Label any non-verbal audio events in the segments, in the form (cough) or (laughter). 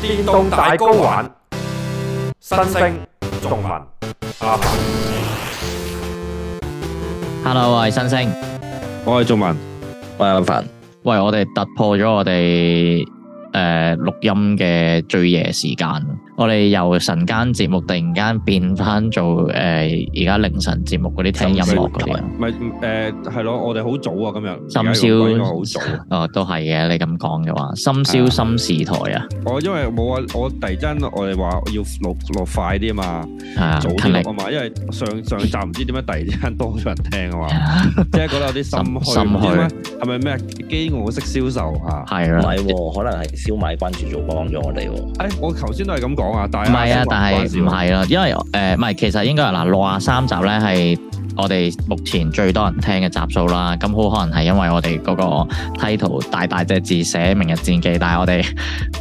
電動大 GO 玩，新星仲文阿凡，Hello，我係新星，我係仲文，我係阿凡，喂，我哋突破咗我哋誒錄音嘅最夜時間。我哋由晨間節目突然間變翻做誒而家凌晨節目嗰啲聽音樂嗰啲，咪誒係咯，我哋好早啊今日，深宵好早，哦都係嘅，你咁講嘅話，深宵心事台啊，我因為冇啊，我突然間我哋話要錄錄快啲啊嘛，早啲錄啊嘛，因為上上集唔知點解突然間多咗人聽啊嘛，即係覺得有啲心虛，係咪咩？饑餓式銷售嚇，係啦，唔係喎，可能係燒賣關注組幫咗我哋喎，誒我頭先都係咁講。唔係 (noise) 啊，話但係唔係咯，話因為誒，唔、呃、係，其實應該係嗱，六啊三集咧係。我哋目前最多人聽嘅集數啦，咁好可能係因為我哋嗰個 title 大大隻字寫《明日戰記》，但係我哋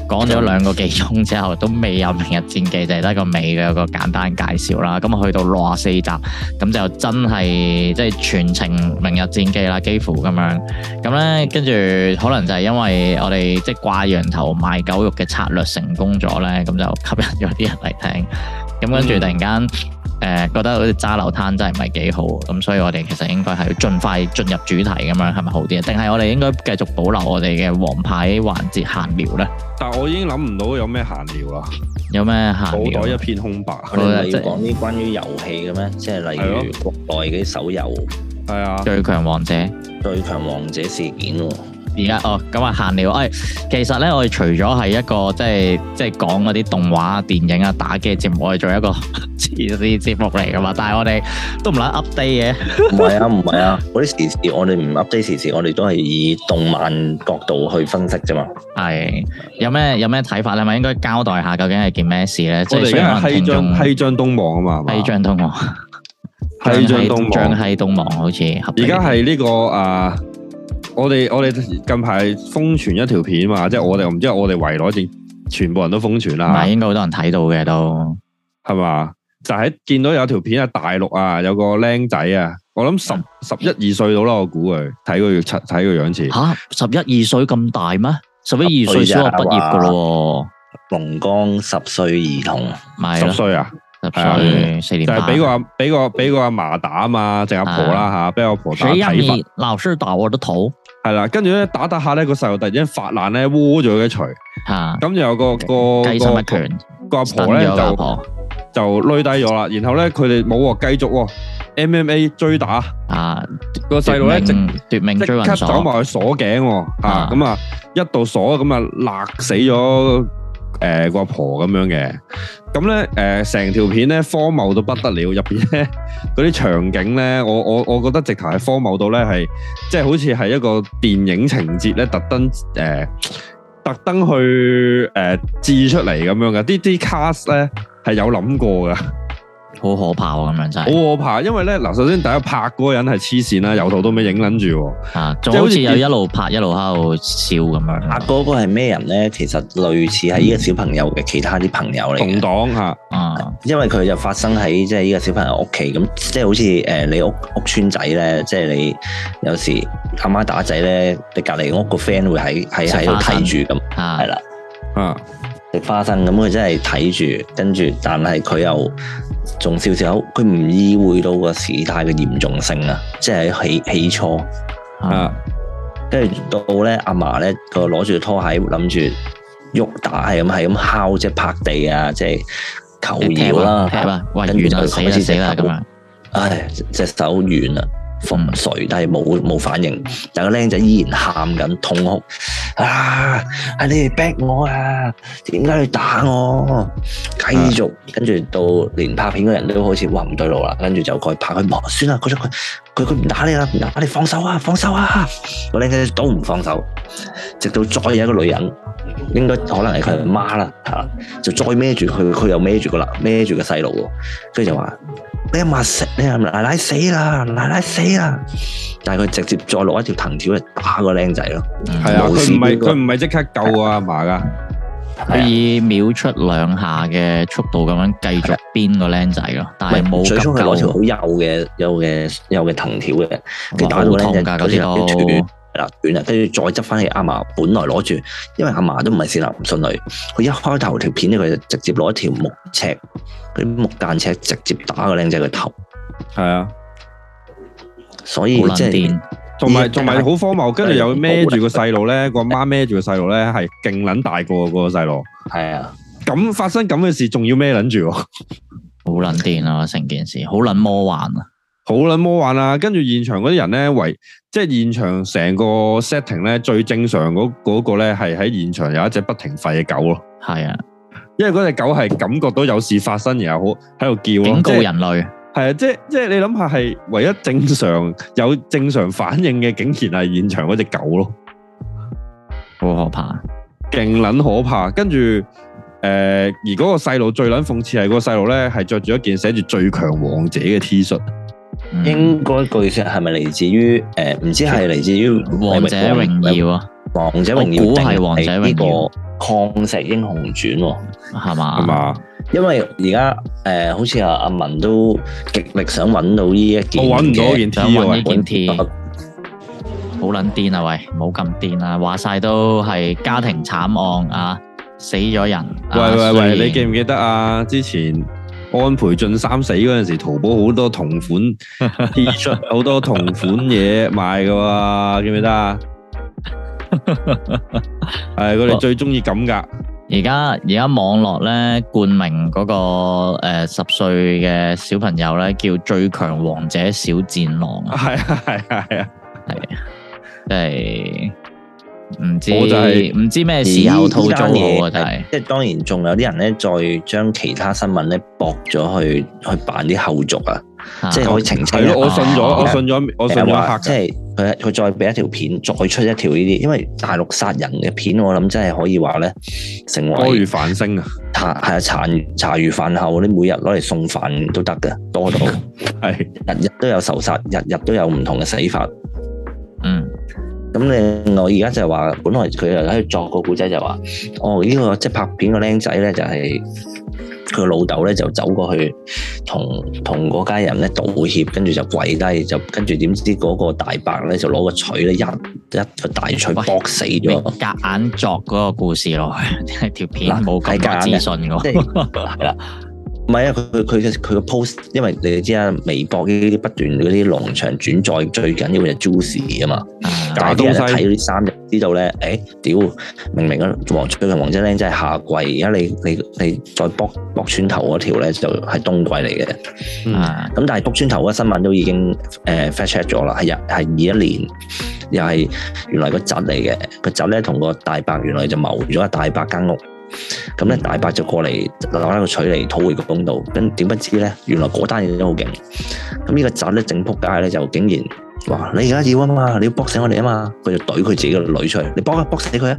講咗兩個幾鐘之後都未有《明日戰記》，就係得個尾嘅有個簡單介紹啦。咁去到六十四集，咁就真係即係全程《明日戰記》啦，幾乎咁樣。咁咧跟住可能就係因為我哋即係掛羊頭賣狗肉嘅策略成功咗咧，咁就吸引咗啲人嚟聽。咁跟住突然間。嗯誒、呃、覺得好似渣流攤真係唔係幾好，咁所以我哋其實應該係要盡快進入主題咁樣係咪好啲啊？定係我哋應該繼續保留我哋嘅王牌環節閒聊咧？但係我已經諗唔到有咩閒聊啊！有咩閒聊？腦袋一片空白。我哋、就是、講啲關於遊戲嘅咩？即係例如國內嘅啲手遊。係啊。最強王者。的最強王者事件喎。而家哦，咁啊閒聊。哎，其實咧，我哋除咗係一個即係即係講嗰啲動畫、電影啊、打機嘅節目，我哋做一個時事節目嚟噶嘛。但係我哋都唔諗 update 嘅。唔係 (laughs) 啊，唔係啊，嗰啲時事我哋唔 update 時事，我哋都係以動漫角度去分析啫嘛。係有咩有咩睇法，你咪應該交代下究竟係件咩事咧？即係因為嘿張嘿張東網啊嘛，嘿張東網，嘿張東網，好似而家係呢個啊。我哋我哋近排瘋傳一條片嘛，即係我哋我唔知係我哋圍內線，全部人都瘋傳啦。唔係應該好多人睇到嘅都係嘛？就喺、是、見到有條片喺大陸啊，有個僆仔啊，我諗十十一二歲到啦，我估佢睇佢睇佢樣似吓十一二歲咁大咩？十一二歲一小學畢說業噶咯，龍江十歲兒童，十歲啊！係就係俾個俾個俾個阿嫲打啊，即係阿婆啦吓，俾阿婆打體罰。誰讓你老是打我的頭？係啦，跟住咧打打下咧，個細路突然間發爛咧，窩咗一錘。吓咁就有個個個阿婆咧就就累低咗啦。然後咧佢哋冇繼續 MMA 追打。啊，個細路咧即即刻走埋去鎖頸。吓咁啊，一度鎖咁啊，勒死咗。誒，個阿、呃、婆咁樣嘅，咁咧，誒、呃，成條片咧荒謬到不得了，入邊咧嗰啲場景咧，我我我覺得直頭係荒謬到咧，係即係好似係一個電影情節咧，特登誒、呃，特登去誒，置、呃、出嚟咁樣嘅。啲啲 cast 咧係有諗過噶。好可怕咁樣真係，好、就是、可怕，因為咧嗱，首先第一拍嗰個人係黐線啦，由頭到尾影撚住，啊，仲、啊、好似又一路拍一路喺度笑咁樣。啊、嗯，嗰個係咩人咧？其實類似係呢個小朋友嘅其他啲朋友嚟，同黨吓，啊，因為佢就發生喺即係呢個小朋友屋企，咁即係好似誒、呃，你屋屋村仔咧，即、就、係、是、你有時阿媽打仔咧，你隔籬屋個 friend 會喺喺喺度睇住咁，係啦，嗯，食花生咁，佢真係睇住，跟住但係佢又。仲笑笑口，佢唔意會到個事態嘅嚴重性、嗯、啊！即係起起初啊，跟住到咧阿嫲咧佢攞住個拖鞋，諗住喐打，係咁係咁敲即係拍地啊，即係求饒啦，跟住就死了死啦咁樣，唉、哎，隻次手軟啦。昏迷，但係冇冇反應，但個僆仔依然喊緊痛哭，啊！係你哋逼我啊！點解要打我？繼續、啊、跟住到連拍片嘅人都開始哇唔對路啦，跟住就改拍佢，唔好算啦，佢佢佢佢唔打你啦，唔打你，放手啊，放手啊！個僆仔都唔放手，直到再有一個女人。應該可能係佢阿媽啦，吓，就再孭住佢，佢又孭住個男，孭住個細路，所以就話：你阿嫲死，你阿奶奶死啦，奶奶死啦！但係佢直接再攞一條藤條嚟打個僆仔咯，係啊、嗯事，佢唔係佢唔係即刻救啊阿嫲噶，佢以秒出兩下嘅速度咁樣繼續鞭個僆仔咯，的但係冇急救，佢攞條好幼嘅幼嘅幼嘅藤條嘅，佢打到僆仔嗱，短啦，跟住再執翻起阿嫲，本來攞住，因為阿嫲都唔係善男信女，佢一開頭條片咧，佢就直接攞一條木尺，嗰啲木間尺直接打個靚仔個頭，係啊，所以即係同埋同埋好荒謬，跟住又孭住能 (laughs) 個細路咧，個媽孭住個細路咧，係勁撚大個個細路，係啊，咁發生咁嘅事仲要孭撚住，好撚癲啊，成件事，好撚魔幻啊！好撚魔幻啊！跟住現場嗰啲人咧，為即係現場成個 setting 咧最正常嗰、嗰個咧，係喺現場有一隻不停吠嘅狗咯。係啊，因為嗰隻狗係感覺到有事發生，然後好喺度叫咯。警告人類，係啊，即係即係你諗下，係唯一正常有正常反應嘅，竟然係現場嗰隻狗咯。好可怕，勁撚可怕！跟住誒，而嗰個細路最撚諷刺係，個細路咧係着住一件寫住最強王者嘅 T 恤。應該據說係咪嚟自於誒，唔知係嚟自於王者榮耀啊？王者榮耀定係，呃、王者榮耀《抗石英雄傳》係嘛？嘛，因為而家誒，好似阿阿文都極力想搵到呢一件，我搵唔到件鐵，好撚癲啊！喂，冇咁癲啊！話晒都係家庭慘案啊，死咗人。喂喂喂，喂喂你記唔記得啊？之前。安倍晉三死嗰陣時，淘寶好多同款，好多同款嘢賣嘅喎，啊，記唔記得啊？誒， (laughs) 佢哋最中意咁噶。而家而家網絡咧冠名嗰，那個誒十歲嘅小朋友咧叫最強王者小戰狼啊！係啊係啊係啊係啊，即係。 (laughs) 唔知，唔、就係、知咩時候套咗我。嘢是，即係當然仲有啲人咧，再將其他新聞咧駁咗去去辦啲後續啊，啊即係可以澄清。我信咗，我信咗，我信咗即係佢佢再俾一條片，再出一條呢啲，因為大陸殺人嘅片，我諗真係可以話咧成為多如繁星啊！殘係啊，殘茶餘飯後你每日攞嚟送飯都得㗎，多到係日日都有仇殺，日日都有唔同嘅死法，嗯。咁另外，而家、嗯、就係話，本來佢又喺度作個故仔，就話：哦，呢、這個即係拍片個僆仔咧，就係佢老豆咧，就走過去同同嗰家人咧道歉，跟住就跪低，就跟住點知嗰個大伯咧就攞個錘咧一一個一一一大錘搏死咗。夾硬作嗰個故事落去，條片冇咁多資訊㗎。係啦，唔係 (laughs) 啊，佢佢佢佢嘅 post，因為你知啊，微博呢啲不斷嗰啲農場轉載，最緊要嘅 juicy 啊嘛。啊第一日睇嗰啲衫，知道咧，誒、哎，屌，明明啊？黃翠玲、黃真玲真係夏季，而家你你你再卜卜穿頭嗰條咧，就係、是、冬季嚟嘅。咁、嗯、但係卜穿頭嗰新聞都已經誒 fresh check 咗啦，係日係二一年，又係原來個宅嚟嘅，個宅咧同個大伯原來就謀咗一大伯間屋，咁咧、嗯、大伯就過嚟攞翻個取嚟，討回個公道，跟點不知咧，原來嗰單嘢都好勁，咁呢個宅咧整仆街咧就竟然～哇！你而家要啊嘛，你要卜死我哋啊嘛，佢就懟佢自己個女出嚟，你卜啊卜死佢啊！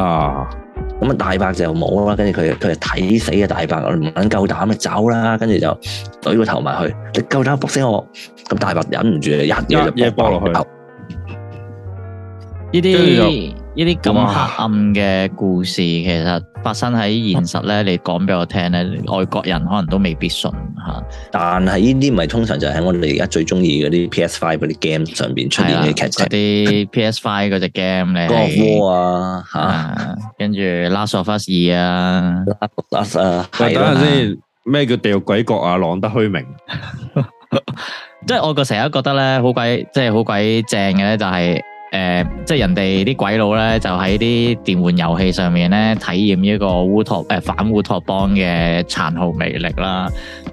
啊！咁啊大伯就冇啦，跟住佢佢睇死啊大伯，唔肯夠膽咪走啦，跟住就懟個頭埋去，你夠膽卜死我？咁大伯忍唔住啊，一嘢就卜落去。依啲後。些呢啲咁黑暗嘅故事，其實發生喺現實咧，你講俾我聽咧，外國人可能都未必信嚇。啊、但係呢啲唔係通常就喺我哋而家最中意嗰啲 PS Five 嗰啲 game 上邊出現嘅劇情。啲、啊、PS Five 嗰隻 game 咧，嗰個 War 啊嚇、啊啊，跟住 Last of Us 二啊 Last of Us 啊。等陣先，咩叫地獄鬼國啊？浪得虛名。即係 (laughs) (laughs) 我個成日覺得咧，好鬼，即係好鬼正嘅咧，就係、是。誒、呃，即係人哋啲鬼佬咧，就喺啲電玩遊戲上面咧，體驗呢一個烏托誒、呃、反烏托邦嘅殘酷魅力啦。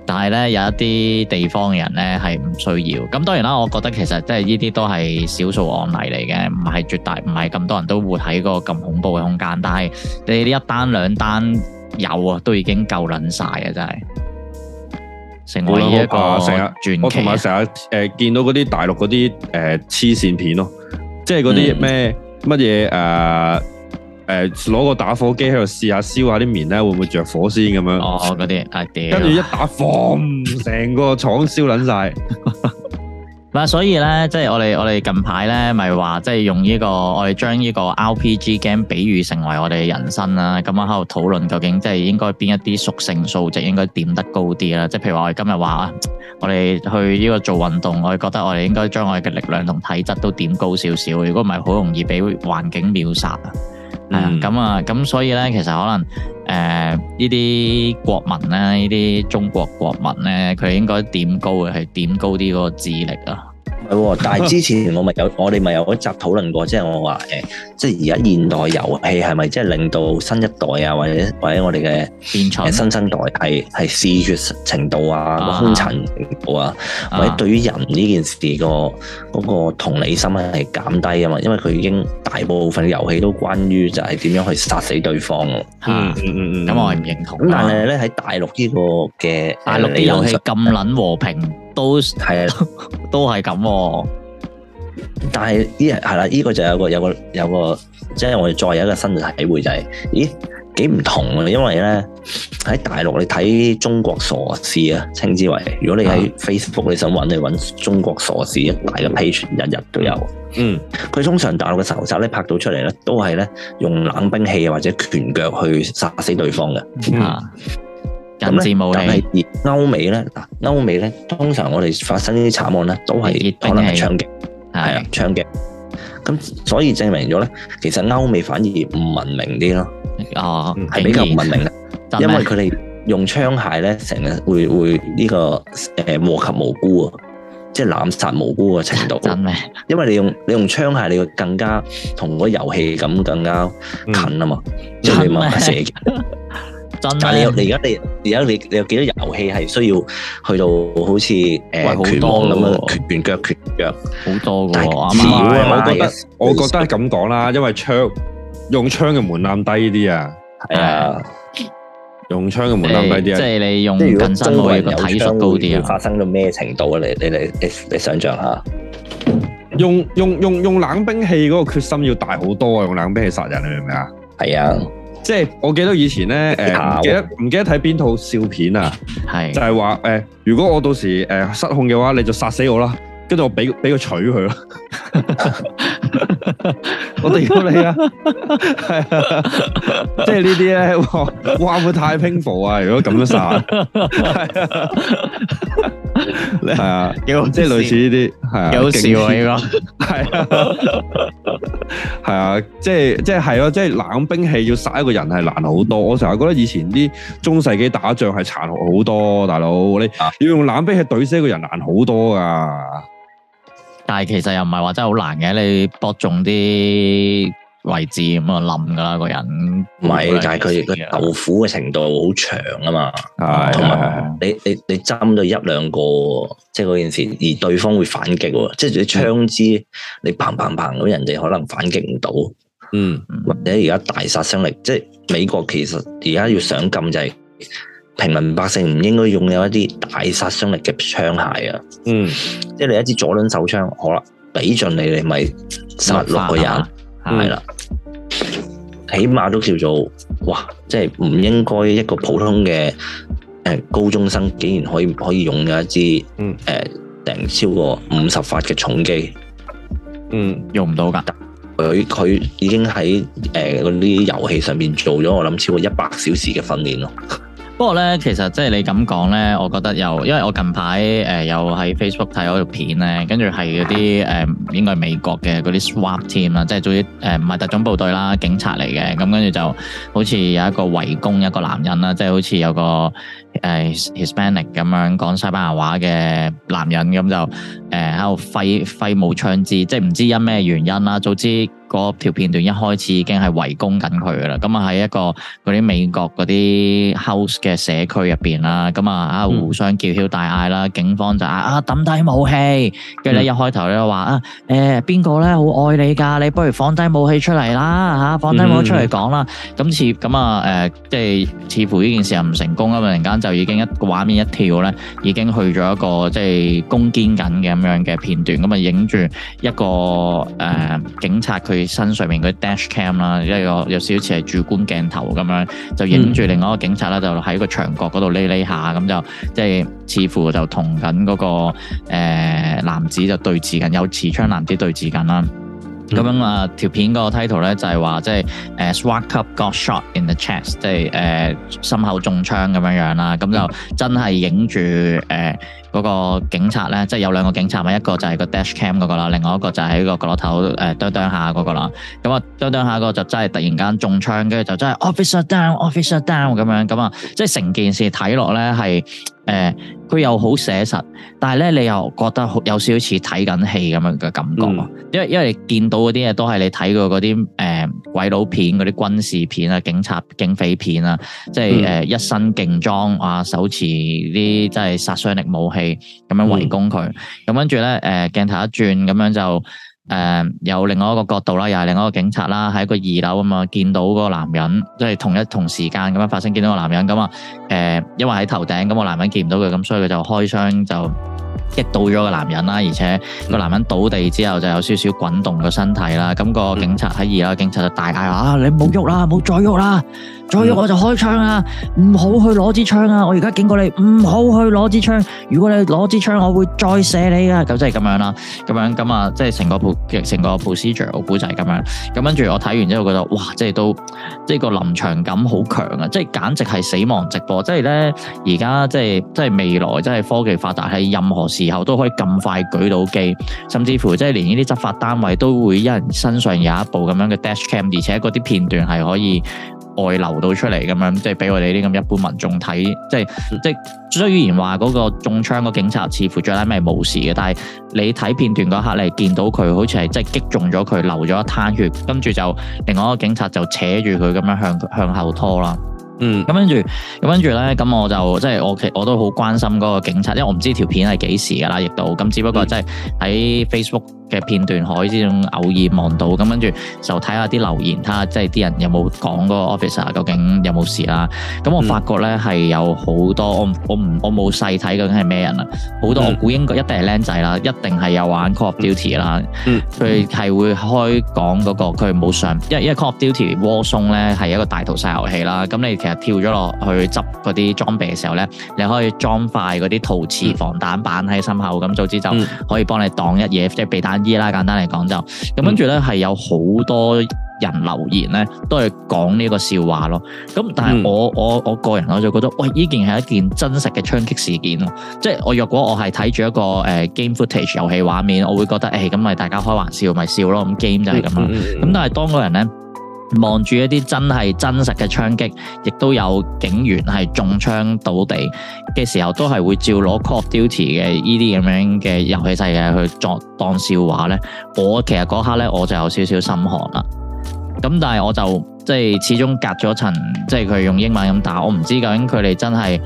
但係咧，有一啲地方嘅人咧係唔需要。咁當然啦，我覺得其實即係呢啲都係少數案例嚟嘅，唔係絕大，唔係咁多人都活喺個咁恐怖嘅空間。但係你呢一單兩單有啊，都已經夠捻晒啊！真係，成為一個成、啊、日、啊、我同埋成日誒、呃、見到嗰啲大陸嗰啲誒黐線片咯。即係嗰啲咩，乜嘢誒，攞個打火機喺度試下燒下啲棉咧，會唔會着火先咁樣？哦，嗰啲，跟、啊、住一打放，成 (laughs) 個廠燒撚晒。 (laughs) (laughs) 所以呢，即係我哋我哋近排呢咪話即係用呢個我哋將呢個 RPG game 比喻成為我哋嘅人生啦，咁樣喺度討論究竟即係應該邊一啲屬性數值應該點得高啲啦？即係譬如話我哋今日話啊，我哋去呢個做運動，我哋覺得我哋應該將我哋嘅力量同體質都點高少少，如果唔係好容易俾環境秒殺啊！係啊，咁啊、嗯，咁、嗯、所以呢，其實可能誒呢啲國民咧，呢啲中國國民咧，佢應該點高嘅係點高啲嗰個智力啊？哦、但係之前我咪有，啊、我哋咪有一集討論過，即係我話，誒，即係而家現代遊戲係咪即係令到新一代啊，或者或者我哋嘅邊賽新生代係係嗜血程度啊，個兇殘程度啊，啊啊或者對於人呢件事個、嗰個同理心係減低啊嘛，因為佢已經大部分遊戲都關於就係點樣去殺死對方啊，咁、嗯嗯、我係唔認同、啊。但係咧喺大陸呢個嘅，啊、大陸啲遊戲咁捻和平。都係咯，的 (laughs) 都係咁、啊。但係呢係啦，呢、這個就有個有個有個，即係、就是、我哋再有一個新嘅體會就係、是，咦，幾唔同啊！因為咧喺大陸你睇中國傻事啊，稱之為如果你喺 Facebook 你想搵、啊、你搵中國傻事一大嘅 page，日日都有。嗯，佢通常大陸嘅仇殺咧拍到出嚟咧，都係咧用冷兵器啊或者拳腳去殺死對方嘅。啊嗯咁咧，但係歐美咧，嗱歐美咧，通常我哋發生呢啲慘案咧，都係可能係槍擊，係啊，啊槍擊。咁所以證明咗咧，其實歐美反而唔文明啲咯，啊、哦，係比較唔文明。因為佢哋用槍械咧，成日會會呢個誒禍及無辜啊，即係濫殺無辜嘅程度。真咩？因為你用你用槍械，你會更加同嗰遊戲咁更加近啊嘛，即係、嗯、你慢慢射嘅。 (laughs) 但係你有你而家你而家你你有幾多遊戲係需要去到好似誒拳咁樣拳拳腳拳腳？好多㗎，少啊！我覺得我覺得咁講啦，因為槍用槍嘅門檻低啲啊，係啊，用槍嘅門檻低啲啊，即係你用近身我體術高啲啊，發生到咩程度啊？你你你你想象下，用用用用冷兵器嗰個決心要大好多啊！用冷兵器殺人你明唔明啊？係啊。即係我記得以前咧，誒、呃、唔記得唔記得睇邊套笑片啊？是的就係話、呃、如果我到時、呃、失控嘅話，你就殺死我啦，跟住我俾俾佢娶佢 (laughs) 我哋要你啊，係啊，即係呢啲咧，哇會，會太拼搏啊！如果咁樣殺，係 (laughs) 啊 (laughs) (laughs) 好，叫即係類似呢啲，係啊，有智慧咯，係啊 (laughs) 好，係啊 (laughs) 好，即係即係係咯，即 (laughs) 係、 (laughs) 即係、冷兵器要殺一個人係難好多。我成日覺得以前啲中世紀打仗係殘酷好多，大佬你要用冷兵器懟死一個人難好多噶。但係其實又唔係話真係好難嘅，你博中啲位置咁啊冧噶啦個人，唔係就係佢佢受苦嘅程度好長啊嘛，同埋的你你你針咗一兩個，即係嗰件事，而對方會反擊，即係你槍支你砰砰砰，咁人哋可能反擊唔到，嗯，或者而家大殺傷力，即係美國其實而家要想禁制，就係。平民百姓唔應該擁有一啲大殺傷力嘅槍械啊！嗯，即係你一支左輪手槍，好啦，畀盡你你咪殺六個人係啦，起碼都叫做哇！即係唔應該一個普通嘅誒、呃、高中生，竟然可以可以擁有一支誒定超過五十發嘅重機，嗯，用唔到㗎佢佢已經喺誒啲遊戲上面做咗，我諗超過一百小時嘅訓練咯。不過咧，其實即係你咁講咧，我覺得又因為我近排誒、呃、又喺 Facebook 睇嗰條片咧，跟住係嗰啲誒應該係美國嘅嗰啲 SWAT team 啦，即係做之誒唔係特種部隊啦，警察嚟嘅，咁跟住就好似有一個圍攻一個男人啦，即係好似有個。誒、uh, Hispanic 咁樣講西班牙話嘅男人，咁就誒喺度揮揮舞槍支，即係唔知因咩原因啦。早知嗰條片段一開始已經係圍攻緊佢噶啦。咁啊喺一個嗰啲美國嗰啲 house 嘅社區入邊啦，咁啊喺互相叫囂大嗌啦，嗯、警方就啊啊抌低武器。跟住咧一開頭咧話啊誒邊個咧好愛你㗎，你不如放低武器出嚟啦嚇，放低武器出嚟講啦。咁似咁啊誒，即係似乎呢件事係唔成功啊嘛，突然間。就已經一個畫面一跳咧，已經去咗一個即係攻堅緊嘅咁樣嘅片段。咁啊，影住一個誒、呃、警察佢身上面啲 Dashcam 啦，一個有少少似係主觀鏡頭咁樣，就影住另外一個警察啦，就喺個牆角嗰度匿匿下，咁就即係似乎就同緊嗰個、呃、男子就對峙緊，有持槍男子對峙緊啦。咁、嗯、樣啊，條片個 title 咧就係話，即係誒，swat cop got shot in the chest，即係誒心口中槍咁樣、啊嗯嗯、樣啦，咁就真係影住誒。啊嗰個警察咧，即係有兩個警察嘛，一個就係個 dashcam 嗰個啦，另外一個就係喺個角落頭誒蹲蹲下嗰個啦。咁啊，蹲蹲下嗰個就真係突然間中槍，跟住就真係 officer down，officer down 咁樣咁啊，即係成件事睇落咧係誒佢又好寫實，但係咧你又覺得有少少似睇緊戲咁樣嘅感覺。嗯、因為因為見到啲嘢都係你睇過啲誒鬼佬片、啲軍事片啊、警察警匪片啊，即係誒、呃嗯、一身勁裝啊，手持啲即係殺傷力武器。咁樣圍攻佢，咁跟住咧，誒、呃、鏡頭一轉，咁樣就誒、呃、有另外一個角度啦，又係另外一個警察啦，喺一個二樓咁啊，見到個男人，即係同一同時間咁樣發生見到個男人，咁、呃、啊，誒因為喺頭頂，咁、個男人見唔到佢，咁所以佢就開槍就擊倒咗個男人啦，而且個男人倒地之後就有少少滾動個身體啦，咁、個警察喺二樓，警察就大嗌啊，你唔好喐啦，唔好再喐啦。再郁我就開槍啊！唔好去攞支槍啊！我而家警告你，唔好去攞支槍。如果你攞支槍，我會再射你噶。咁即係咁樣啦，咁樣咁啊，即係成個鋪成個 procedure，我估就係咁樣。咁跟住我睇完之後，覺得哇，即係都即係個臨場感好強啊！即係簡直係死亡直播。即係咧，而家即係即係未來，即係科技發達，喺任何時候都可以咁快舉到機，甚至乎即係連呢啲執法單位都會一人身上有一部咁樣嘅 dash cam，而且嗰啲片段係可以。外流到出嚟咁樣，即係俾我哋呢啲咁一般民眾睇，即係即係雖然話嗰個中槍個警察似乎最後尾係冇事嘅，但係你睇片段嗰刻你，你見到佢好似係即係擊中咗佢，流咗一灘血，跟住就另外一個警察就扯住佢咁樣向向後拖啦。嗯著，咁跟住咁跟住咧，咁我就即係我其實我都好關心嗰個警察，因為我唔知條片係幾時噶啦，亦都咁只不過即係喺 Facebook。片段可以呢種偶爾望到咁，跟住就睇下啲留言，睇下即係啲人有冇講嗰個 officer 究竟有冇事啦。咁我發覺咧係、嗯、有好多我我唔我冇細睇究竟係咩人啊，好多、嗯、我估應該一定係僆仔啦，一定係有玩 c a l l o f duty 啦、嗯。佢係會開講嗰，那個佢冇上，因為因為 c o f duty 窩鬆咧係一個大逃殺遊戲啦。咁你其實跳咗落去執嗰啲裝備嘅時候咧，你可以裝塊嗰啲陶瓷防彈板喺心口，咁早知就可以幫你擋一嘢，即係被彈啦，簡單嚟講就咁，跟住咧係有好多人留言咧，都係講呢個笑話咯。咁但係我我我個人我就覺得，喂，依件係一件真實嘅槍擊事件咯。即係我若果我係睇住一個誒、呃、game footage 遊戲畫面，我會覺得誒咁咪大家開玩笑咪笑咯。咁 game 就係咁啦。咁但係當嗰人咧，望住一啲真係真實嘅槍擊，亦都有警員係中槍倒地嘅時候，都係會照攞 Call of Duty 嘅呢啲咁樣嘅遊戲世界去作當笑話，呢我其實嗰刻呢，我就有少少心寒啦。咁但係我就即係始終隔咗層，即係佢用英文咁打，我唔知究竟佢哋真係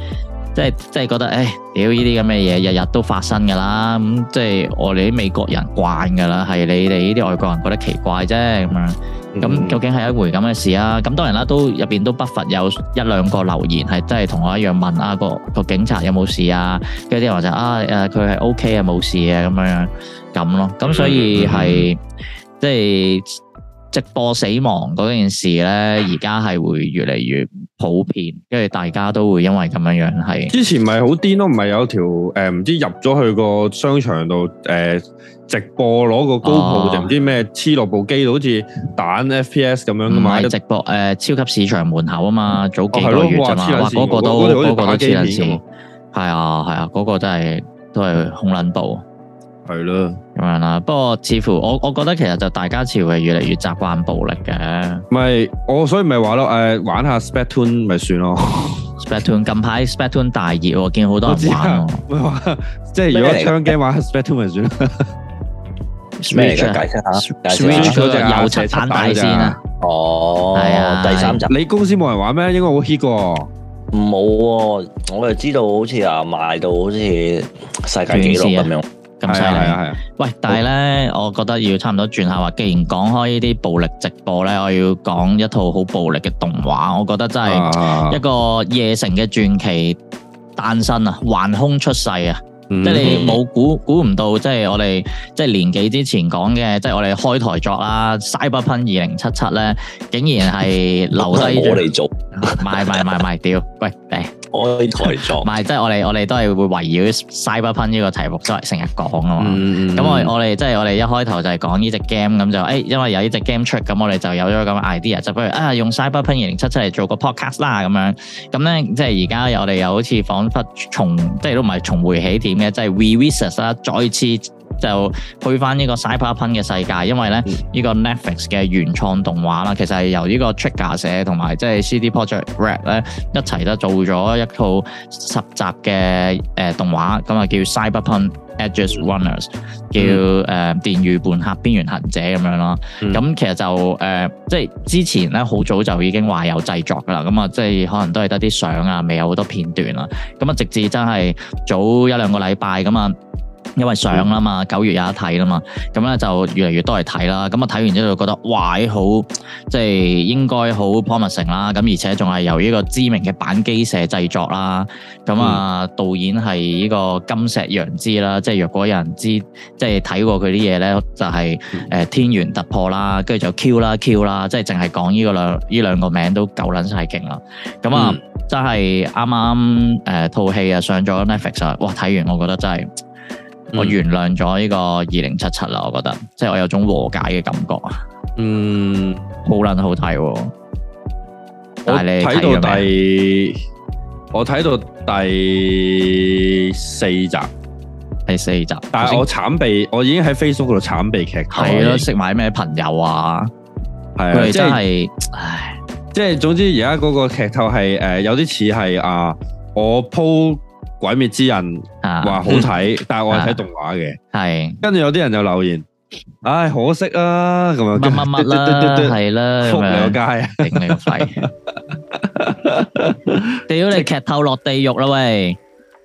即係即係覺得，唉，屌呢啲咁嘅嘢日日都發生噶啦。咁即係我哋啲美國人慣噶啦，係你哋呢啲外國人覺得奇怪啫咁樣。咁究竟係一回咁嘅事啊？咁當然啦，都入邊都不乏有一兩個留言係真係同我一樣問，啊個個警察有冇事啊？跟住啲人就，啊誒，佢係 OK 啊，冇事啊咁樣樣咁咯。咁所以係、mm hmm. 即係。直播死亡嗰件事咧，而家係會越嚟越普遍，跟住大家都會因為咁樣樣係。之前咪好癲咯，唔係有條誒唔知入咗去個商場度誒、呃、直播攞個 GoPro 就唔知咩黐落部機度，好似彈 FPS 咁樣。唔係直播誒、呃、超級市場門口啊嘛，早幾個月咋嘛？嗰、哦哦嗰個都嗰個都似臨時，係啊係啊，嗰、嗰個真係都係紅冷布。係咯，咁樣啦。不過似乎我我覺得其實就大家似乎係越嚟越習慣暴力嘅。唔係，我所以咪話咯，誒，玩下 Splatoon 咪算咯。Splatoon 近排 Splatoon 大熱，見好多人玩。即係如果槍 game 玩下 Splatoon 咪算咯。咩槍？解釋下。Switch 嗰大戰啊。哦，係啊，第三集。你公司冇人玩咩？應該好 hit 嘅。冇，我就知道好似啊，賣到好似世界紀錄咁樣。咁犀利啊！係啊！喂，但係咧，好我覺得要差唔多轉下話。既然講開呢啲暴力直播咧，我要講一套好暴力嘅動畫。我覺得真係一個夜城嘅傳奇誕生啊，橫空出世啊！嗯、哼即係你冇估估唔到，即係我哋即係年幾之前講嘅，即係我哋開台作啦，《Cyberpunk 二零七七》咧，竟然係留低我嚟做，賣賣賣賣掉，喂， (laughs) 嚟！ (laughs) 開台作， (laughs) 唔係即係我哋我哋都係會圍繞 Cyberpunk 呢個題目，周圍成日講噶嘛。咁、嗯、我我哋即係我哋一開頭就係講呢隻 game 咁就，誒、欸，因為有呢隻 game 出，咁我哋就有咗咁嘅 idea，就不如啊，用 Cyberpunk 二零七七嚟做個 podcast 啦，咁樣。咁咧，即係而家我哋又好似仿佛重，即係都唔係重回起點嘅，即係 revisit 啦，us, 再次。就配翻呢個 Cyberpunk 嘅世界，因為咧呢、嗯、個 Netflix 嘅原創動畫啦，其實係由呢個 Trigger 社，同埋即係 CD Project Red 咧一齊都做咗一套十集嘅誒、呃、動畫，咁啊叫 Cyberpunk Edgerunners，叫誒電馭叛客、邊緣行者咁樣咯。咁、嗯、其實就誒即係之前咧好早就已經話有製作噶啦，咁啊即係可能都係得啲相啊，未有好多片段啊。咁啊直至真係早一兩個禮拜咁啊。因為上啦嘛，九月有得睇啦嘛，咁咧就越嚟越多人睇啦。咁啊睇完之後就覺得哇，好即係應該好 promising 啦。咁而且仲係由呢個知名嘅板機社製作啦。咁啊，導演係呢個金石洋之啦。即係若果有人知，即係睇過佢啲嘢咧，就係、是、誒天元突破啦，跟住就 Q 啦 Q 啦，即係淨係講呢個兩呢兩個名都夠撚晒勁啦。咁啊，嗯、真係啱啱誒套戲啊上咗 Netflix 啊，哇！睇完我覺得真係～我原諒咗呢個二零七七啦，我覺得，即係我有種和解嘅感覺。嗯，好捻好睇。但係你我睇到第，我睇到第四集，第四集。但係我慘被，才我已經喺 Facebook 度慘被劇透。係咯的，以識埋咩朋友啊？係啊的，真係，即是唉，即係總之，而家嗰個劇透係，誒，有啲似係啊，我鋪。鬼滅之刃話好睇，但係我係睇動畫嘅，係跟住有啲人就留言，唉可惜啊咁樣，乜乜乜啦，係啦，扑你個街啊，頂你個肺！屌你劇透落地獄啦喂！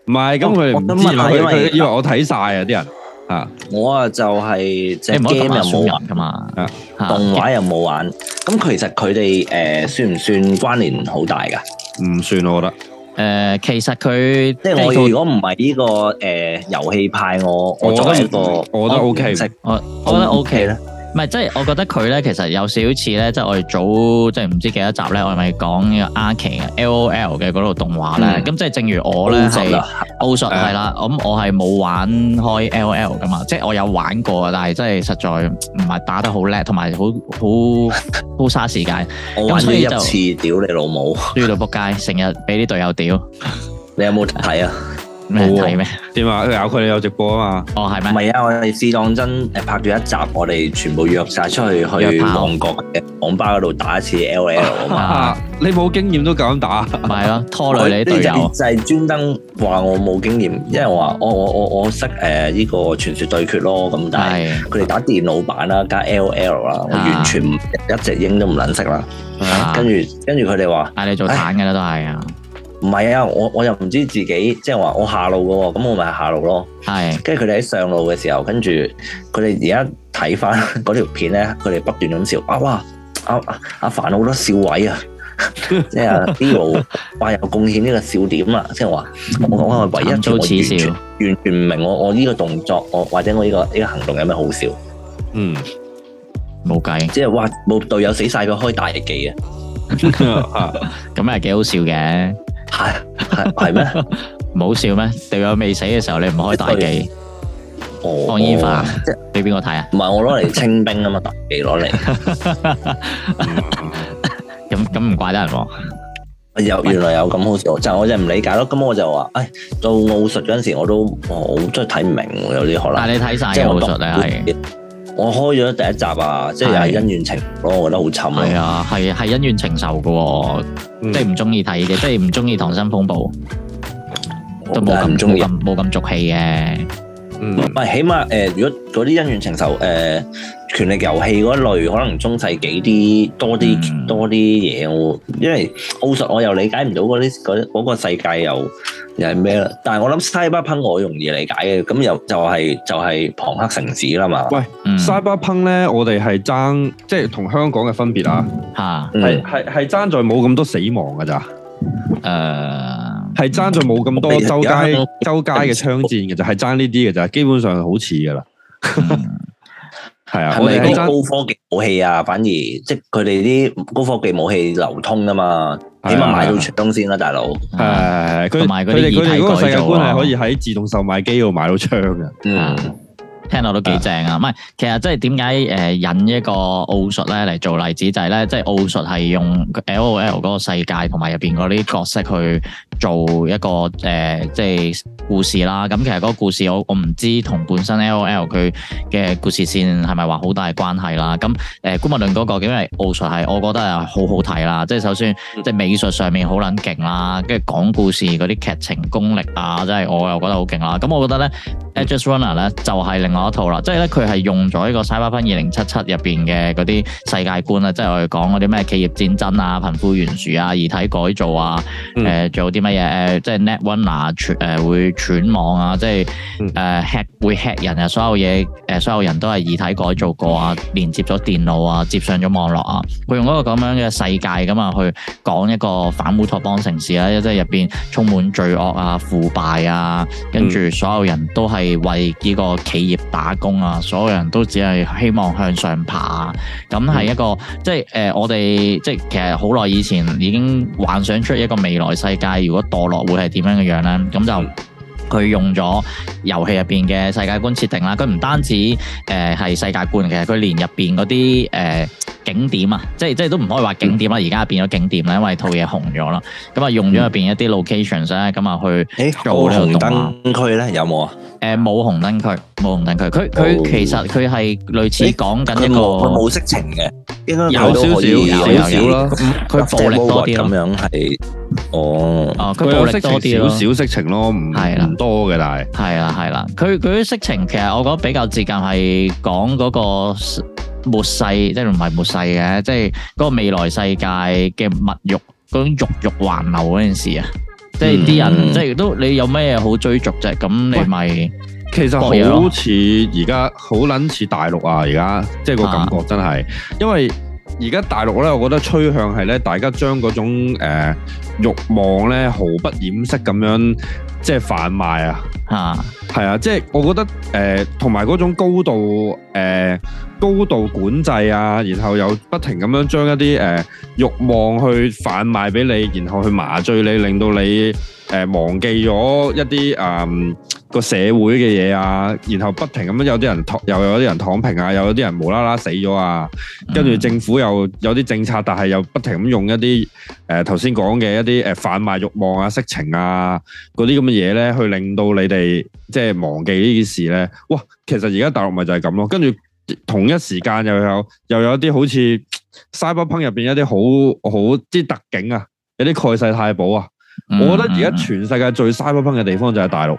唔係，咁佢唔知啊，因為以為我睇晒啊啲人啊，我啊就係即係 game 又冇玩噶嘛，啊動畫又冇玩，咁其實佢哋誒算唔算關聯好大噶？唔算我覺得。誒、呃，其實佢即係我如果唔係呢個誒、呃、遊戲派，我我，我做一個，我覺得 OK，我覺得 OK 咧。唔係，即係我覺得佢咧，其實有少少似咧，即係我哋早即係唔知幾多集咧，我係咪講阿奇嘅 L O L 嘅嗰套動畫咧？咁、嗯、即係正如我咧，奧術係啦，咁我係冇玩開 L O L 噶嘛，即係我有玩過，但係真係實在唔係打得好叻，同埋好好好嘥時間。咁 (laughs) 所以就屌你老母，輸到仆街，成日俾啲隊友屌。 (laughs) 你有冇睇啊？ (laughs) 冇啊？點啊？咬佢哋有直播啊嘛！哦，係咩？唔係啊！我哋試當真誒拍咗一集，我哋全部約曬出去去旺角嘅網吧嗰度打一次 L O L 啊嘛。你冇經驗都夠膽打？唔係咯，拖累你隊友。就係專登話我冇經驗，因為我話我我我我識誒呢個傳説對決咯，咁但係佢哋打電腦版啦，加 L O L 啦，我完全一隻鷹都唔撚識啦。跟住跟住佢哋話嗌你做坦㗎啦，都係啊！唔係啊！我我又唔知自己即係話我下路嘅喎，咁我咪下路咯。係跟住佢哋喺上路嘅時候，跟住佢哋而家睇翻嗰條片咧，佢哋不斷咁笑。啊哇！阿阿阿凡好多笑位啊！即係 Dior 有貢獻呢個笑點啊！即係話我我，我唯一做恥笑，完全唔明我我呢個動作，我或者我呢個呢個行動有咩好笑？嗯，冇計。即係話！冇隊友死晒佢開大技啊！咁係幾好笑嘅～係係係咩？唔好笑咩？隊友未死嘅時候，你唔可以大技。哦，方一凡，俾邊個睇啊？唔係我攞嚟清兵啊嘛，大技攞嚟。咁咁唔怪得人。有原來有咁好笑，就我就唔理解咯。咁我就話，誒，做奧術嗰陣時，我都我真係睇唔明，有啲可能。但係你睇晒嘅奧術嚟。我開咗第一集啊，即係又係恩怨情咯，是我覺得好慘。係啊，係啊，係恩怨情仇嘅、哦嗯，即係唔中意睇嘅，即係唔中意溏心風暴，都冇咁中意，冇咁俗氣嘅。唔係、嗯、起碼誒、呃，如果嗰啲恩怨情仇誒、呃，權力遊戲嗰類，可能中世紀啲多啲、嗯、多啲嘢我，因為奧術我又理解唔到嗰啲嗰嗰個世界又。又係咩啦？但係我諗 Cyberpunk 我容易理解嘅，咁又就係、是、就係龐克城市啦嘛。喂，Cyberpunk 咧，我哋係爭即係同香港嘅分別啊，係係係爭在冇咁多死亡噶咋？誒、嗯，係爭在冇咁多周街、嗯、周街嘅槍戰嘅就係爭呢啲嘅咋，基本上好似噶啦。係、嗯、 (laughs) 啊，我哋高科技武器啊？反而即係佢哋啲高科技武器流通啊嘛。起碼買到槍先啦，大佬。係佢哋佢哋佢哋嗰個世界觀係可以喺自動售賣機度買到槍嘅。嗯，嗯聽落都幾正啊！唔係， (noise) 其實即係點解？誒，引一個奧術咧嚟做例子，就係咧，即係奧術係用 L O L 嗰個世界同埋入邊嗰啲角色去。做一個誒、呃、即係故事啦。咁其實個故事我我唔知同本身 L.O.L 佢嘅故事線係咪話好大關係啦。咁誒、呃、古物論、嗰個叫咩奧術係，我覺得係好好睇啦。即係首先即係美術上面好撚勁啦，跟住講故事啲劇情功力啊，真係我又覺得好勁啦。咁我覺得咧，Edge、嗯、Runner 咧就係、是、另外一套啦。即係咧佢係用咗呢個 Cyberpunk 二零七七入邊嘅啲世界觀啊，即係我哋講啲咩企業戰爭啊、貧富懸殊啊、異體改造啊，誒仲、嗯呃、有啲咩？誒誒、呃，即係 netrunner，誒會串網啊，即係誒 hack 會 hack 人啊，所有嘢誒、呃，所有人都係義體改造過啊，連接咗電腦啊，接上咗網絡啊，佢用一個咁樣嘅世界咁啊去講一個反烏托邦城市啦，即係入邊充滿罪惡啊、腐敗啊，跟住所有人都係為呢個企業打工啊，所有人都只係希望向上爬，啊，咁係一個、嗯、即係誒、呃、我哋即係其實好耐以前已經幻想出一個未來世界，如果墮落會係點樣嘅樣咧？咁就佢用咗遊戲入邊嘅世界觀設定啦。佢唔單止誒係、呃、世界觀嘅，其實佢連入邊嗰啲誒景點啊，即係即係都唔可以話景點啦。而家變咗景點啦，因為套嘢紅咗咯。咁、嗯、啊用咗入邊一啲 locations 咧、嗯，咁、嗯、啊去誒，紅燈區咧有冇啊？誒，冇紅燈區，冇紅燈區，佢佢其實佢係類似講緊一個，冇色情嘅，應該有少少，有少少咯，佢暴力多啲咁樣係。哦，佢有、哦、少少色情咯，唔唔多嘅，但係係啦係啦，佢佢啲色情其實我覺得比較接近係講嗰個末世，即係唔係末世嘅，即係嗰個未來世界嘅物欲，嗰種肉欲橫流嗰陣時啊。即係啲人，嗯、即係都你有咩好追逐啫？咁你咪，其實好似而家好撚似大陸啊！而家即係個感覺真係，啊、因為而家大陸咧，我覺得趨向係咧，大家將嗰種誒欲、呃、望咧毫不掩飾咁樣即係販賣啊！吓係啊，啊！即係我覺得誒，同埋嗰種高度誒。呃高度管制啊，然後又不停咁樣將一啲誒慾望去販賣俾你，然後去麻醉你，令到你誒、呃、忘記咗一啲誒個社會嘅嘢啊，然後不停咁樣有啲人躺，又有啲人躺平啊，又有啲人無啦啦死咗啊，跟住政府又有啲政策，但係又不停咁用一啲誒頭先講嘅一啲誒販賣欲望啊、色情啊嗰啲咁嘅嘢咧，去令到你哋即係忘記呢件事咧。哇，其實而家大陸咪就係咁咯，跟住。同一時間又有又有啲好似 Cyberpunk 入邊一啲好好啲特警啊，有啲蓋世太保啊，我覺得而家全世界最 Cyberpunk 嘅地方就係大陸，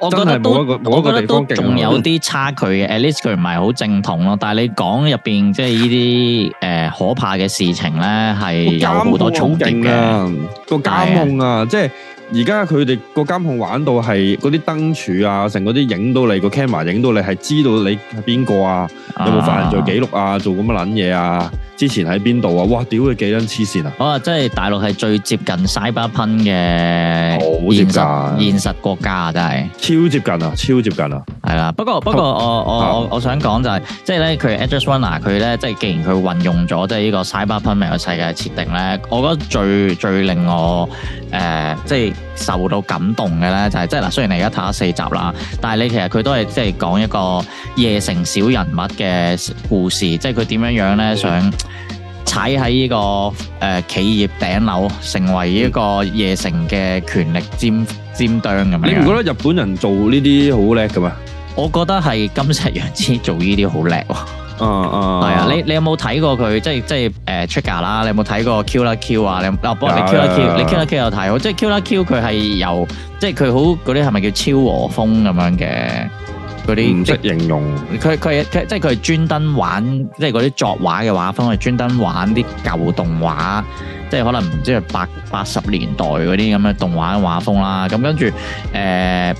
我覺得真係冇一個冇一個地方勁仲、啊、有啲差距嘅，at least 佢唔係好正統咯。但係你講入邊即係呢啲誒可怕嘅事情咧，係有好多重疊嘅個監控啊，對即係。而家佢哋個監控玩到係嗰啲燈柱啊，成嗰啲影到你、個 camera 影到你係知道你係邊個啊？有冇犯罪記錄啊？啊做咁乜撚嘢啊？之前喺邊度啊？哇！屌佢幾撚黐線啊！好啊，即係大陸係最接近 cyberpunk 嘅現實現實國家啊！真係超接近啊！超接近啊！係啦，不過不過好我我我，、啊、我想講就係、是、即係咧，佢 Edge Runner 佢咧即係既然佢運用咗即係呢個 cyberpunk 嘅世界設定咧，我覺得最最令我誒、呃、即係。受到感動嘅咧，就係即係嗱，雖然你而家睇咗四集啦，但係你其實佢都係即係講一個夜城小人物嘅故事，即係佢點樣樣咧，想踩喺呢個誒企業頂樓，成為一個夜城嘅權力尖尖端咁樣。你唔覺得日本人做呢啲好叻㗎嘛？我覺得係金石洋之做呢啲好叻喎。嗯嗯，係啊，你你有冇睇過佢即係即係誒 Trigger 啦？你有冇睇過、呃、過 Q 啦 Q 啊？你啊，幫我你 Q 啦 Q，yeah, yeah. 你 Q 啦 Q 有睇？即係 Q 啦 Q 佢係由，即係佢好嗰啲係咪叫超和風咁樣嘅嗰啲？唔識形容，佢佢即係佢係專登玩，即係嗰啲作畫嘅畫風係專登玩啲舊動畫，即係可能唔知係八八十年代嗰啲咁嘅動畫畫風啦。咁跟住誒。呃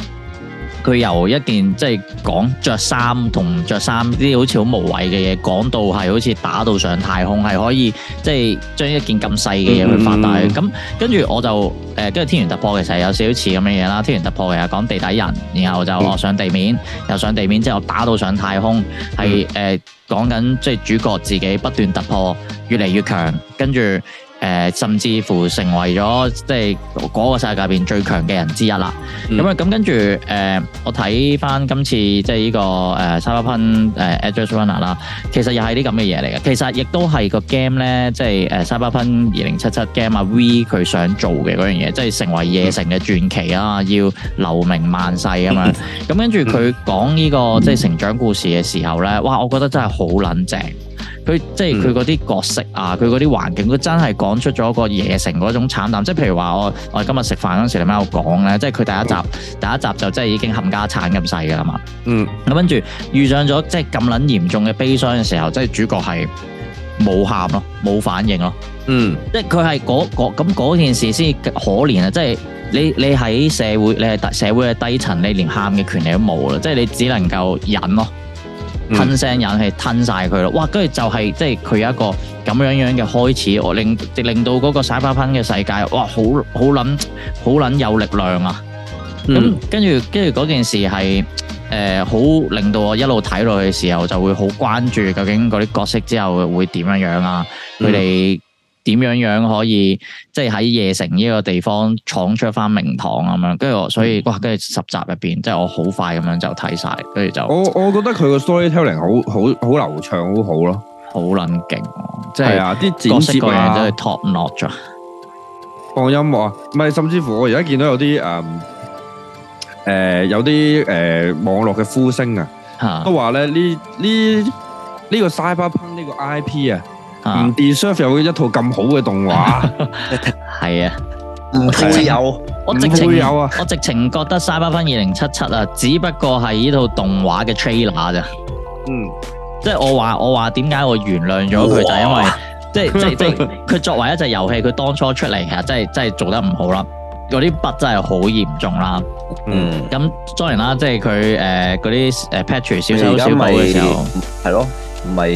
佢由一件即係講着衫同着衫啲好似好無謂嘅嘢，講到係好似打到上太空，係可以即係將一件咁細嘅嘢去發大咁。跟住、嗯嗯嗯嗯、我就誒，跟住天元突破嘅時候有少少似咁嘅嘢啦。天元突破其實講地底人，然後就落上地面，嗯、又上地面之後打到上太空，係誒、呃、講緊即係主角自己不斷突破，越嚟越強，跟住。誒、呃，甚至乎成為咗即係嗰、那個世界入面最強嘅人之一啦。咁啊、嗯，咁跟住誒，我睇翻今次即係呢、這個誒 Cyberpunk 誒 Edgerunners 啦，其實又係啲咁嘅嘢嚟嘅。其實亦都係個 game 咧，即係誒 Cyberpunk 二零七七 game 啊，V 佢想做嘅嗰樣嘢，即係成為夜城嘅傳奇、嗯、啊，要留名萬世啊嘛。咁跟住佢講呢個即係成長故事嘅時候咧，哇！我覺得真係好撚正。佢即係佢嗰啲角色，嗯、啊，佢嗰啲環境佢真係講出咗個夜城嗰種慘淡。即係譬如話，我我今日食飯嗰陣時，你喺度講咧，即係佢第一集、嗯、第一集就真係已經冚家產咁細噶啦嘛。嗯。咁跟住遇上咗即係咁撚嚴重嘅悲傷嘅時候，即係主角係冇喊咯，冇反應咯。嗯。即係佢係嗰咁件事先可憐啊！即係你你喺社會，你係社社會嘅低層，你連喊嘅權利都冇啦，即係你只能夠忍咯。吞聲忍氣吞晒佢咯，哇！跟住就係、是、即係佢有一個咁樣樣嘅開始，我令令到嗰個《Cyberpunk》嘅世界，哇！好好撚好撚有力量啊！嗯，跟住跟住嗰件事係誒、呃，好令到我一路睇落去嘅時候就會好關注究竟嗰啲角色之後會點樣樣啊！佢哋、嗯。點樣樣可以即係喺夜城呢個地方闖出翻名堂咁樣，跟住我所以哇，跟住十集入邊，即係我好快咁樣就睇晒，跟住就我我覺得佢個 storytelling 好好好流暢，好好咯，好捻勁，即係啲、啊啊、角色個人真係 top notch 啊！放音樂咪、啊，甚至乎我而家見到有啲誒誒，有啲誒、呃、網絡嘅呼聲啊，啊都話咧呢呢呢、呢個 Cyberpunk 呢個 IP 啊。唔，deserve 又一套咁好嘅動畫，係啊，唔、 (laughs) 啊、會有，我唔會有啊，我直情覺得《沙巴分二零七七》啊，只不過係呢套動畫嘅 trailer 咋，嗯，即係我話我話點解我原諒咗佢，就係因為即係即係即係，佢、就是、作為一隻遊戲，佢當初出嚟其實真係真係做得唔好啦，嗰啲 bug 真係好嚴重啦，嗯，咁當然啦，即係佢誒嗰啲誒 patch 少少少補嘅時候，係咯。咪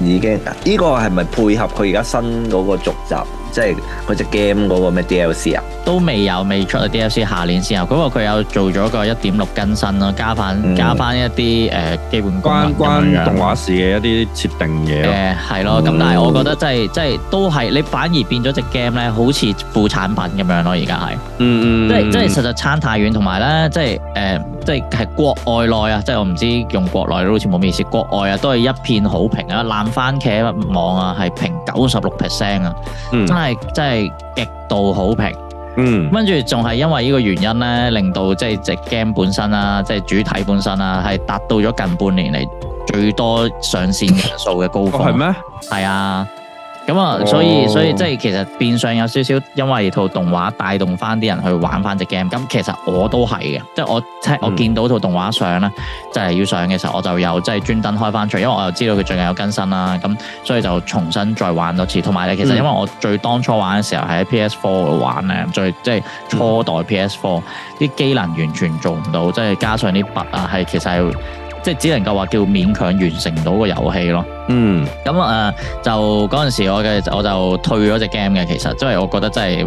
已經，呢個係咪配合佢而家新嗰個續集？即係嗰隻 game 嗰個咩 DLC 啊，都未有未出啊 DLC，下年先啊。不過佢有做咗個一點六更新咯，加翻、嗯、加翻一啲誒、呃、基本關關動畫時嘅一啲設定嘢。誒係咯，咁、嗯、但係我覺得即係即係都係你反而變咗隻 game 咧，好似副產品咁樣咯。而家係，即係即係實在差太遠，同埋咧即係誒、呃、即係係國外內啊，即係我唔知用國內都好似冇咩意思，國外啊都係一片好評啊，爛番茄網啊係評九十六 percent 啊，但 嗯真係真係極度好評，嗯，跟住仲係因為呢個原因咧，令到即係隻 game 本身啦、啊，即、就、係、是、主體本身啦、啊，係達到咗近半年嚟最多上線人數嘅高峰。係咩、哦？係啊。咁啊，所以所以即係其實變相有少少，因為套動畫帶動翻啲人去玩翻隻 game。咁其實我都係嘅，即係我即係我見到套動畫上咧，即係要上嘅時候，我就有即係專登開翻出，因為我又知道佢最近有更新啦。咁所以就重新再玩多次。同埋咧，其實因為我最當初玩嘅時候係喺 PS4 度玩咧，最即係初代 PS4 啲機能完全做唔到，即係加上啲筆啊係其實。係。即係只能夠話叫勉強完成到個遊戲咯。嗯，咁啊、呃、就嗰陣時我嘅我就退咗隻 game 嘅，其實，因為我覺得真係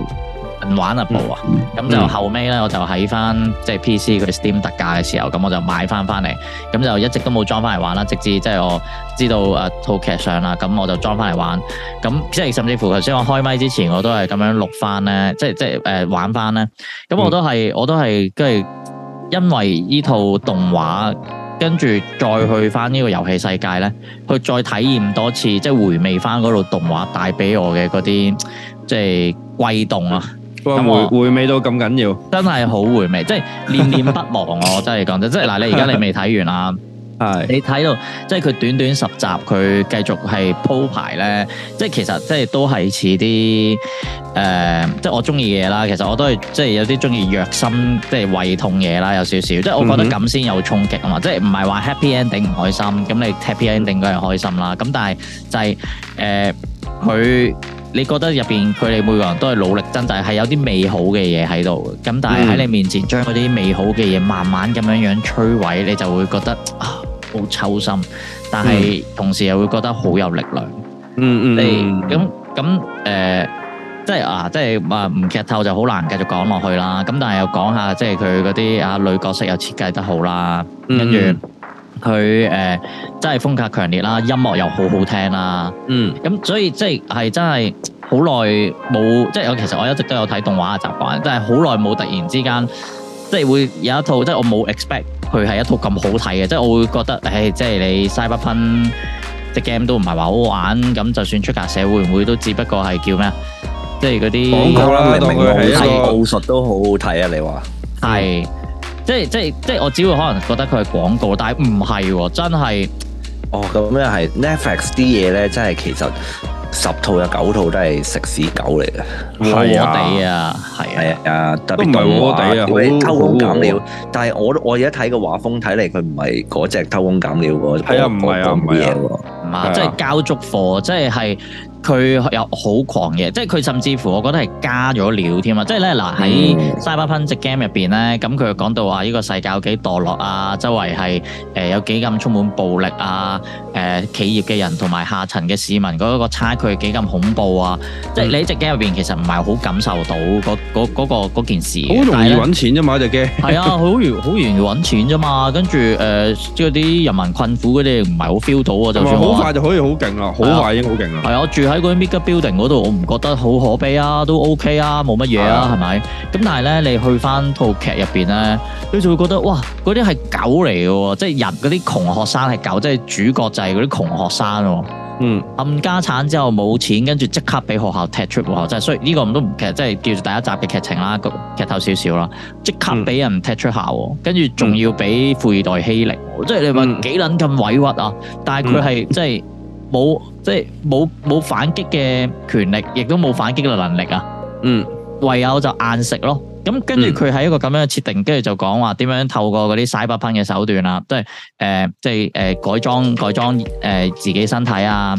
玩啊無啊。咁、嗯嗯、就後尾咧，我就喺翻即係 PC 嗰啲 Steam 特價嘅時候，咁我就買翻翻嚟，咁就一直都冇裝翻嚟玩啦。直至即係我知道啊套、呃、劇上啦，咁我就裝翻嚟玩。咁即係甚至乎頭先我開咪之前，我都係咁樣錄翻咧，即係即係誒、呃、玩翻咧。咁我都係、嗯、我都係跟住因為依套動畫。跟住再去翻呢個遊戲世界咧，去再體驗多次，即係回味翻嗰度動畫帶俾我嘅嗰啲即係悸動啊！話回，後回味到咁緊要，真係好回味，即係念念不忘 (laughs) 我真係講真，即係嗱你而家你未睇完啦。 (laughs) 係你睇到，即係佢短短十集，佢繼續係鋪排咧。即係其實、呃，即係都係似啲誒，即係我中意嘅嘢啦。其實我都係即係有啲中意虐心，即係胃痛嘢啦，有少少。即係我覺得咁先有衝擊啊嘛。嗯、哼即係唔係話 happy ending 唔開心，咁你 happy ending 梗係開心啦。咁但係就係、是、誒，佢、呃、你覺得入邊佢哋每個人都係努力掙扎，係、就是、有啲美好嘅嘢喺度。咁但係喺你面前將嗰啲美好嘅嘢慢慢咁樣樣摧毀，嗯、你就會覺得、呃好抽心，但係同時又會覺得好有力量。嗯嗯、mm，咁咁誒，即係啊，即係啊，唔劇透就好難繼續講落去啦。咁但係又講下，即係佢嗰啲啊女角色又設計得好啦，跟住佢誒，真係風格強烈啦，音樂又好好聽啦。嗯、mm，咁、hmm. 所以即係係真係好耐冇，即係我其實我一直都有睇動畫嘅習慣，但係好耐冇突然之間，即係會有一套，即係我冇 expect。佢係一套咁好睇嘅，即係我會覺得，唉、欸，即係你 Cyberpunk 啲 game 都唔係話好玩，咁就算出格社會唔會都只不過係叫咩啊？即係嗰啲廣告啦，明唔明啊？好多奧術都好好睇啊！你話係、嗯、即係即係即係我只會可能覺得佢係廣告，但係唔係喎，真係。哦，咁又係 Netflix 啲嘢咧，真係其實。十套有九套都係食屎狗嚟嘅，我、哦、哋啊，係啊啊，特別動畫，偷工減料。哦、但係我我而家睇個畫風，睇嚟佢唔係嗰隻偷工減料嗰個講嘢喎，唔係即係交足貨，即係係。佢有好狂嘅，即係佢甚至乎我覺得係加咗料添啊！即係咧嗱喺《Cyberpunk》隻 game 入邊咧，咁佢講到話呢個世界有幾墮落啊，周圍係誒有幾咁充滿暴力啊，誒、呃、企業嘅人同埋下層嘅市民嗰一個差距幾咁恐怖啊！嗯、即係你隻 game 入邊其實唔係好感受到、嗰個嗰嗰、嗰個、件事，好容易揾錢啫嘛，隻 game 係啊，好易好容易揾錢啫嘛，跟住誒即係啲人民困苦嗰啲唔係好 feel 到啊，就算好快就可以好勁啦，好快已經好勁啦，係啊 Yeah, yeah,、yeah，我住喺嗰啲 Mega Building 嗰度，我唔覺得好可悲啊，都 OK 啊，冇乜嘢啊，係咪、啊？咁但係咧，你去翻套劇入邊咧，你就會覺得哇，嗰啲係狗嚟嘅喎，即係人嗰啲窮學生係狗，即係主角就係嗰啲窮學生、啊。嗯，暗家產之後冇錢，跟住即刻俾學校踢出學、啊，即係所以呢個我都唔實即係叫做第一集嘅劇情啦，劇頭少少啦，即刻俾人踢出校、啊，跟住仲要俾富二代欺凌，即係你話幾撚咁委屈啊？但係佢係即係冇。即係冇冇反擊嘅權力，亦都冇反擊嘅能力啊！嗯，唯有就硬食咯。咁跟住佢喺一個咁樣嘅設定，跟住就講話點樣透過嗰啲 Cyberpunk 嘅手段啊，即係誒、呃、即係誒、呃、改裝改裝誒、呃、自己身體啊！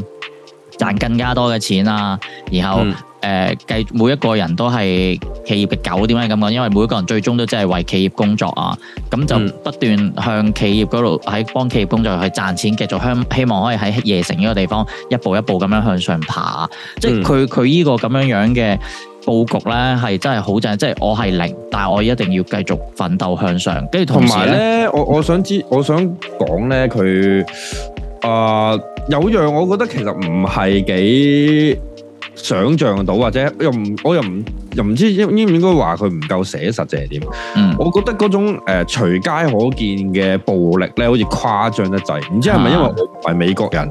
賺更加多嘅錢啊！然後誒、計、嗯呃、每一個人都係企業嘅狗，點解咁講？因為每一個人最終都真係為企業工作啊！咁就不斷向企業嗰度喺幫企業工作去賺錢，繼續向希望可以喺夜城呢個地方一步一步咁樣向上爬。嗯、即係佢佢呢個咁樣樣嘅佈局咧，係真係好正。即、就、係、是、我係零，但係我一定要繼續奮鬥向上。跟住同埋咧，我我想知，我想講咧，佢。啊，uh, 有樣我覺得其實唔係幾想象到，或者又唔，我又唔又唔知應唔應該話佢唔夠寫實，定係點？嗯，我覺得嗰種誒，隨、呃、街可見嘅暴力咧，好似誇張得滯，唔知係咪因為我唔係美國人？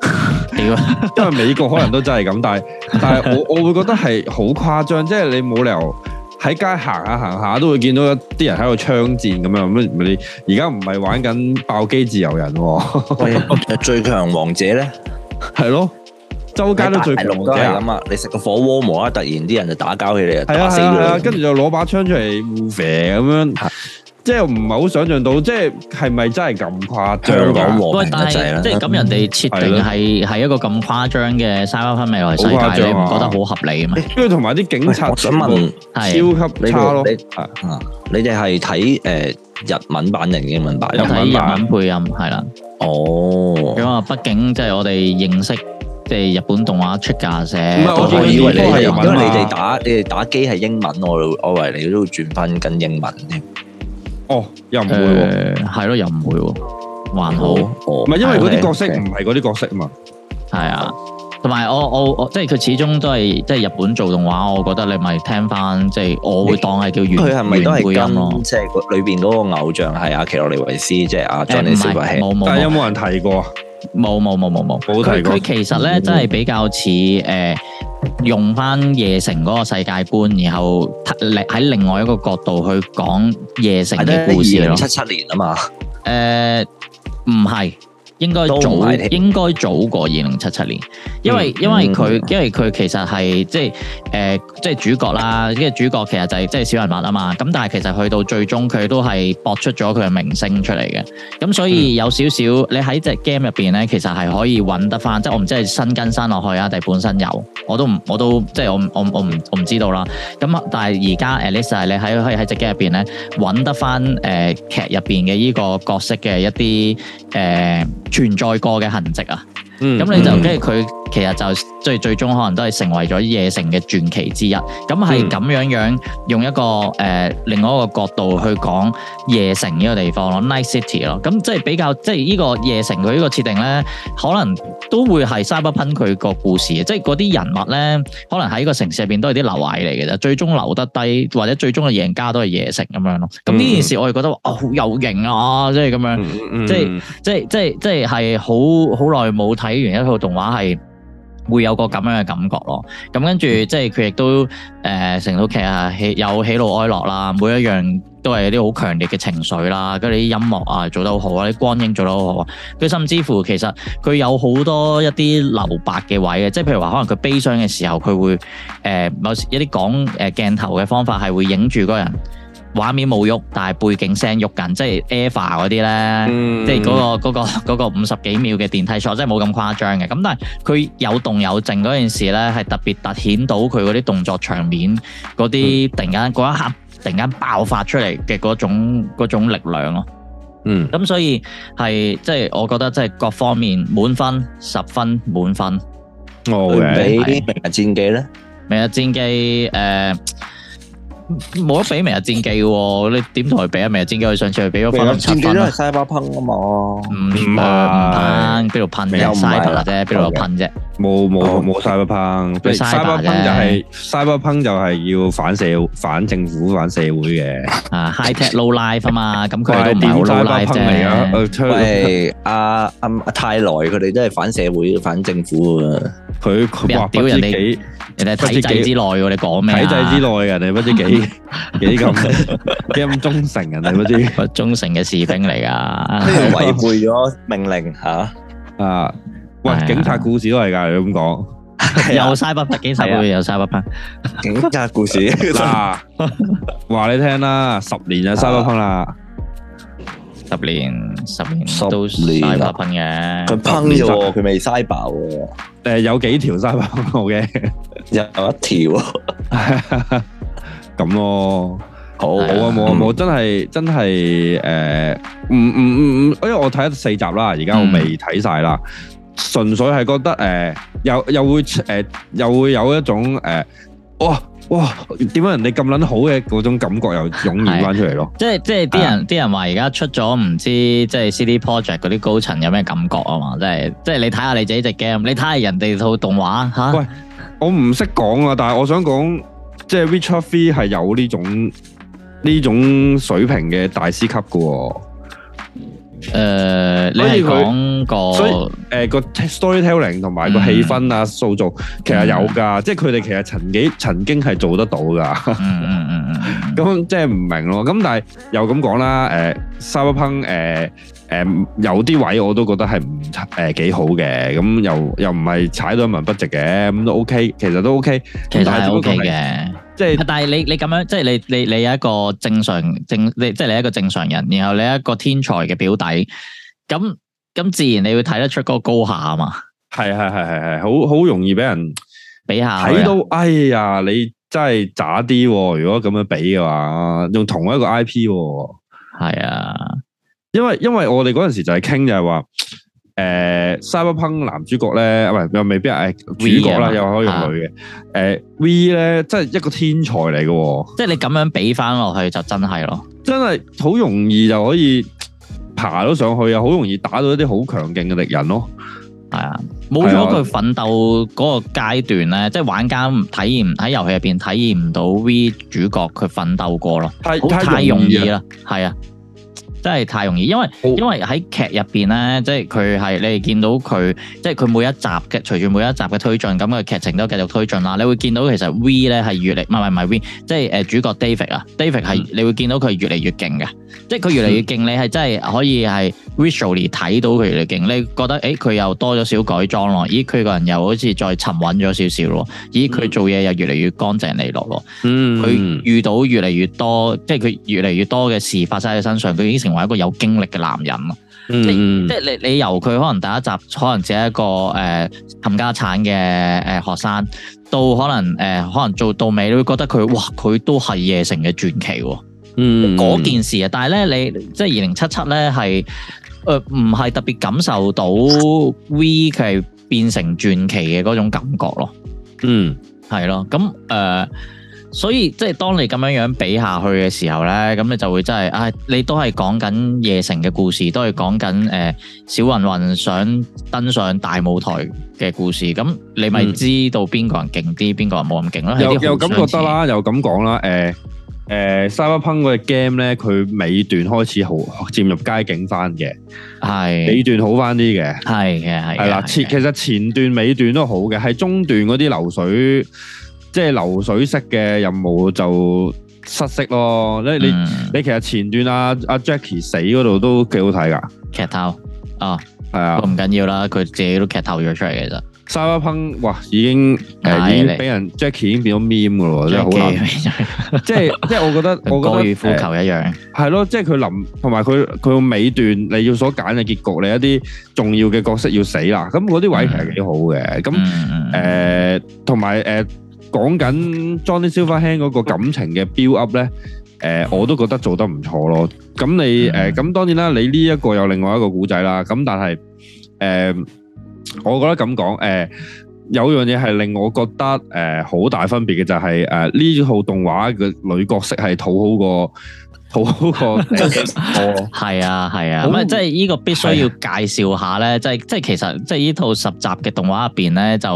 啊、 (laughs) 因為美國可能都真係咁， (laughs) 但係但係我我會覺得係好誇張，即係你冇理由。喺街行下行下都會見到一啲人喺度槍戰咁樣，咩你而家唔係玩緊爆機自由人喎、哦？喂 (laughs) 最強王者咧，係咯，周街都最強大大都係咁啊！你食個火鍋無啦，突然啲人就打交起嚟，對對對，打死佢，跟住就攞把槍出嚟護啡咁樣。即係唔係好想象到，即係係咪真係咁誇張咁和平一隻咧？即係咁人哋設定係係一個咁誇張嘅沙包分未來世界，你唔覺得好合理嘅咩？跟住同埋啲警察全部超級差咯。你哋係睇誒日文版定英文版？睇日文配音係啦。哦，咁啊，畢竟即係我哋認識即係日本動畫出家社，唔係我以為你因為你哋打你哋打機係英文，我我以為你都會轉翻緊英文添。哦，又唔會喎、啊，係咯、呃，又唔會喎、啊，還好，唔係、哦哦、因為嗰啲角色唔係嗰啲角色嘛，係啊，同埋我我，我即係佢始終都係即係日本做動畫，我覺得你咪聽翻即係我會當係叫原原配音咯，即係裏邊嗰個偶像係阿奇洛尼維斯，即係阿 Johnny 小、欸、沒但係有冇人提過？冇冇冇冇冇，佢佢它其實咧有真係比較似誒、呃，用翻《夜城》嗰個世界觀，然後喺另外一個角度去講《夜城》嘅故事咯。七七年啊嘛，誒、呃，唔係。應該早應該早過二零七七年，因為、嗯、因為佢、嗯、因為佢其實係即係誒即係主角啦，因為主角其實就係即係小人物啊嘛。咁但係其實去到最終佢都係博出咗佢嘅名聲出嚟嘅。咁所以有少少你喺隻 game 入邊咧，其實係可以揾得翻，嗯、即係我唔知係新更新落去啊，定本身有我都唔我都即係我我我唔我唔知道啦。咁但係而家 at least 你喺可以喺隻 game 入邊咧揾得翻誒、呃、劇入邊嘅呢個角色嘅一啲誒。呃存在過嘅痕跡啊！咁、嗯、你就跟住佢，其實就即係最終可能都係成為咗夜城嘅傳奇之一。咁係咁樣樣用一個誒、呃、另外一個角度去講夜城呢個地方咯，Night City 咯。咁即係比較即係呢個夜城佢呢個設定咧，可能都會係 Cyberpunk 佢個故事。即係啲人物咧，可能喺呢個城市入邊都係啲螻蟻嚟嘅啫。最終留得低，或者最終嘅贏家都係夜城咁樣咯。咁呢件事我又覺得，哦，好有型啊，即係咁樣，嗯嗯、即係即係即係即係係好好耐冇睇。睇完一套動畫係會有個咁樣嘅感覺咯，咁跟住即係佢亦都誒、呃、成套劇啊喜有喜怒哀樂啦，每一樣都係一啲好強烈嘅情緒啦，跟住啲音樂啊做得好好啊，啲光影做得好好啊，佢甚至乎其實佢有好多一啲留白嘅位嘅，即係譬如話可能佢悲傷嘅時候佢會誒某、呃、一啲講誒鏡頭嘅方法係會影住個人。畫面冇喐，但係背景聲喐緊，即係 Eva 嗰啲咧，即係嗰個嗰五十幾秒嘅電梯賽，真係冇咁誇張嘅。咁但係佢有動有靜嗰件事咧，係特別突顯到佢嗰啲動作場面嗰啲、嗯、突然間嗰一刻，突然間爆發出嚟嘅嗰種嗰種力量咯。嗯，咁所以係即係我覺得即係各方面滿分十分滿分。我俾 Okay,、嗯《明日戰記》咧，《明日戰記》誒、呃。冇得比，明日戰記喎，你點同佢比啊？明日戰記佢上次佢比咗翻七分，戰記都係沙巴烹啊嘛，唔唔噴，邊度噴有沙特啫，邊度噴啫？冇冇冇沙巴烹，沙巴烹就係沙巴烹就係要反社會、反政府、反社會嘅啊，high tech low life 啊嘛，咁佢都唔係沙巴烹嚟嘅，喂阿阿阿泰來佢哋都係反社會、反政府啊，佢佢話屌人哋。你睇體制之內喎，你講咩啊？體制之內嘅人，你不知幾幾咁幾咁忠誠，人哋不知不忠誠嘅士兵嚟噶，違背咗命令吓。啊，喂，警察故事都係噶，你咁講又嘥八百幾，嘥八百，又嘥八百，警察故事嗱，話你聽啦，十年就嘥八百啦。十年十年都塞爆噴嘅，佢噴咗喎，佢未塞爆嘅。誒，有幾條塞爆嘅，有一條咁咯。好，冇啊冇啊冇，真係真係誒，唔唔唔唔，因為我睇咗四集啦，而家我未睇晒啦，純粹係覺得誒，又又會誒，又會有一種誒，哇！哇！點解人哋咁撚好嘅嗰種感覺又湧現翻出嚟咯？即係即係啲人啲、啊、人話而家出咗唔知即係 CD Project 嗰啲高層有咩感覺啊嘛？即係即係你睇下你自己隻 game，你睇下人哋套動畫嚇。啊、喂，我唔識講啊，但係我想講，即係 Witcher 3係有呢種呢種水平嘅大師級嘅喎。誒，呃、你過所以佢，所、呃、以誒個 storytelling 同埋個氣氛啊，塑造其實有噶，嗯嗯、即係佢哋其實曾幾曾經係做得到噶、 (laughs) 嗯。嗯嗯嗯咁 (laughs) 即係唔明咯。咁但係又咁講啦，誒、呃，Cyberpunk、呃，誒、呃、誒，有啲位我都覺得係唔誒幾好嘅。咁又又唔係踩到一文不值嘅，咁都 OK，其實都 OK，其實都 OK 嘅。即係，但係你你咁樣，即係你你你有一個正常正，你即係你一個正常人，然後你一個天才嘅表弟，咁咁自然你會睇得出嗰個高下嘛？係係係係係，好好容易俾人比下，啊。睇到哎呀，你真係渣啲，如果咁樣比嘅話，用同一個 IP，係啊，啊因，因為因為我哋嗰陣時就係傾就係話。誒，Cyberpunk 男主角咧，唔又未必係、哎、主角啦，又的可以用女嘅。誒、uh, uh,，V 咧，真係一個天才嚟嘅，哦，即係你咁樣俾翻落去就真係咯，真係好容易就可以爬到上去，又好容易打到一啲好強勁嘅敵人咯。係、uh, 啊，冇咗佢奮鬥嗰個階段咧，uh, 即係玩家體驗喺遊戲入邊體驗唔到 V 主角佢奮鬥過咯，太很太容易啦，係啊。 (laughs) 真係太容易，因為好因為喺劇入邊咧，即係佢係你哋見到佢，即係佢每一集嘅隨住每一集嘅推進，咁佢劇情都繼續推進啦。你會見到其實 V 咧係越嚟，唔係唔係 V，即係誒主角 David 啊，David 係、嗯、你會見到佢越嚟越勁噶。即係佢越嚟越勁，你係真係可以係 visually 睇到佢越嚟勁，你覺得誒佢又多咗少改裝咯？咦，佢個人又好似再沉穩咗少少咯？咦，佢做嘢又越嚟越乾淨利落咯？佢、嗯、遇到越嚟越多，即係佢越嚟越多嘅事發生喺佢身上，佢已經成為一個有經歷嘅男人咯。嗯、你即係你你由佢可能第一集可能只係一個誒冚、呃、家鏟嘅誒學生，到可能誒、呃、可能做到尾你會覺得佢哇，佢都係夜城嘅傳奇、哦。嗯，嗰件事啊，但係咧，你即係二零七七咧，係，誒，唔係特別感受到 V 佢變成傳奇嘅嗰種感覺咯。嗯，係咯，咁誒，所以即係當你咁樣樣比下去嘅時候咧，咁你就會真係，哎，你都係講緊夜城嘅故事，都係講緊誒小雲雲想登上大舞台嘅故事。咁你咪知道邊個人勁啲，邊個人冇咁勁啦。又又咁覺得啦，又咁講啦，誒。誒 Cyberpunk 嗰隻 game 咧，佢、呃、尾段開始好漸入佳境翻嘅，係是尾段好翻啲嘅，係嘅係。係啦，前其實前段尾段，尾段都好嘅，係中段嗰啲流水即係流水式嘅任務就失色咯。嗯、你你你其實前段啊阿、啊、Jackie 死嗰度都幾好睇㗎劇透啊係啊，唔、哦、的緊要啦，佢自己都劇透咗出嚟嘅。實。Cyberpunk 哇，已經誒已經俾人 Jackie 已經變咗 Meme 噶喎，即係好難，即係即係我覺得我覺得高爾夫球一樣係咯，即係佢臨同埋佢佢個尾段你要所揀嘅結局，你一啲重要嘅角色要死啦，咁嗰啲位其實幾好嘅，咁誒同埋誒講緊 Johnny Silverhand 嗰個感情嘅 build up 咧，誒我都覺得做得唔錯咯。咁你誒咁當然啦，你呢一個有另外一個古仔啦，咁但係誒。我覺得咁講，誒、呃、有樣嘢係令我覺得誒好、呃、大分別嘅就係誒呢套動畫嘅女角色係討好過。好過，係啊係啊，咁啊，即係呢個必須要介紹下咧，即係即係其實即係呢套十集嘅動畫入邊咧，就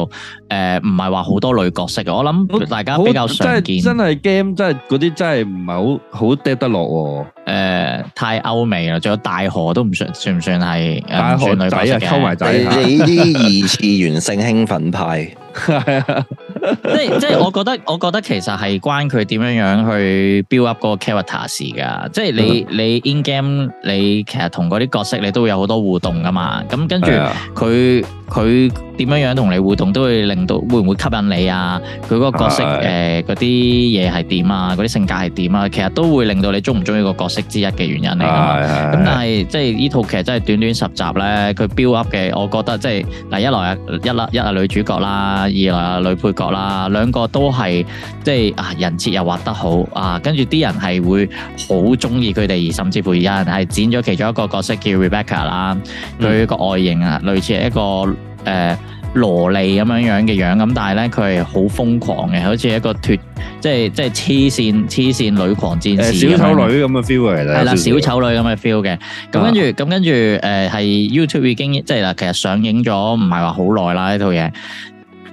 誒唔係話好多女角色嘅，我諗大家比較常見，真係 game 真係嗰啲真係唔係好好 d 得落，誒、 (music) 嗯、太歐美啦，仲有大河都唔算算唔算係大河、呃、女仔角色嘅，你呢啲二次元性興奮派。 (laughs) (laughs) (laughs) 即係即係，我覺得我覺得其實係關佢點樣樣去 build up 嗰個 character 事噶，即係你你 in game 你其實同嗰啲角色你都會有好多互動噶嘛，咁跟住佢。 (laughs) 佢點樣樣同你互動都會令到，會唔會吸引你啊？佢嗰個角色誒嗰啲嘢係點啊？嗰啲性格係點啊？其實都會令到你中唔中意個角色之一嘅原因嚟㗎嘛。咁但係即係呢套劇真係短短十集咧，佢 build up 嘅，我覺得即係嗱一來一粒一啊女主角啦，二來啊女配角啦，兩個都係即係啊人設又畫得好啊，跟住啲人係會好中意佢哋，甚至乎有人係剪咗其中一個角色叫 Rebecca 啦，佢個外形啊類似一個。誒，蘿莉咁樣樣嘅樣，咁但係咧佢係好瘋狂嘅，好似一個脱，即係即係痴線痴線女狂戰士，欸，小丑女咁嘅 feel 嚟嘅。係啦，小丑女咁嘅 feel 嘅。咁、啊、跟住，咁跟住，誒、呃，係 YouTube 已經即係啦，其實上映咗唔係話好耐啦呢套嘢，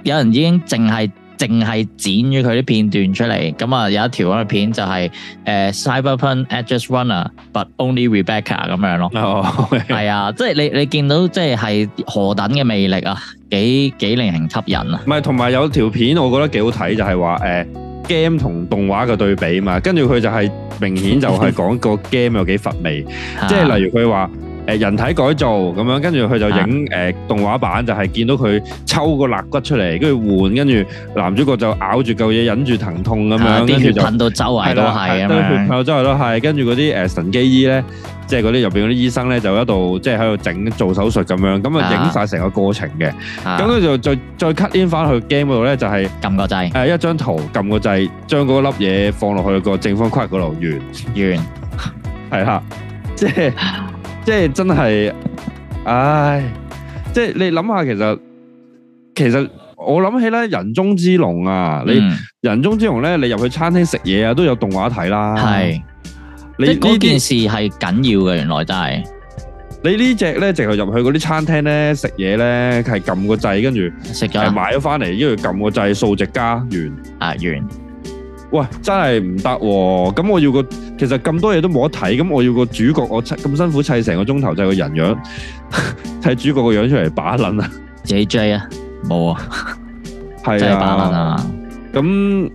有人已經淨係淨係剪咗佢啲片段出嚟，咁啊有一條嗰個片就係、是、誒、呃、Cyberpunk Edgerunners，But Only Rebecca 咁樣咯，係、oh, okay. 啊，即、就、係、是、你你見到即係係何等嘅魅力啊，幾幾令人吸引啊！唔係，同埋有條片我覺得幾好睇，就係話誒 game 同動畫嘅對比嘛，跟住佢就係、是、明顯就係講個 game 有幾乏味， (laughs) 即係例如佢話。誒人體改造咁樣，跟住佢就影誒動畫版，就係見到佢抽個肋骨出嚟，跟住換，跟住男主角就咬住嚿嘢忍住疼痛咁樣，啲血噴到周圍都係咁樣，噴到周圍都係。跟住嗰啲誒神機醫咧，即係嗰啲入邊嗰啲醫生咧，就喺度即係喺度整做手術咁樣，咁啊影曬成個過程嘅。咁佢就再再 cut in 翻去 game 嗰度咧，就係撳個掣，誒一張圖撳個掣，將嗰粒嘢放落去個正方框嗰度，完完，係啦，即係。即係真係，唉！即係你諗下，其實其實我諗起咧，人中之龍啊，嗯，你人中之龍咧，你入去餐廳食嘢啊，都有動畫睇啦。係，你呢件事係緊要嘅，原來真係。你呢隻咧，直頭入去嗰啲餐廳咧食嘢咧，係撳個掣，跟住食咗，買咗翻嚟，因為撳個掣，數值加完啊，完。喂，真係唔得喎！咁、嗯、我要個，其實咁多嘢都冇得睇，咁、嗯、我要個主角，我咁辛苦砌成個鐘頭就係、是、個人樣，睇 (laughs) 主角個樣出嚟把撚啊！自己追啊，冇啊，係 (laughs) 啊，把撚啊。咁誒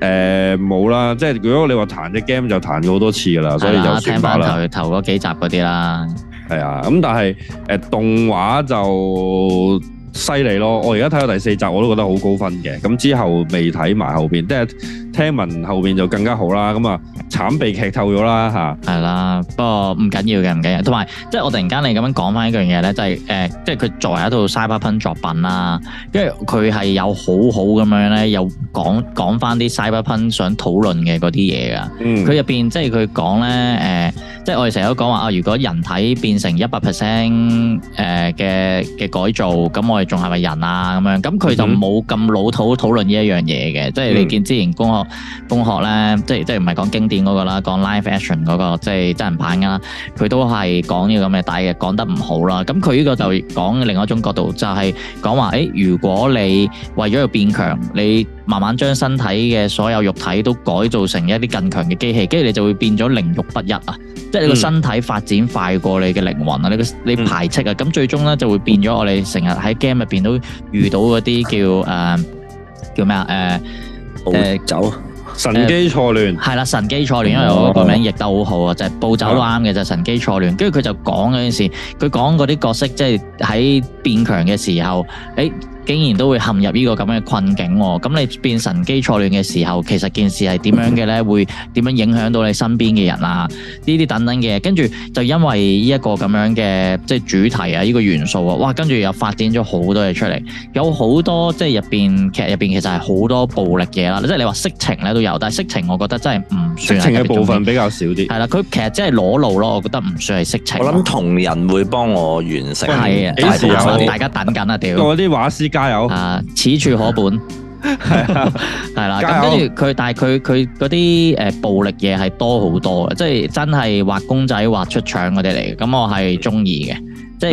冇啦，即係如果你話彈隻 game 就彈好多次㗎啦，啊、所以就算把撚啦、啊。頭頭嗰幾集嗰啲啦，係啊，咁、嗯、但係誒、呃、動畫就犀利咯！我而家睇到第四集我都覺得好高分嘅，咁之後未睇埋後邊，即、就、係、是。聽聞後邊就更加好啦，咁啊慘被劇透咗啦吓，係啦，不過唔緊要嘅，唔緊要。同埋即係我突然間你咁樣講翻一樣嘢咧，就係、是、誒，即係佢作為一套 Cyberpunk 作品啦，跟住佢係有好好咁樣咧，有講講翻啲 Cyberpunk 想討論嘅嗰啲嘢噶。佢入邊即係佢講咧誒，即係、就是呃就是、我哋成日都講話啊，如果人體變成一百 percent 誒嘅嘅改造，咁我哋仲係咪人啊咁樣？咁佢就冇咁老土討論呢一樣嘢嘅，嗯、即係你見之前科攻殼咧，即係即係唔係講經典嗰、那個啦，講 live action 嗰、那個即係真人版噶啦，佢都係講呢個咁嘅，但係講得唔好啦。咁佢呢個就講另一種角度，就係講話誒，如果你為咗要變強，你慢慢將身體嘅所有肉體都改造成一啲更強嘅機器，跟住你就會變咗靈肉不一啊，嗯、即係你個身體發展快過你嘅靈魂啊，你個你排斥啊，咁、嗯、最終咧就會變咗我哋成日喺 game 入邊都遇到嗰啲叫誒、呃、叫咩啊誒。呃暴走、呃、神機錯亂係啦，神機錯亂，哦、因為我個名譯得好好啊，哦、就係暴走都啱嘅，哦、就係神機錯亂。跟住佢就講嗰陣時，佢講嗰啲角色，即係喺變強嘅時候，誒。竟然都會陷入呢個咁樣嘅困境喎、哦，咁你變神機錯亂嘅時候，其實件事係點樣嘅咧？會點樣影響到你身邊嘅人啊？呢啲等等嘅，跟住就因為呢一個咁樣嘅即係主題啊，呢、這個元素啊，哇！跟住又發展咗好多嘢出嚟，有好多即係入邊劇入邊其實係好多暴力嘢啦，即係你話色情咧都有，但係色情我覺得真係唔算色情嘅部分比較少啲，係啦，佢其實真係裸露咯，我覺得唔算係色情。我諗同人會幫我完成，係、嗯、啊，大家等緊啊，我啲畫師。加油！啊，此處可本係 (laughs) 啊，係啦。咁跟住佢，但係佢佢嗰啲誒暴力嘢係多好多嘅，即係真係畫公仔畫出腸嗰啲嚟嘅。咁我係中意嘅，即係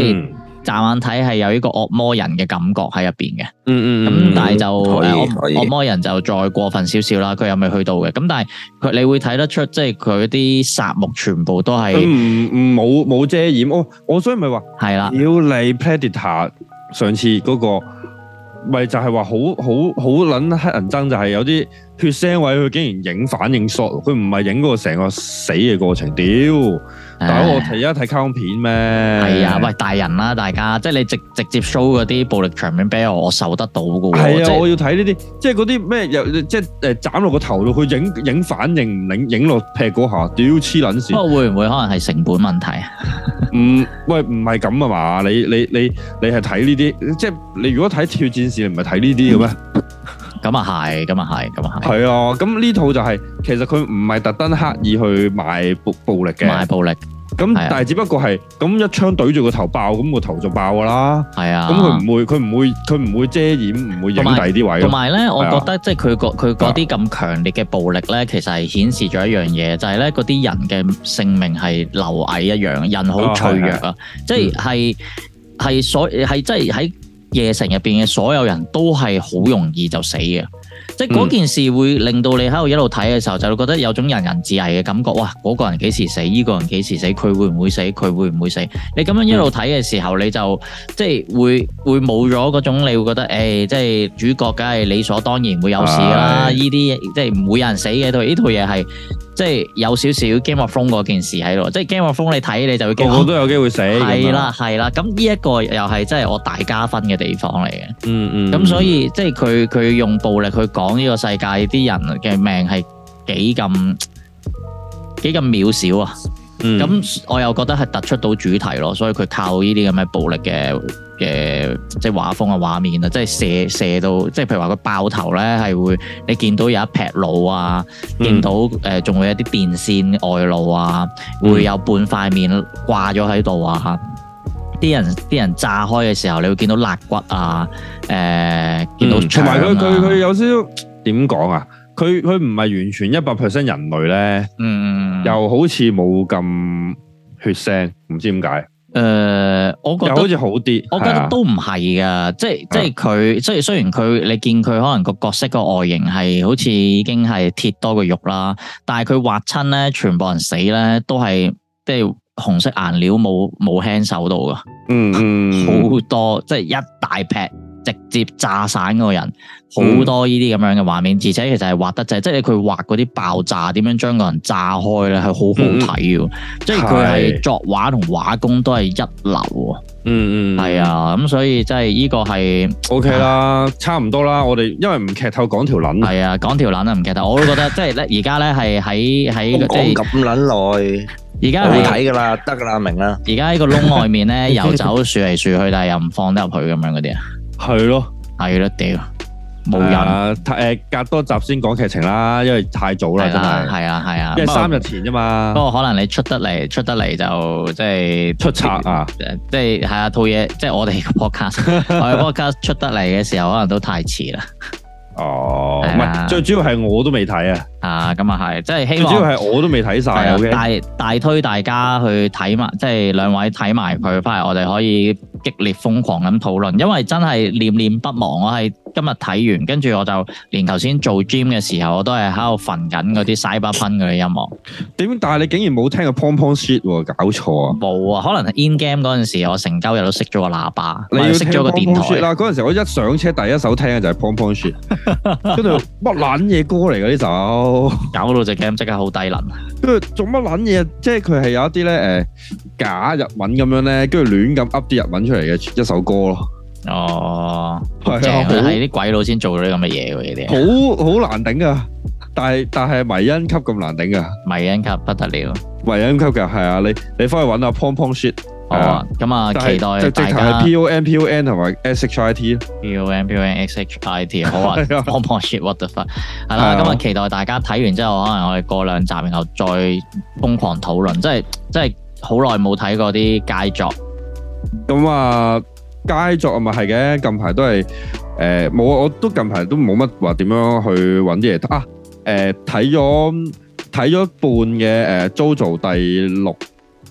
驟、嗯、眼睇係有呢個惡魔人嘅感覺喺入邊嘅。嗯嗯咁、嗯、但係就誒，惡魔人就再過分少少啦。佢又未去到嘅。咁但係佢你會睇得出，即係佢啲殺木全部都係冇冇遮掩。我我所以咪話係啦。屌的你 Predator 上次嗰、嗰個。咪就係話好好好撚黑人憎，就係有啲血腥位，佢竟然影反應 shot，佢唔係影嗰個成個死嘅過程，屌！ (noise) 但我睇啊睇卡通片咩？係啊，喂，大人啦，大家，即係你直直接 show 嗰啲暴力場面俾我，我受得到噶喎。係啊，我要睇呢啲，即係嗰啲咩又即係誒斬落個頭度，去影影反應影影落劈嗰下，屌黐撚線。不過會唔會可能係成本問題？唔喂，唔係咁啊嘛，你你你你係睇呢啲，即係你如果睇挑戰士唔係睇呢啲嘅咩？咁啊係，咁啊係，咁啊係。係啊，咁呢套就係其實佢唔係特登刻意去賣暴暴力嘅。賣暴力。咁，但係只不過係咁、啊、一槍對住個頭爆，咁個頭就爆噶啦。係啊，咁佢唔會，佢唔會，佢唔會，會遮掩，唔有會影蔽啲位。同埋咧，啊、我覺得即係佢個佢嗰啲咁強烈嘅暴力咧，其實係顯示咗一樣嘢，就係咧嗰啲人嘅性命係螻蟻一樣，人好脆弱啊。啊即係係係所係即係喺夜城入邊嘅所有人都係好容易就死嘅。嗰件事會令到你喺度一路睇嘅時候，就會覺得有種人人自危嘅感覺。哇！嗰、那個人幾時死？呢、這個人幾時死？佢會唔會死？佢會唔會死？你咁樣一路睇嘅時候，你就即係會會冇咗嗰種，你會覺得誒、欸，即係主角梗係理所當然會有事啦。呢啲的即係唔會有人死嘅。套呢套嘢係即係有少少 Game of Thrones 嗰件事喺度，即係 Game of Thrones 你睇你就會個個都有機會死。係啦、啊，係啦。咁呢一個又係真係我大加分嘅地方嚟嘅、嗯。嗯咁所以即係佢佢用暴力去講。講呢個世界啲人嘅命係幾咁幾咁渺小啊！咁、嗯、我又覺得係突出到主題咯，所以佢靠呢啲咁嘅暴力嘅嘅即係畫風啊、畫面啊，即係射射到即係，譬如話佢爆頭咧係會，你見到有一劈腦啊，見到誒仲會有啲電線外露啊，會有半塊面掛咗喺度啊。啲人啲人炸開嘅時候，你會見到肋骨啊，誒、呃，嗯、見到同埋佢佢佢有少少點講啊？佢佢唔係完全一百 percent 人類咧，嗯又好似冇咁血腥，唔知點解？誒、呃，我覺得又好似好啲，我覺得都唔係噶，即係即係佢，雖雖然佢，你見佢可能個角色個外形係好似已經係鐵多過肉啦，但係佢挖親咧，全部人死咧，都係即係。即紅色顏料冇冇輕手到噶，嗯，嗯，好多即係一大劈直接炸散個人，好、嗯、多呢啲咁樣嘅畫面，而且其實係畫得就係，即係佢畫嗰啲爆炸點樣將個人炸開咧，係好好睇嘅，嗯、即係佢係作畫同畫工都係一流。嗯嗯，係啊，咁所以即係呢個係 OK 啦了，嗯、差唔多啦。我哋因為唔劇透講條，講條捻係啊，講條捻啊，唔劇透。我都覺得即係咧，而家咧係喺喺即係咁捻耐。而家你睇噶啦，得噶啦，明啦。而家呢個窿外面咧又走樹嚟樹去，但係又唔放得入去咁樣嗰啲啊。係咯，係咯，屌，冇人。誒，隔多集先講劇情啦，因為太早啦，係啊，係啊，係啊，因為三日前啫嘛。不過可能你出得嚟，出得嚟就即係出策啊，即係係啊，套嘢即係我哋個 podcast， (laughs) 我哋 podcast 出得嚟嘅時候可能都太遲啦。哦，唔係、oh，啊，最主要係我都未睇啊，啊，咁啊係，即係希望，最主要係我都未睇晒，啊、okay? 大大推大家去睇埋，即係兩位睇埋佢，翻嚟我哋可以。激烈瘋狂咁討論，因為真係念念不忘。我係今日睇完，跟住我就連頭先做 gym 嘅時候，我都係喺度憤緊嗰啲 Cyberpunk 嗰啲音樂。點？但係你竟然冇聽過 Pon Pon Shit 喎？搞錯啊！冇啊，可能 in game 嗰陣時，我成周日都熄咗個喇叭，你要熄咗、啊、個電台啦。嗰陣時我一上車第一首聽嘅就係、是、Pon Pon Shit。跟住乜撚嘢歌嚟㗎呢首？ (laughs) 搞到隻 game 即刻好低能。跟住做乜撚嘢？即係佢係有一啲咧誒假日文咁樣咧，跟住亂咁噏啲日文出嚟嘅一首歌咯。哦，係啊，係啲鬼佬先做咗啲咁嘅嘢㗎，呢啲好好難頂啊！但係但係迷因級咁難頂啊！迷因級不得了，迷因級嘅係啊，你你翻去揾下 Pong Pong shit。碰碰係啊，咁啊是，期待即大家 P O N P O N 同埋 S H I T P O N P O N S H I T，好啊，Come on shit，what the fuck 係啦，今日期待大家睇完之後，可能我哋過兩集，然後再瘋狂討論，即係即係好耐冇睇過啲佳作。咁啊、嗯，佳作啊，咪係嘅，近排都係誒，冇、呃，我都近排都冇乜話點樣去搵啲嘢得啊。誒、呃，睇咗睇咗一半嘅誒，呃《JoJo 第六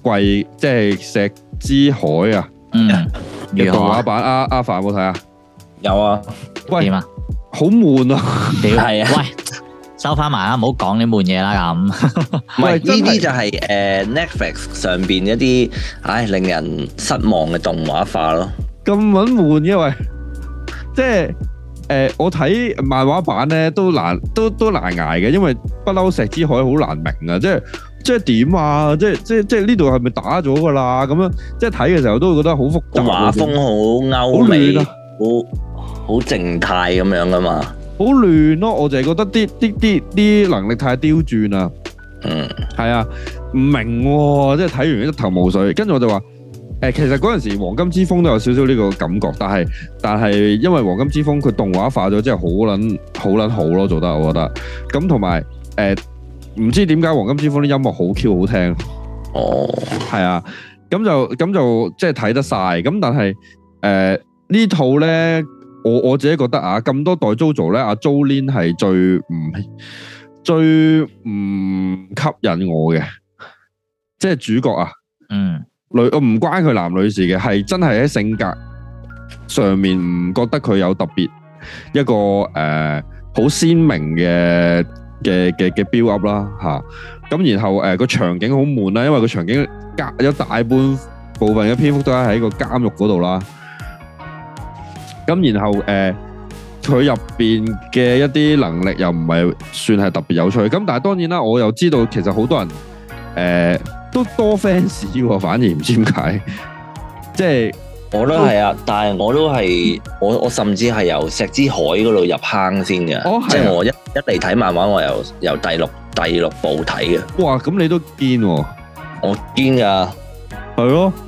季，即係石。之海啊，嗯，嘅動畫版啊，阿凡有冇睇啊？有啊，喂，點啊，好悶啊，屌係啊，喂，收翻埋啦，唔好講啲悶嘢啦咁。喂呢啲就係誒 Netflix 上邊一啲，唉，令人失望嘅動畫化咯。咁搵悶，因為即係誒，我睇漫畫版咧都難，都都難挨嘅，因為不嬲石之海好難明啊，即係。即係點啊！即係即係即係呢度係咪打咗噶啦？咁樣即係睇嘅時候都會覺得好複雜，啊，畫風好歐美，好好靜態咁樣噶，啊，嘛？好亂咯！我就係覺得啲啲啲啲能力太刁轉刁鑽啦。嗯，係啊，唔明喎，啊！即係睇完一頭霧水，跟住我就話：誒，欸，其實嗰陣時《黃金之風》都有少少呢個感覺，但係但係因為《黃金之風》佢動畫化咗，之後好捻好捻好咯做得，我覺得咁同埋誒。唔知點解《黃金之風》啲音樂好 Q 好聽，哦，係啊，咁就咁就即係睇得晒，咁但係誒呢套咧，我我自己覺得啊，咁多代 JoJo 咧，阿 Jo Lin 係最唔最唔吸引我嘅，即係主角啊，嗯，女唔關佢男女事嘅，係真係喺性格上面唔覺得佢有特別一個誒好鮮明嘅。嘅嘅嘅 build up 啦嚇，咁然後誒個場景好悶啦，因為個場景隔咗大半部分嘅篇幅都係喺個監獄嗰度啦，咁然後誒佢入邊嘅一啲能力又唔係算係特別有趣，咁但係當然啦，我又知道其實好多人誒都多 fans 喎，反而唔知點解，即係。我都係啊，但係我都係，我我甚至係由石之海嗰度入坑先嘅，哦啊、即係我一一嚟睇漫畫，我由由第六第六部睇嘅。哇，咁你都堅喎？我堅噶，係咯、啊。的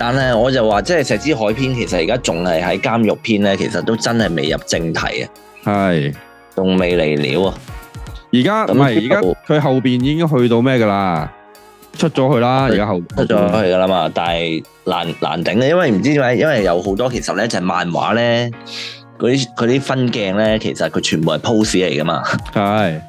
但係我就話，即係石之海篇，其實而家仲係喺監獄篇咧，其實都真係未入正題啊。係是，仲未嚟料啊。而家唔係而家，佢後邊已經去到咩噶啦？出咗去啦，而家後出咗去噶啦嘛，但係難難頂咧，因為唔知點解，因為有好多其實咧就係漫畫咧嗰啲嗰啲分鏡咧，其實佢全部係 pose 嚟噶嘛，係，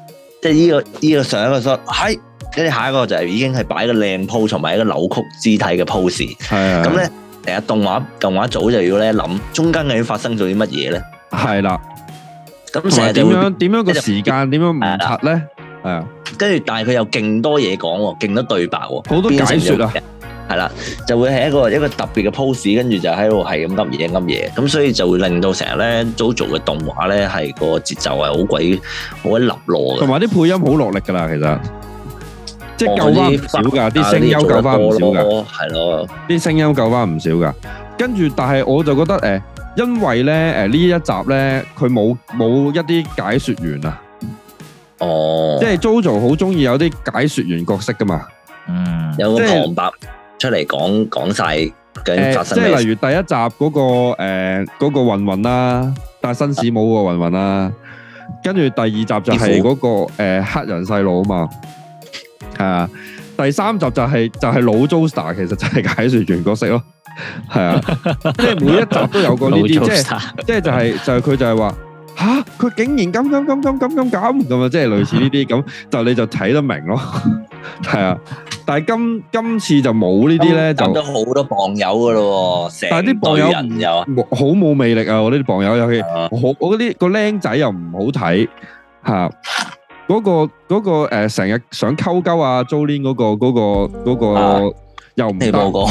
即係呢個呢個上一個 shot 係，跟住下一個就係已經係擺個靚 pose，同埋一個扭曲肢體嘅 pose，係，咁咧第一動畫動畫早就要咧諗中間究竟發生咗啲乜嘢咧，係啦，咁同埋點樣點樣個時間點樣唔插咧，係啊。跟住，但係佢又勁多嘢講喎，勁多對白喎，好多解説啊，係啦，就會係一個一個特別嘅 pose，跟住就喺度係咁噏嘢噏嘢，咁所以就會令到成日咧 JoJo 嘅動畫咧係個節奏係好鬼好鬼立落，同埋啲配音好落力噶啦，其實即係救翻少㗎，啲聲音救翻唔少㗎，係咯，啲聲音救翻唔少㗎。跟住，但係我就覺得誒，因為咧誒呢一集咧，佢冇冇一啲解説員啊。哦， (noise) 即係 Jojo 好中意有啲解說員角色噶嘛，嗯，有個旁白出嚟，講講晒究，即係例如第一集嗰、那個誒嗰、呃那個云云啦，戴紳士帽個云云啦，跟住第二集就係嗰個誒黑人細路啊嘛，係啊父，第三集就係、是、就係、是、老 Joestar 其實就係解說員角色咯，係啊，即係每一集都有個呢啲，即係即係就係、是、就係、是、佢就係、是、話。就是就是吓佢竟然咁咁咁咁咁咁咁咁咁啊！即係類似呢啲咁，就你就睇得明咯，係啊。但係今今次就冇呢啲咧，就咁都好多傍友噶咯。但係啲傍友唔有啊，好冇魅力啊！我呢啲傍友又係好，我嗰啲個僆仔又唔好睇吓。嗰個嗰個誒，成日想溝溝啊，Julian 嗰個嗰個嗰個又唔得個。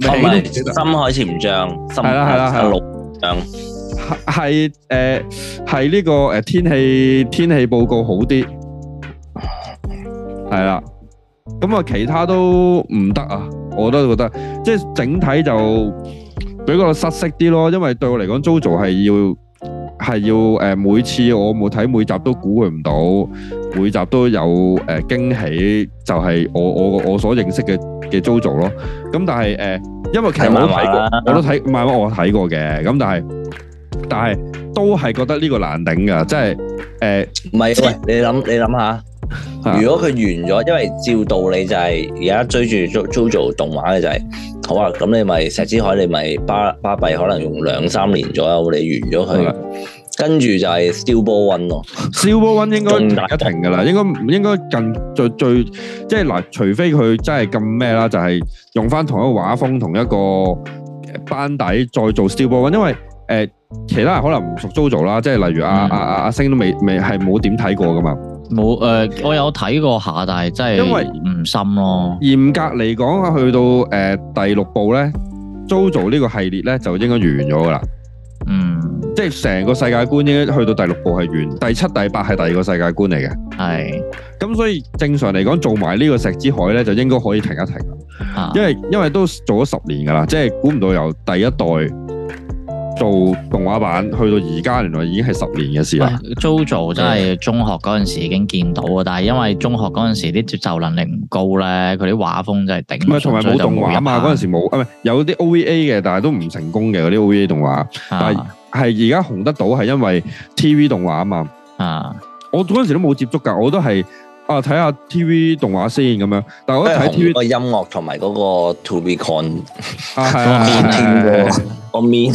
係深海潛將，係啦係啦係啦六將。係誒，係呢個誒天氣天氣報告好啲，係啦。咁啊，其他都唔得啊。我都覺得即係整體就比較失色啲咯。因為對我嚟講，JOJO 係要係要誒，每次我冇睇每集都估佢唔到，每集都有誒驚喜，就係我我我所認識嘅嘅 JOJO 咯。咁但係誒，因為其實我都睇過，我都睇唔係，我睇過嘅。咁但係。但係都係覺得呢個難頂噶，即係誒，唔係喂，你諗你諗下，如果佢完咗，因為照道理就係而家追住 JoJo 動畫嘅就係好啊，咁你咪石之海，你咪巴巴閉，可能用兩三年左右你完咗佢，跟住就係《Steel Ball Run》咯，《Steel Ball Run》應該大家停噶啦，應該應該近最最即係嗱，除非佢真係咁咩啦，就係用翻同一個畫風同一個班底再做《Steel Ball Run》，因為誒。其他人可能唔熟《JOJO》啦，即係例如阿阿阿阿星都未未係冇點睇過噶嘛。冇誒、呃，我有睇過下，但係真係因為唔深咯。嚴格嚟講啊，去到誒、呃、第六部咧，《JOJO》呢個系列咧就應該完咗噶啦。嗯，即係成個世界觀應該去到第六部係完，第七、第八係第二個世界觀嚟嘅。係。咁所以正常嚟講，做埋呢個石之海咧，就應該可以停一停。因為因為都做咗十年噶啦，即係估唔到由第一代。做動畫版去到而家，原來已經係十年嘅事啦。JOJO 真係中學嗰陣時已經見到啊，的但係因為中學嗰陣時啲接受能力唔高咧，佢啲畫風真係頂唔順，同埋冇動畫啊嘛。嗰陣時冇啊，有啲 OVA 嘅，但係都唔成功嘅嗰啲 OVA 動畫。但係係而家紅得到係因為 TV 動畫啊嘛。啊，我嗰陣時都冇接觸噶，我都係。啊！睇下 TV 動畫先咁樣，但係我睇 TV 嘅音樂同埋嗰個 To Be Con，係啊，我 mean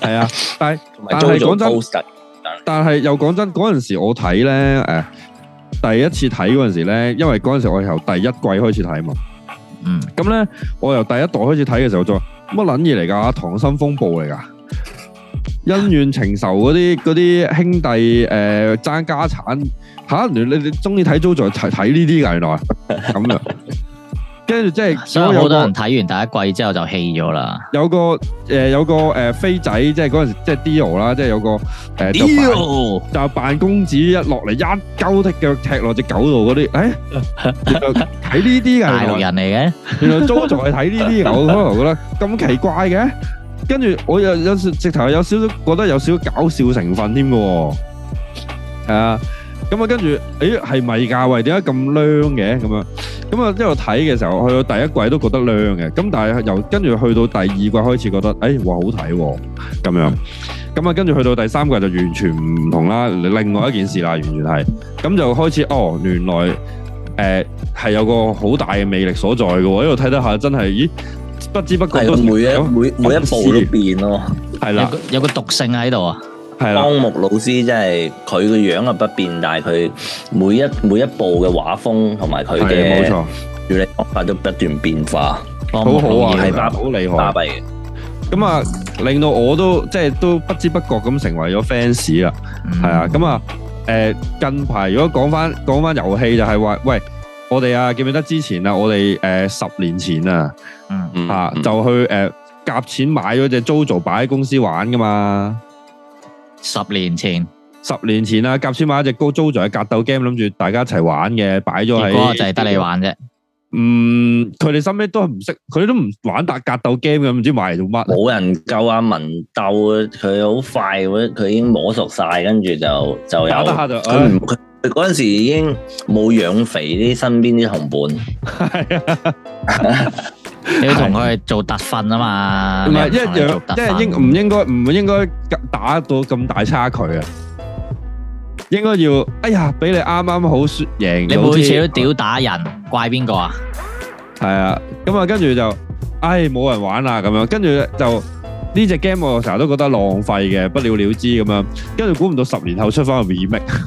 係啊，但係但係講真，但係又講真，嗰陣時我睇咧，誒、哎，第一次睇嗰陣時咧，因為嗰陣時我由第一季開始睇嘛，嗯，咁咧我由第一代開始睇嘅時候，我再乜捻嘢嚟噶？溏心風暴嚟噶？恩 (laughs) 怨情仇嗰啲嗰啲兄弟誒、呃、爭家產。吓！你你你中意睇《JOJO，睇睇呢啲噶，原來咁樣，跟住即係，所以好多人睇完第一季之後就棄咗啦。有個誒有個誒飛仔，即係嗰陣時即係 Dio 啦，即係有個誒就就扮公子一落嚟，一鳩踢腳踢落隻狗度嗰啲誒，睇呢啲噶大陸人嚟嘅，原來 JOJO 睇呢啲噶，我可能覺得咁奇怪嘅，跟住我有有直頭有少少覺得有少少搞笑成分添嘅，係啊。咁啊，跟住，誒係咪價位點解咁靚嘅咁樣？咁啊，一路睇嘅時候去到第一季都覺得靚嘅，咁但係由跟住去到第二季開始覺得，誒、欸、哇好睇喎咁樣。咁啊，跟住去到第三季就完全唔同啦，另外一件事啦，完全係咁就開始哦，原來誒係、呃、有個好大嘅魅力所在嘅喎，因為睇得下真係，咦不知不覺不知每咁，每每一步都變咯，係啦事了，有個毒性喺度啊！係啦，湯木老師真係佢個樣啊不變，但係佢每一每一步嘅畫風同埋佢嘅處理方法都不斷變化，好好啊，係嘛，好厲害，咁啊令到我都即係都不知不覺咁成為咗 fans 啦，係啊，咁啊，誒近排如果講翻講翻遊戲就係話，喂我哋啊記唔記得之前啊我哋誒十年前啊，啊就去誒夾錢買咗隻 JoJo 擺喺公司玩噶嘛。十年前，十年前啊，夾先買一隻高租咗喺格鬥 game 諗住大家一齊玩嘅，擺咗喺。如果就係得你玩啫。嗯，佢哋身邊都係唔識，佢都唔玩打格鬥 game 咁，唔知買嚟做乜。冇人救阿、啊、文鬥，佢好快，佢已經摸熟晒，跟住就就有。打得下就，佢唔佢，佢嗰陣時已經冇養肥啲身邊啲同伴。 (laughs) (laughs) 你要同佢做特訓啊嘛，唔係一樣，即係應唔應該唔應該打到咁大差距啊？應該要，哎呀，俾你啱啱好輸贏。你每次都屌打人，怪邊個啊？係啊，咁啊，跟住就，哎，冇人玩啦，咁樣，跟住就呢隻 game 我成日都覺得浪費嘅，不了了之咁樣，跟住估唔到十年後出翻個 remake，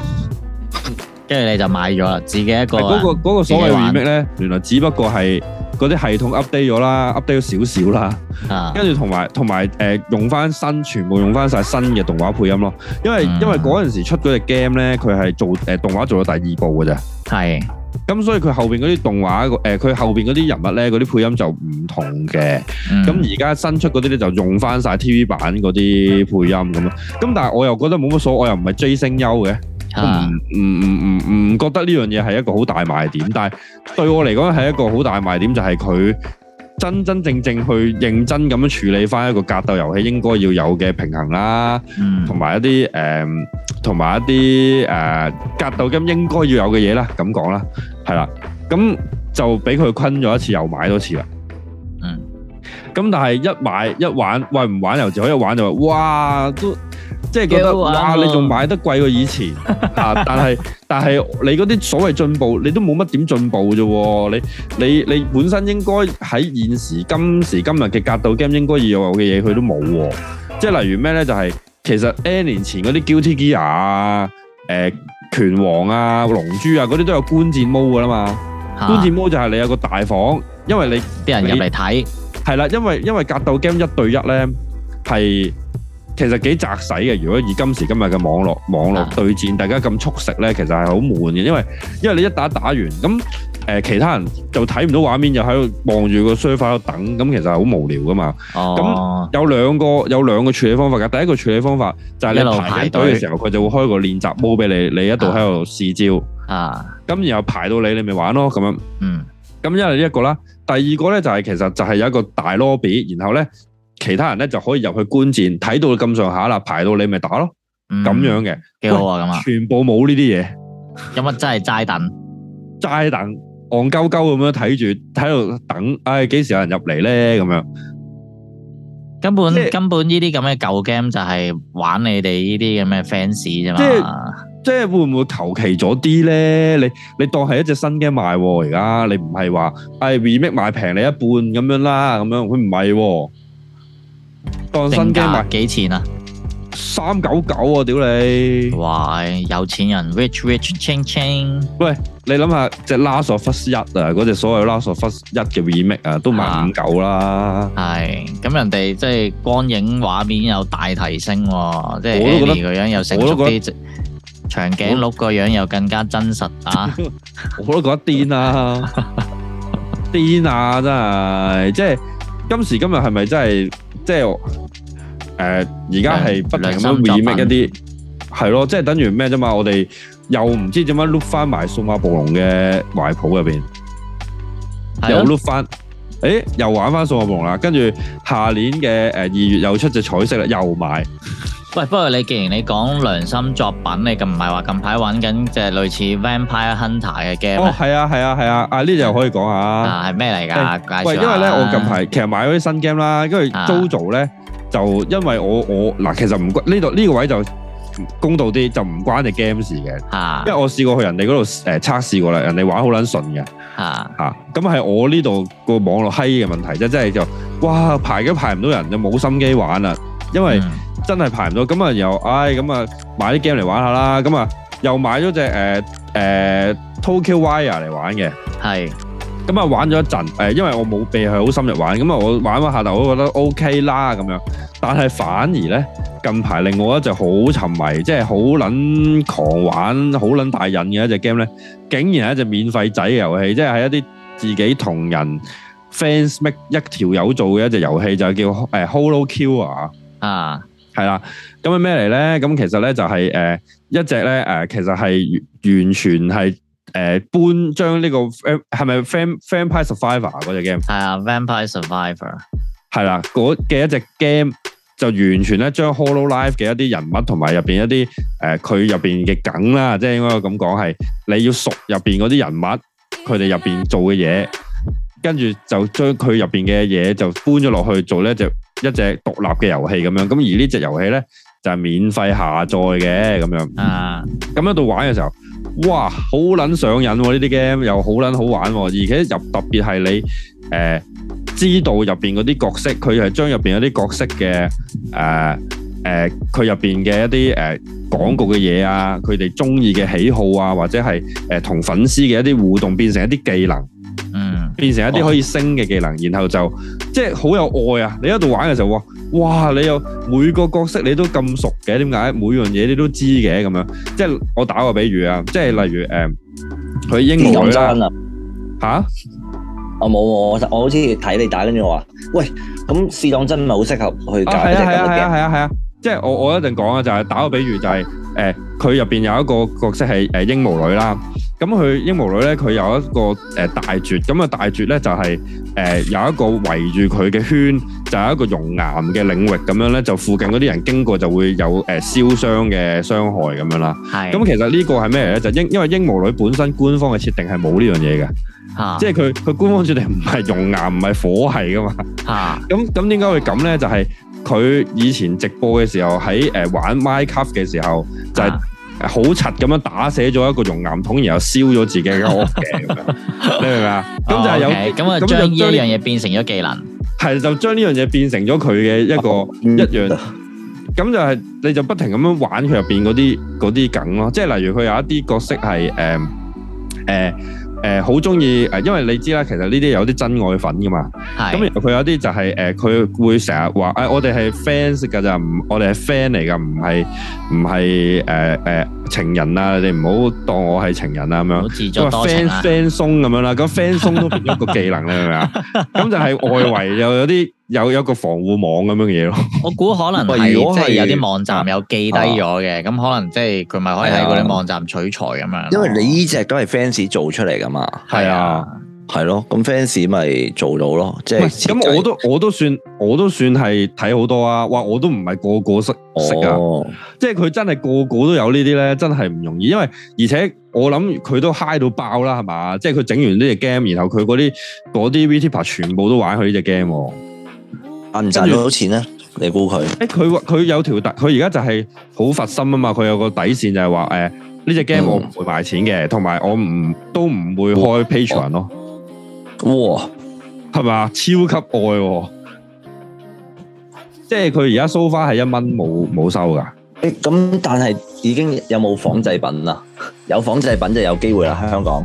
跟住你就買咗啦，自己一個。嗰個嗰個所謂 remake 咧，原來只不過係。嗰啲系統 update 咗啦，update 咗少少啦，跟住同埋同埋誒用翻新，全部用翻晒新嘅動畫配音咯。因為、嗯、因為嗰陣時出嗰隻 game 咧，佢係做誒、呃、動畫做到第二部嘅啫。係是，咁所以佢後邊嗰啲動畫誒，佢、呃、後邊嗰啲人物咧，嗰啲配音就唔同嘅。咁而家新出嗰啲咧，就用翻晒 TV 版嗰啲配音咁樣。咁但係我又覺得冇乜所謂，我又唔係追聲優嘅。唔唔唔唔唔覺得呢樣嘢係一個好大賣點，但係對我嚟講係一個好大賣點，就係佢真真正正去認真咁樣處理翻一個格鬥遊戲應該要有嘅平衡啦，嗯，同埋一啲誒，同埋一啲誒格鬥 game 應該要有嘅嘢啦，咁講啦，係啦，咁就俾佢昆咗一次，又買多次啦，嗯，咁但係一買一玩，喂唔玩遊戲可一玩就話，哇都～即係覺得哇！你仲買得貴過以前嚇，但係但係你嗰啲所謂進步，你都冇乜點進步啫喎！你你你本身應該喺現時今時今日嘅格鬥 game 應該要有嘅嘢，佢都冇。即係例如咩咧？就係其實 N 年前嗰啲 Guilty Gear 啊、誒拳王啊、龍珠啊嗰啲都有觀戰 mode 㗎啦嘛。觀戰 mode 就係你有個大房，因為你俾人入嚟睇。係啦，因為因為格鬥 game 一對一咧係。其實幾雜使嘅，如果以今時今日嘅網絡網絡對戰，大家咁速食呢，其實係好悶嘅，因為因為你一打打完，咁誒其他人就睇唔到畫面，又喺度望住個 surface 等，咁其實係好無聊噶嘛。哦，咁有兩個有兩個處理方法噶，第一個處理方法就係你排隊嘅時候，佢就會開個練習模俾你，你一度喺度試招啊。咁然後排到你，你咪玩咯，咁樣。嗯。咁一係呢一個啦，第二個呢就係其實就係有一個大 lobby，然後呢。其他人咧，就可以入去觀戰，睇到咁上下啦，排到你咪打咯，咁樣嘅，幾好啊咁啊！全部冇呢啲嘢，有乜真係齋等？齋等，戇鳩鳩咁樣睇住，喺度等，唉，幾時有人入嚟咧？咁樣根本根本呢啲咁嘅舊 game 就係玩你哋呢啲咁嘅 fans 啫嘛，即係即係會唔會求其咗啲咧？你你當係一隻新 game 賣，而家，你唔係話唉，remake 賣平你一半咁樣啦，咁樣佢唔係。當新機賣幾錢啊？三九九啊！屌你！哇，有錢人，rich rich，ching ching。喂，你諗下，即係 Last of Us 一啊，嗰隻所謂 Last of Us 一嘅 remake 啊，都賣五九啦。係，咁人哋即係光影畫面有大提升，即係嗰樣又成熟啲，長頸鹿個樣又更加真實啊！我都覺得癲啊，癲啊，真係，即係今時今日係咪真係？即係，誒，而家係不停咁 remake 一啲，係咯，呃，即係等於咩啫嘛？我哋又唔知點樣碌翻埋數碼暴龍嘅懷抱入邊，又碌翻，誒、嗯欸，又玩翻數碼暴龍啦。跟住下年嘅誒二月又出隻彩色啦，又買。喂，不過你既然你講良心作品，你咁唔係話近排玩緊即係類似《Vampire Hunter》嘅 game？哦，係啊，係啊，係啊，啊呢就可以講下啊，係咩嚟㗎？喂，因為咧我近排其實買咗啲新 game 啦，因為 JOJO 咧就因為我我嗱，其實唔呢度呢個位就公道啲，就唔關你 game 事嘅嚇。啊、因為我試過去人哋嗰度誒測試過啦，人哋玩好撚順嘅嚇嚇，咁係、啊啊、我呢度個網絡閪嘅問題，即係即係就，係、就哇排都排唔到人，就冇心機玩啦，因為、嗯。真係排唔到，咁啊又，唉，咁啊買啲 game 嚟玩下啦，咁啊又買咗隻誒誒 Tokyo Wire 嚟玩嘅，係，咁啊玩咗一陣，誒，因為我冇備係好深入玩，咁啊我玩玩下，但係我覺得 OK 啦咁樣，但係反而咧近排另外一隻好沉迷，即係好捻狂玩，好捻大癮嘅一隻 game 咧，竟然係一隻免費仔嘅遊戲，即係喺一啲自己同人 fans make 一條友做嘅一隻遊戲，就係叫誒 HoloCure 啊。係啦，咁係咩嚟咧？咁其實咧就係誒，一隻咧誒，其實係、就是呃呃、完全係誒、呃、搬將呢、這個係咪《Vampire Survivor》嗰隻 game？係啊， (music) 《Vampire Survivor》係啦，嗰嘅一隻 game 就完全咧將《Hololive》嘅一啲人物同埋入邊一啲誒，佢入邊嘅梗啦，即係應該咁講係，你要熟入邊嗰啲人物，佢哋入邊做嘅嘢。跟住就將佢入邊嘅嘢，就搬咗落去做咧，就一隻獨立嘅遊戲咁樣。咁而呢隻遊戲呢，就係、是、免費下載嘅咁樣。啊，咁喺度玩嘅時候，哇，好捻上癮呢啲 game，又好捻好玩，啊。而且入特別係你誒、呃、知道入邊嗰啲角色，佢係將入邊嗰啲角色嘅誒誒佢入邊嘅一啲誒廣告嘅嘢啊，佢哋中意嘅喜好啊，或者係誒同粉絲嘅一啲互動，變成一啲技能。嗯。變成一啲可以升嘅技能，然後就即係好有愛啊！你喺度玩嘅時候話，哇！你又每個角色你都咁熟嘅，點解每樣嘢你都知嘅咁樣？即係我打個比喻啊，即係例如誒，佢鸚鵡女啦，吓？我冇我我好似睇你打跟住話，喂，咁試當真唔係好適合去教？係係係啊係啊係啊！即係我我一定講啊，就係打個比喻，就係誒，佢入邊有一個角色係誒鸚鵡女啦。咁佢鸚鵡女咧，佢有一個誒大絕，咁啊大絕咧就係誒有一個圍住佢嘅圈，就係一個熔岩嘅領域咁樣咧，就附近嗰啲人經過就會有誒燒傷嘅傷害咁樣啦。係咁，其實呢個係咩嚟咧？就因因為鸚鵡女本身官方嘅設定係冇呢樣嘢嘅，嚇，即係佢佢官方設定唔係熔岩，唔係火系噶嘛，嚇。咁咁點解會咁咧？就係佢以前直播嘅時候喺誒玩 Minecraft 嘅時候就係。好柒咁樣打死咗一個熔岩桶，然後燒咗自己嘅屋嘅。 (laughs) 哦、你明唔明啊？咁、哦、就係有咁啊，將呢一樣嘢變成咗技能，係就將呢樣嘢變成咗佢嘅一個、哦、一樣。咁 (laughs) 就係你就不停咁樣玩佢入邊嗰啲嗰啲梗咯，即係例如佢有一啲角色係誒誒。呃呃誒好中意誒，因為你知啦，其實呢啲有啲真愛粉噶嘛，咁然後佢有啲就係、是、誒，佢、呃、會成日話誒，我哋係 fans 㗎就唔，我哋係 fan 嚟㗎，唔係唔係誒誒情人啊，你唔好當我係情人啊咁樣 friend friend 鬆咁樣啦，咁 friend 鬆都變咗個技能啦，係咪啊？咁就係外圍又有啲。有有個防護網咁樣嘢咯，我估可能係即係有啲網站有記低咗嘅，咁的可能即係佢咪可以喺嗰啲網站取材咁樣的。因為你呢隻都係 fans 做出嚟噶嘛，係啊的，係咯，咁 fans 咪做到咯，即係咁是其實 我都我都算我都算係睇好多啊，哇！我都唔係個個識識啊，哦、即係佢真係個個都有呢啲咧，真係唔容易。因為而且我諗佢都 high 到爆啦，係嘛？即係佢整完呢隻 game，然後佢嗰啲嗰啲 v t p p 全部都玩佢呢隻 game。啊！唔賺到錢咧，後你估佢？誒、欸，佢佢有條底，佢而家就係好佛心啊嘛！佢有個底線就係話，誒，呢隻 game 我唔會賣錢嘅，同埋、嗯、我唔都唔會開 Patreon 咯。哇，係咪啊？超級愛、哦，即係佢而家 so far 係一蚊冇冇收噶？誒、欸，咁但係已經有冇仿製品啦？有仿製品就有機會啦，喺香港。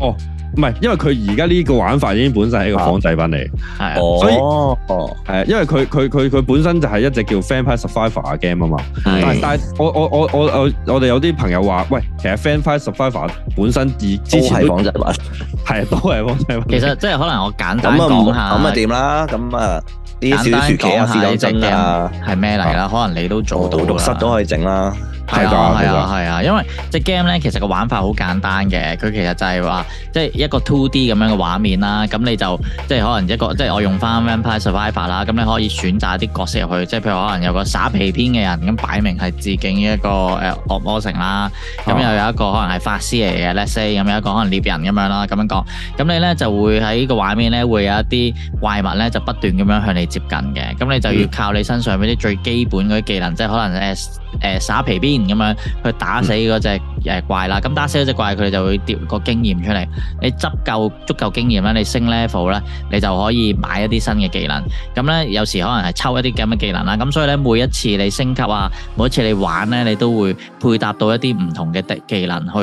哦。唔係，因為佢而家呢個玩法已經本身係一個仿製品嚟，係啊，所以係啊，哦、因為佢佢佢本身就係一隻叫《Vampire Survivors》game 啊嘛，是但係我我我我我我哋有啲朋友話，喂，其實《Vampire Survivors》本身以之前都係仿製品，係 (laughs) 都係仿製品。其實即係可能我簡單講下，咁咪點啦？咁啊，啲小廚幾有自己整啊，係咩嚟啦？可能你都做到了，到失咗可以整啦。係啊，係啊，係啊，因為隻 game 咧，其實個玩法好簡單嘅，佢其實就係話，即係一個 two D 咁樣嘅畫面啦。咁你就即係可能一個即係我用返《Vampire Survivor》啦。咁你可以選擇一啲角色入去，即係譬如可能有個耍皮鞭嘅人，咁擺明係致敬一個誒呃、惡魔城啦。咁又有一個可能係法師嚟嘅，let's say 咁樣一個可能獵人咁樣啦。咁樣講，咁你咧就會喺呢個畫面咧會有一啲怪物咧就不斷咁樣向你接近嘅。咁你就要靠你身上嗰啲最基本嗰啲技能，mm. 即係可能誒誒、呃、耍皮鞭。咁樣去打死嗰隻誒怪啦，咁打死嗰隻怪佢就會掉個經驗出嚟。你執夠足夠經驗啦，你升 level 咧，你就可以買一啲新嘅技能。咁咧有時可能係抽一啲咁嘅技能啦。咁所以咧每一次你升級啊，每一次你玩咧，你都會配搭到一啲唔同嘅敵技能去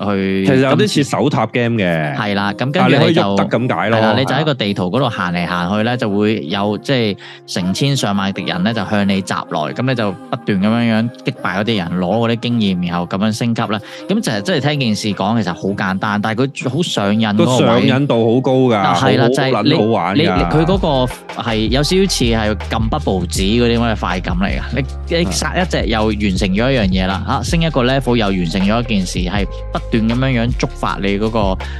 去。其實有啲似守塔 game 嘅。係啦，咁跟住咧就得咁解啦，你就喺個地圖嗰度行嚟行去咧，就會有即係成千上萬敵人咧就向你襲來，咁你就不斷咁樣樣擊敗嗰啲人。攞嗰啲經驗，然後咁樣升級咧。咁就係真係聽件事講，其實好簡單，但係佢好上癮。個上癮度好高㗎，係啦，就係你你佢嗰個係有少少似係撳筆寶子嗰啲咁嘅快感嚟㗎。你你殺一隻又完成咗一樣嘢啦，嚇的升一個 level 又完成咗一件事，係不斷咁樣樣觸發你嗰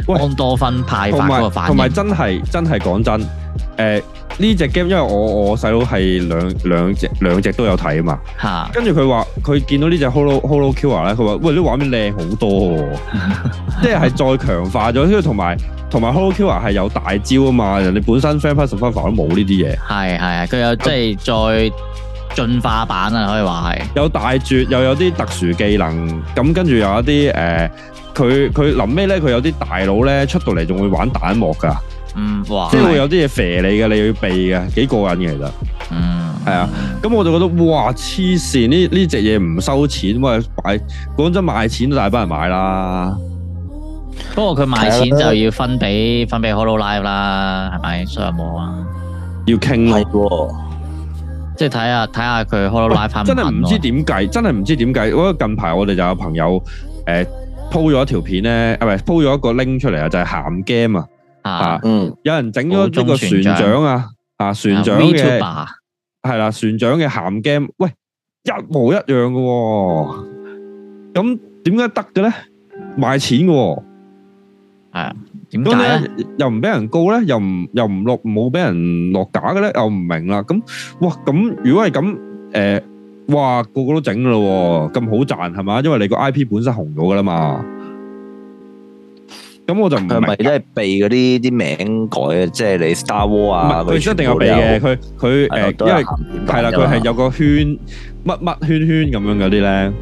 個安多芬派發嗰個反應。同埋真係真係講真。誒，呢隻 game 因為我我細佬係兩兩隻兩隻都有睇啊嘛，哈跟住佢話佢見到 olo, 呢隻 Holo HoloCure 咧，佢話喂啲、這個、畫面靚好多、啊， (laughs) 即係再強化咗，跟住同埋同埋 HoloCure 係有大招啊嘛，人哋本身 Vampire Survivors 都冇呢啲嘢，係係係佢有、嗯、即係再進化版啊，可以話係有大絕，又有啲特殊技能，咁跟住有一啲誒，佢佢臨尾咧佢有啲大佬咧出到嚟仲會玩彈幕噶。.嗯，即係會有啲嘢肥你嘅，你要避嘅，幾過癮嘅其實。嗯，係啊，咁我就覺得哇黐線，呢呢隻嘢唔收錢，咁啊買講真賣錢都大班人買啦。不過佢賣錢就要分俾分俾 Hololive 啦，係咪上網？要傾，即係睇下睇下佢 Hololive 翻唔翻。真係唔知點計，真係唔知點計。我近排我哋就有朋友誒 po 咗條片咧，啊唔係 po 咗一個 link 出嚟啊，就係鹹 game 啊。啊，嗯，有人整咗呢個船長啊，啊，船長嘅係啦，船長嘅咸 game，喂，一模一樣噶，咁點解得嘅咧？賣錢嘅，係啊，點解咧？又唔俾人告咧？又唔又唔落冇俾人落假嘅咧？又唔明啦，咁哇，咁如果係咁，誒，哇，個個都整噶咯，咁好賺係嘛？因為你個 IP 本身紅咗噶啦嘛。咁我就唔係，都係避嗰啲啲名改嘅，即係你 Star War 啊，佢一定有避嘅。佢佢誒，因為係啦，佢係有個圈，乜乜圈圈咁樣嗰啲咧。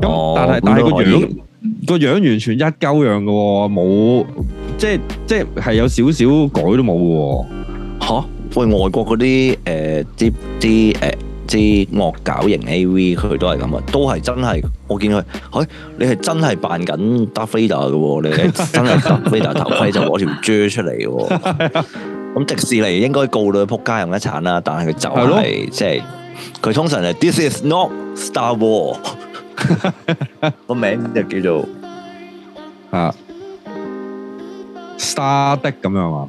咁但係但係個樣個樣完全一鳩樣嘅喎，冇即係即係係有少少改都冇嘅喎。吓，喂外國嗰啲誒啲啲誒。啲惡搞型 AV 佢都係咁啊，都係真係。我見佢，哎，你係真係扮緊達菲達嘅，你真係達菲達頭盔就攞條蕉出嚟。咁迪士尼應該告到佢仆街，又一鏟啦。但係佢就係即係，佢通常係 This is not Star War。個名就叫做啊 Star 的咁樣啊。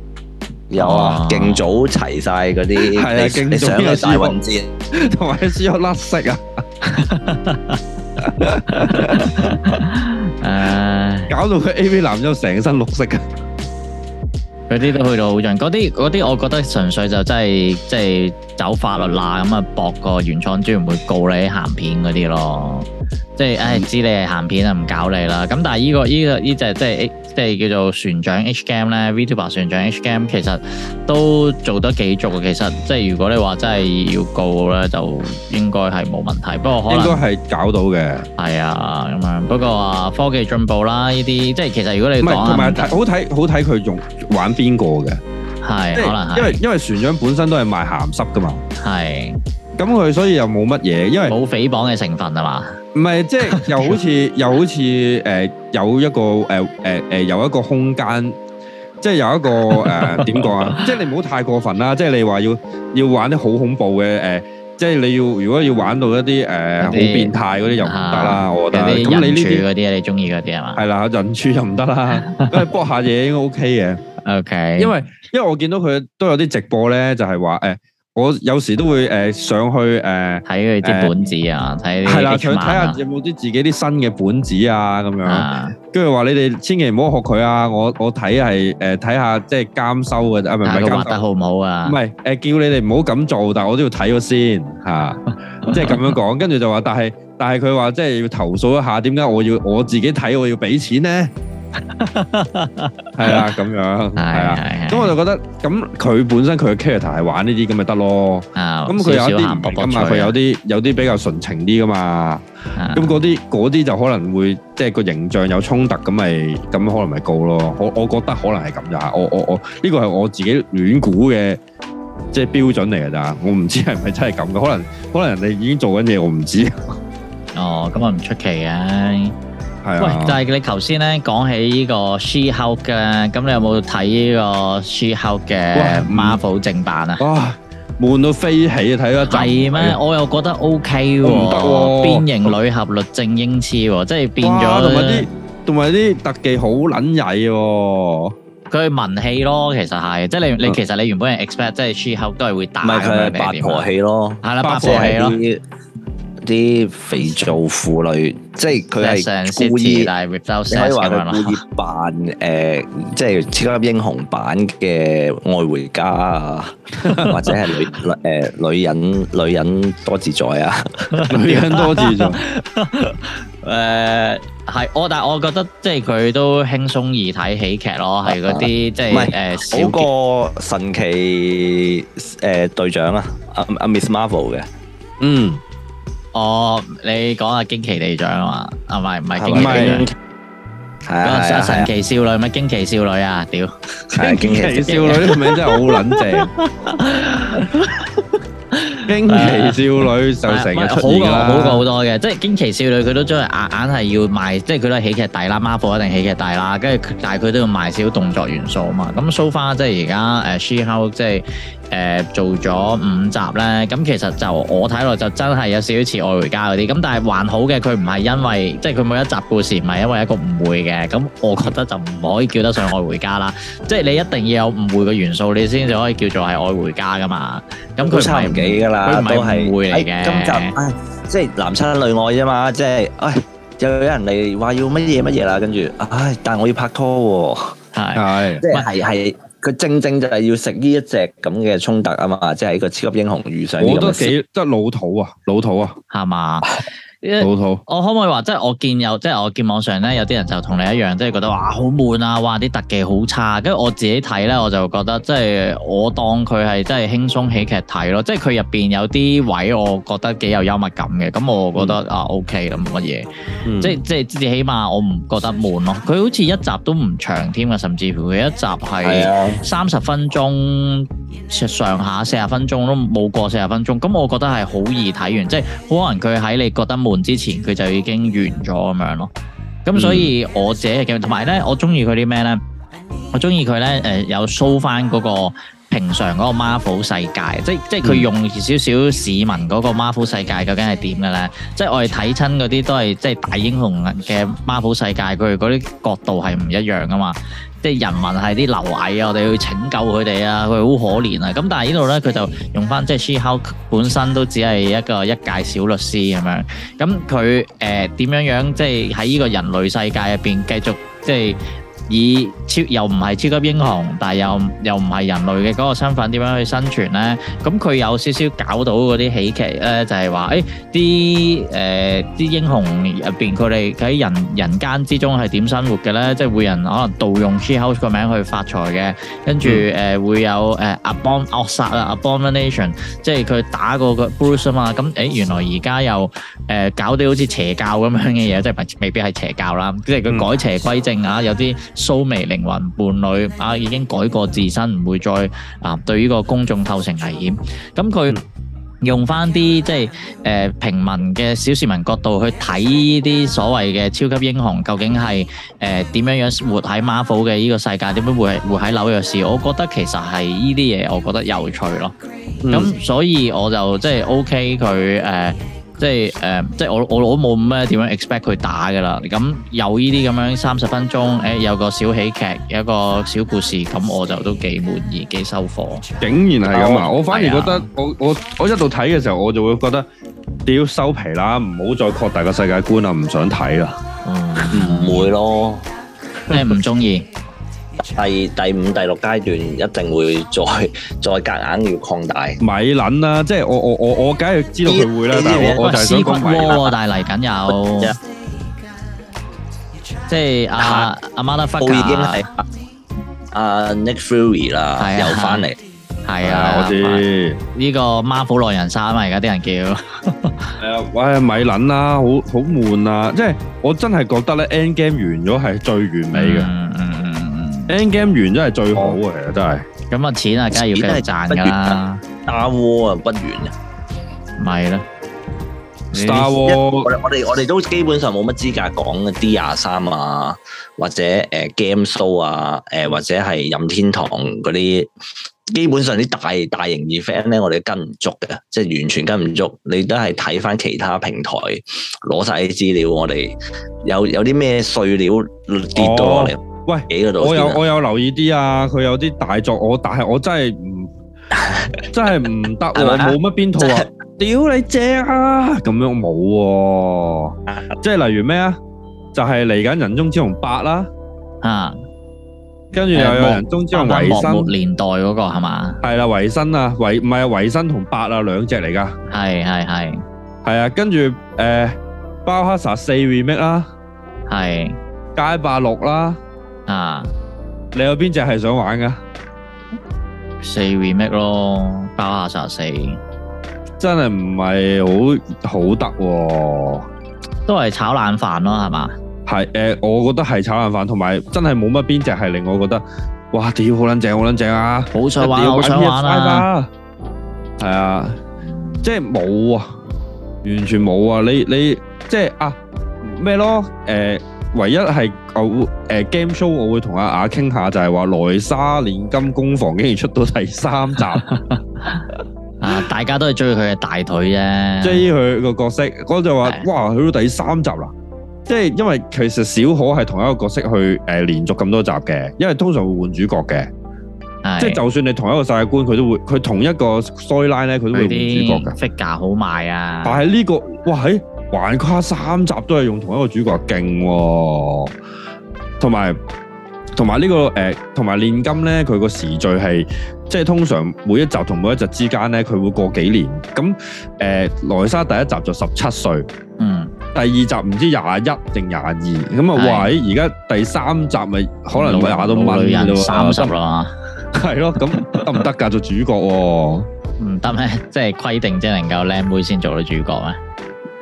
有啊，勁早齊晒嗰啲，你上個大運節，同埋輸咗甩色啊！誒，搞到佢 AV 男優成身綠色嘅，嗰啲都去到好盡。嗰啲嗰啲，我覺得純粹就真係即係走法律啦，咁啊博個原創專員會告你啲鹹片嗰啲咯。即係誒，知你係鹹片啊，唔搞你啦。咁但係依個依個依隻即係 A。即係叫做船長 H game 咧，Vtuber 船長 H game 其實都做得幾足。其實即係如果你話真係要告咧，就應該係冇問題。不過可能應該係搞到嘅，係啊咁樣。不過啊，科技進步啦，呢啲即係其實如果你唔係行好睇好睇佢用玩邊個嘅，係可能因為因為船長本身都係賣鹹濕噶嘛，係咁佢所以又冇乜嘢，因為冇誹謗嘅成分啊嘛。唔係，即係又好似又好似，誒、呃，有一個誒誒誒，有一個空間，即係有一個誒，點講啊？ (laughs) 即係你唔好太過分啦，即係你話要要玩啲好恐怖嘅，誒、呃，即係你要如果要玩到一啲誒好變態嗰啲又唔得啦，啊、我覺得咁你呢啲嗰啲你中意嗰啲係嘛？係啦，人柱又唔得啦，咁搏下嘢應該 OK 嘅。 (laughs) OK，因為因為我見到佢都有啲直播咧，就係話誒。呃我有時都會誒、呃、上去誒睇佢啲本子啊，睇係啦，睇下有冇啲自己啲新嘅本子啊咁樣。跟住話你哋千祈唔好學佢啊！我我睇係誒睇下即係監修嘅，啊唔係監修好唔好啊？唔係誒叫你哋唔好咁做，但係我都要睇咗先吓、啊，即係咁樣講。跟住就話，但係但係佢話即係要投訴一下，點解我要我自己睇，我要畀錢呢？.係啦，咁樣係啦，咁我就覺得咁佢本身佢嘅 character 係玩呢啲咁咪得咯，咁佢有啲，咁啊佢有啲有啲比較純情啲噶嘛，咁嗰啲嗰啲就可能會即係個形象有衝突咁咪，咁可能咪高咯。我我覺得可能係咁咋，我我我呢個係我自己亂估嘅，即係標準嚟噶咋，我唔知係咪真係咁嘅。可能可能人哋已經做緊嘢，我唔知。哦，咁啊唔出奇嘅。 (music) 喂，但、就、係、是、你頭先咧講起呢個 She-Hulk 嘅，咁你有冇睇呢個 She-Hulk 嘅 Marvel 正版啊？哇、嗯啊，悶到飛起啊！睇咗集係咩？嗎哎、呀我又覺得 OK 喎，變、啊、形女俠律政英雌喎，即係變咗。同埋啲同埋啲特技好撚曳喎，佢文戲咯，其實係，即係你你、嗯、其實你原本係 expect 即係 She-Hulk 都係會打，唔係佢係八婆戲咯，係啦，八婆戲咯。啲肥皂婦女，即係佢係故意，Negative, 可以話佢故意扮，誒 eng，即係超級英雄版嘅愛回家啊，或者係女誒女 (laughs) 人女人多自在啊，女 (laughs) 人多自在誒，係我、 (laughs) 嗯、 (laughs) 但係我覺得即係佢都輕鬆易睇喜劇咯，係嗰啲即係誒好過神奇誒隊長啊，阿、uh, 阿 Miss Marvel 嘅，嗯。哦，oh, 你講下驚奇隊長啊嘛，係咪唔係？係啊，驚奇隊長係神奇少女咩？驚奇少女啊，屌！係驚奇少女呢個名真係好撚正。驚 (laughs) 奇少女就成日， (laughs) 好過好多嘅，即係驚奇少女佢都中意硬係要賣，即係佢都係喜劇大啦，Marvel 一定喜劇大啦，跟住但係佢都要賣少動作元素啊嘛。咁 so far 即係而家誒，She-Hulk、啊、即係。誒做咗五集咧，咁其實就我睇落就真係有少少似愛回家嗰啲，咁但係還好嘅，佢唔係因為即係佢每一集故事唔係因為一個誤會嘅，咁我覺得就唔可以叫得上愛回家啦， (laughs) 即係你一定要有誤會嘅元素，你先至可以叫做係愛回家噶嘛，咁佢差唔幾噶啦，都係誤會嚟嘅，今集，即係男親女愛啫嘛，即係，就有，有人嚟話要乜嘢乜嘢啦，跟住，唉，但係我要拍拖喎，係是，即係係。佢正正就係要食呢一隻咁嘅衝突啊嘛，即係一個超級英雄遇上。我覺得幾即係老土啊，老土啊，係嘛？好，好我可唔可以話，即係我見有，即係我見網上咧有啲人就同你一樣，即係覺得哇好悶啊，哇啲特技好差。跟住我自己睇咧，我就覺得即係我當佢係真係輕鬆喜劇睇咯。即係佢入邊有啲位，我覺得幾有幽默感嘅。咁、嗯、我覺得、嗯、啊 OK 啦，冇乜嘢、嗯。即係即係，起碼我唔覺得悶咯。佢好似一集都唔長添啊，甚至乎佢一集係三十分鐘、嗯、上下四十分鐘都冇過四十分鐘。咁我覺得係好易睇完，即係可能佢喺你覺得門之前佢就已經完咗咁樣咯，咁所以我自己嘅同埋咧，我中意佢啲咩咧？我中意佢咧，誒、呃、有 show 翻嗰個平常嗰個 m a 世界，即係即係佢用少少市民嗰個 m a 世界究竟係點嘅咧？嗯、即係我哋睇親嗰啲都係即係大英雄嘅 m 虎世界，佢哋嗰啲角度係唔一樣噶嘛。即係人民係啲螻蟻啊，我哋去拯救佢哋啊，佢好可憐啊。咁但係呢度咧，佢就用翻即係 She-Hulk 本身都只係一個一介小律師咁、嗯呃、樣。咁佢誒點樣樣即係喺依個人類世界入邊繼續即係。以超又唔係超級英雄，但係又又唔係人類嘅嗰個身份，點樣去生存咧？咁佢有少少搞到嗰啲喜劇，誒、呃、就係、是、話，誒啲誒啲英雄入邊，佢哋喺人人間之中係點生活嘅咧？即係會人可能盜用 Chaos 個名去發財嘅，跟住誒會有誒阿邦惡殺啦，Abomination，即係佢打過個 Bruce 啊嘛。咁、嗯、誒原來而家又誒、呃、搞到好似邪教咁樣嘅嘢，即係未必係邪教啦，即係佢改邪歸正啊，有啲。蘇眉靈魂伴侶啊，已經改過自身，唔會再啊對呢個公眾構成危險。咁佢用翻啲即係誒、呃、平民嘅小市民角度去睇呢啲所謂嘅超級英雄，究竟係誒點樣樣活喺 Marvel 嘅呢個世界，點樣活喺紐約市？我覺得其實係呢啲嘢，我覺得有趣咯。咁、嗯、所以我就即係 OK 佢誒。呃即係誒、呃，即係我我我冇咩點樣 expect 佢打㗎啦。咁有呢啲咁樣三十分鐘，誒、欸、有個小喜劇，有一個小故事，咁我就都幾滿意，幾收貨。竟然係咁啊！我反而覺得，哎、呀我我我一路睇嘅時候，我就會覺得你要收皮啦，唔好再擴大個世界觀啦，唔想睇啦。唔、嗯、會咯，你唔中意。 (laughs) 第第五、第六階段一定會再再夾硬要擴大米撚啦！即係我我我我梗係知道佢會啦，但係我就係咁講咯喎！但係嚟緊又，即係阿阿馬德福已經係阿 Nick Fury 啦，又翻嚟，係啊！我知呢個 Marvel 來人山啊！而家啲人叫誒玩下米撚啦，好好悶啊！即係我真係覺得咧，Endgame 完咗係最完美嘅。N game 完真係最好啊！哦、其實真係，咁啊錢啊，梗係要嘅賺噶啦。Star War 啊，屈完啊，唔係啦。Star War，我哋我哋都基本上冇乜資格講啲 D23 啊，或者誒、呃、Game Show 啊，誒、呃、或者係任天堂嗰啲，基本上啲大大型 event 咧，我哋跟唔足嘅，即、就、係、是、完全跟唔足。你都係睇翻其他平台攞晒啲資料我，我哋有有啲咩碎料跌多嚟。哦喂，我有我有留意啲啊，佢有啲大作，我但係我真係唔真係唔得，我冇乜邊套啊！屌你姐啊，咁樣冇，即係例如咩啊？就係嚟緊《人中之龍八》啦，啊，跟住又有人中之龍維新年代嗰個係嘛？係啦，維新啊，維唔係啊，維新同八啊兩隻嚟噶，係係係，係啊，跟住誒包黑撒四 remake 啦，係街霸六啦。啊！你有邊隻係想玩噶？四 remake 咯，八下十四，真係唔係好好得，啊、都係炒冷飯咯，係嘛？係誒、呃，我覺得係炒冷飯，同埋真係冇乜邊隻係令我覺得，哇！屌，好撚正，好撚正啊！冇錯，玩，我想玩啦、啊。係啊，啊，即係冇啊，完全冇啊！你你即係啊咩咯？誒、呃。唯一係誒、呃，game show 我會同阿雅傾下，就係話《萊莎煉金工房》竟然出到第三集，啊！大家都係追佢嘅大腿啫，追佢個角色。我就話：是哇，去到第三集啦！即係因為其實小可係同一個角色去誒、呃，連續咁多集嘅，因為通常會換主角嘅。即係是就，就算你同一個世界觀，佢都會佢同一個 storyline 咧，佢都會換主角噶。figure 好賣啊！但係呢、這個，哇嘿！欸橫跨三集都係用同一個主角，勁，同埋同埋呢個誒，同埋煉金咧，佢個時序係即係通常每一集同每一集之間咧，佢會過幾年。咁誒，萊莎第一集就十七歲，嗯，第二集唔知廿一定廿二，咁啊是，哇！而家第三集咪可能我廿都五都三十啦，係咯，咁得唔得噶做主角、哦？唔得咩？即係規定，即係能夠靚妹先做到主角咩？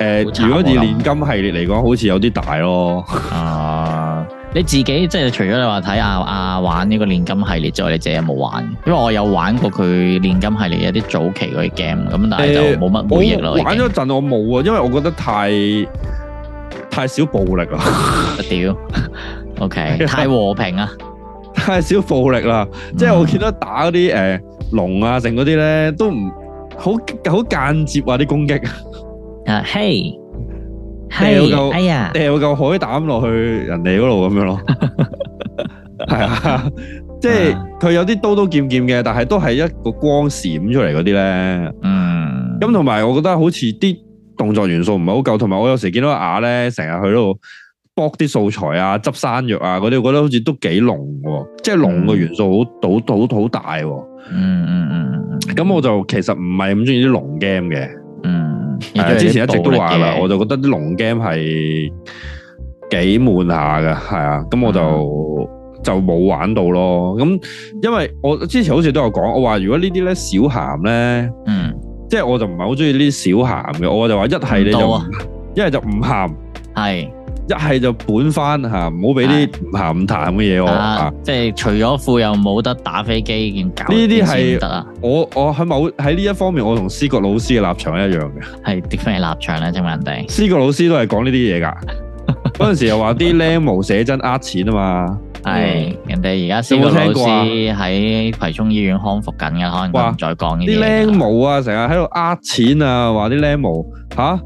誒、嗯，如果以煉金系列嚟講，好似有啲大咯。啊，你自己即係除咗你話睇阿阿玩呢個煉金系列之外，你自己有冇玩？因為我有玩過佢煉金系列有啲早期嗰啲 game，咁但係就冇乜冇嘢咯。玩咗陣我冇啊，因為我覺得太太少暴力咯。屌 (laughs) ，OK，太和平啊，太少暴力啦。嗯、即係我見到打嗰啲誒龍啊，剩嗰啲咧都唔好好間接啊啲攻擊。啊，嘿，掉嚿哎呀，掉嚿海膽落去人哋嗰度咁樣咯，係 (laughs) (laughs) 啊，即係佢有啲刀刀劍劍嘅，但係都係一個光閃出嚟嗰啲咧，嗯，咁同埋我覺得好似啲動作元素唔係好夠，同埋我有時見到阿雅咧，成日去度剝啲素材啊，執山藥啊嗰啲，我覺得好似都幾農，即係農嘅元素好好好好好大，啊，嗯嗯嗯嗯，咁我就其實唔係咁中意啲農 game 嘅，嗯。之前一直都話啦，我就覺得啲龍 game 係幾悶下噶，係啊，咁我就、嗯、就冇玩到咯。咁因為我之前好似都有講，我話如果呢啲咧小鹹咧，嗯，即係我就唔係好中意呢啲小鹹嘅，我就話一係你就，一係、啊、就唔鹹，係。一係就本翻嚇，唔好俾啲唔鹹唔淡嘅嘢我。啊啊、即係除咗褲又冇得打飛機，呢啲係我我喺某喺呢一方面，我同思覺老師嘅立場係一樣嘅。係 define 立場咧，請問人哋思覺老師都係講呢啲嘢噶。嗰陣 (laughs) 時又話啲靚模寫真呃錢啊嘛。係 (laughs) 人哋而家思覺老師喺葵涌醫院康復緊嘅，可能再講呢啲靚模啊，成日喺度呃錢啊，話啲靚模嚇。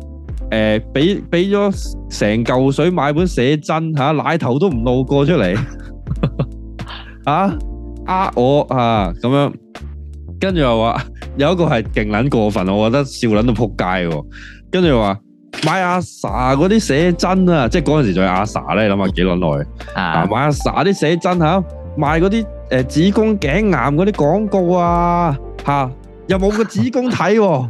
誒，俾俾咗成嚿水買本寫真吓，奶頭都唔露過出嚟，吓呃我吓咁樣，跟住又話有一個係勁撚過分，我覺得笑撚到撲街，跟住又話買阿 sa 嗰啲寫真啊，即係嗰陣時仲有阿 sa 咧，你諗下幾卵耐，買阿 sa 啲寫真吓，賣嗰啲誒子宮頸癌嗰啲廣告啊吓。又冇個子宮睇喎，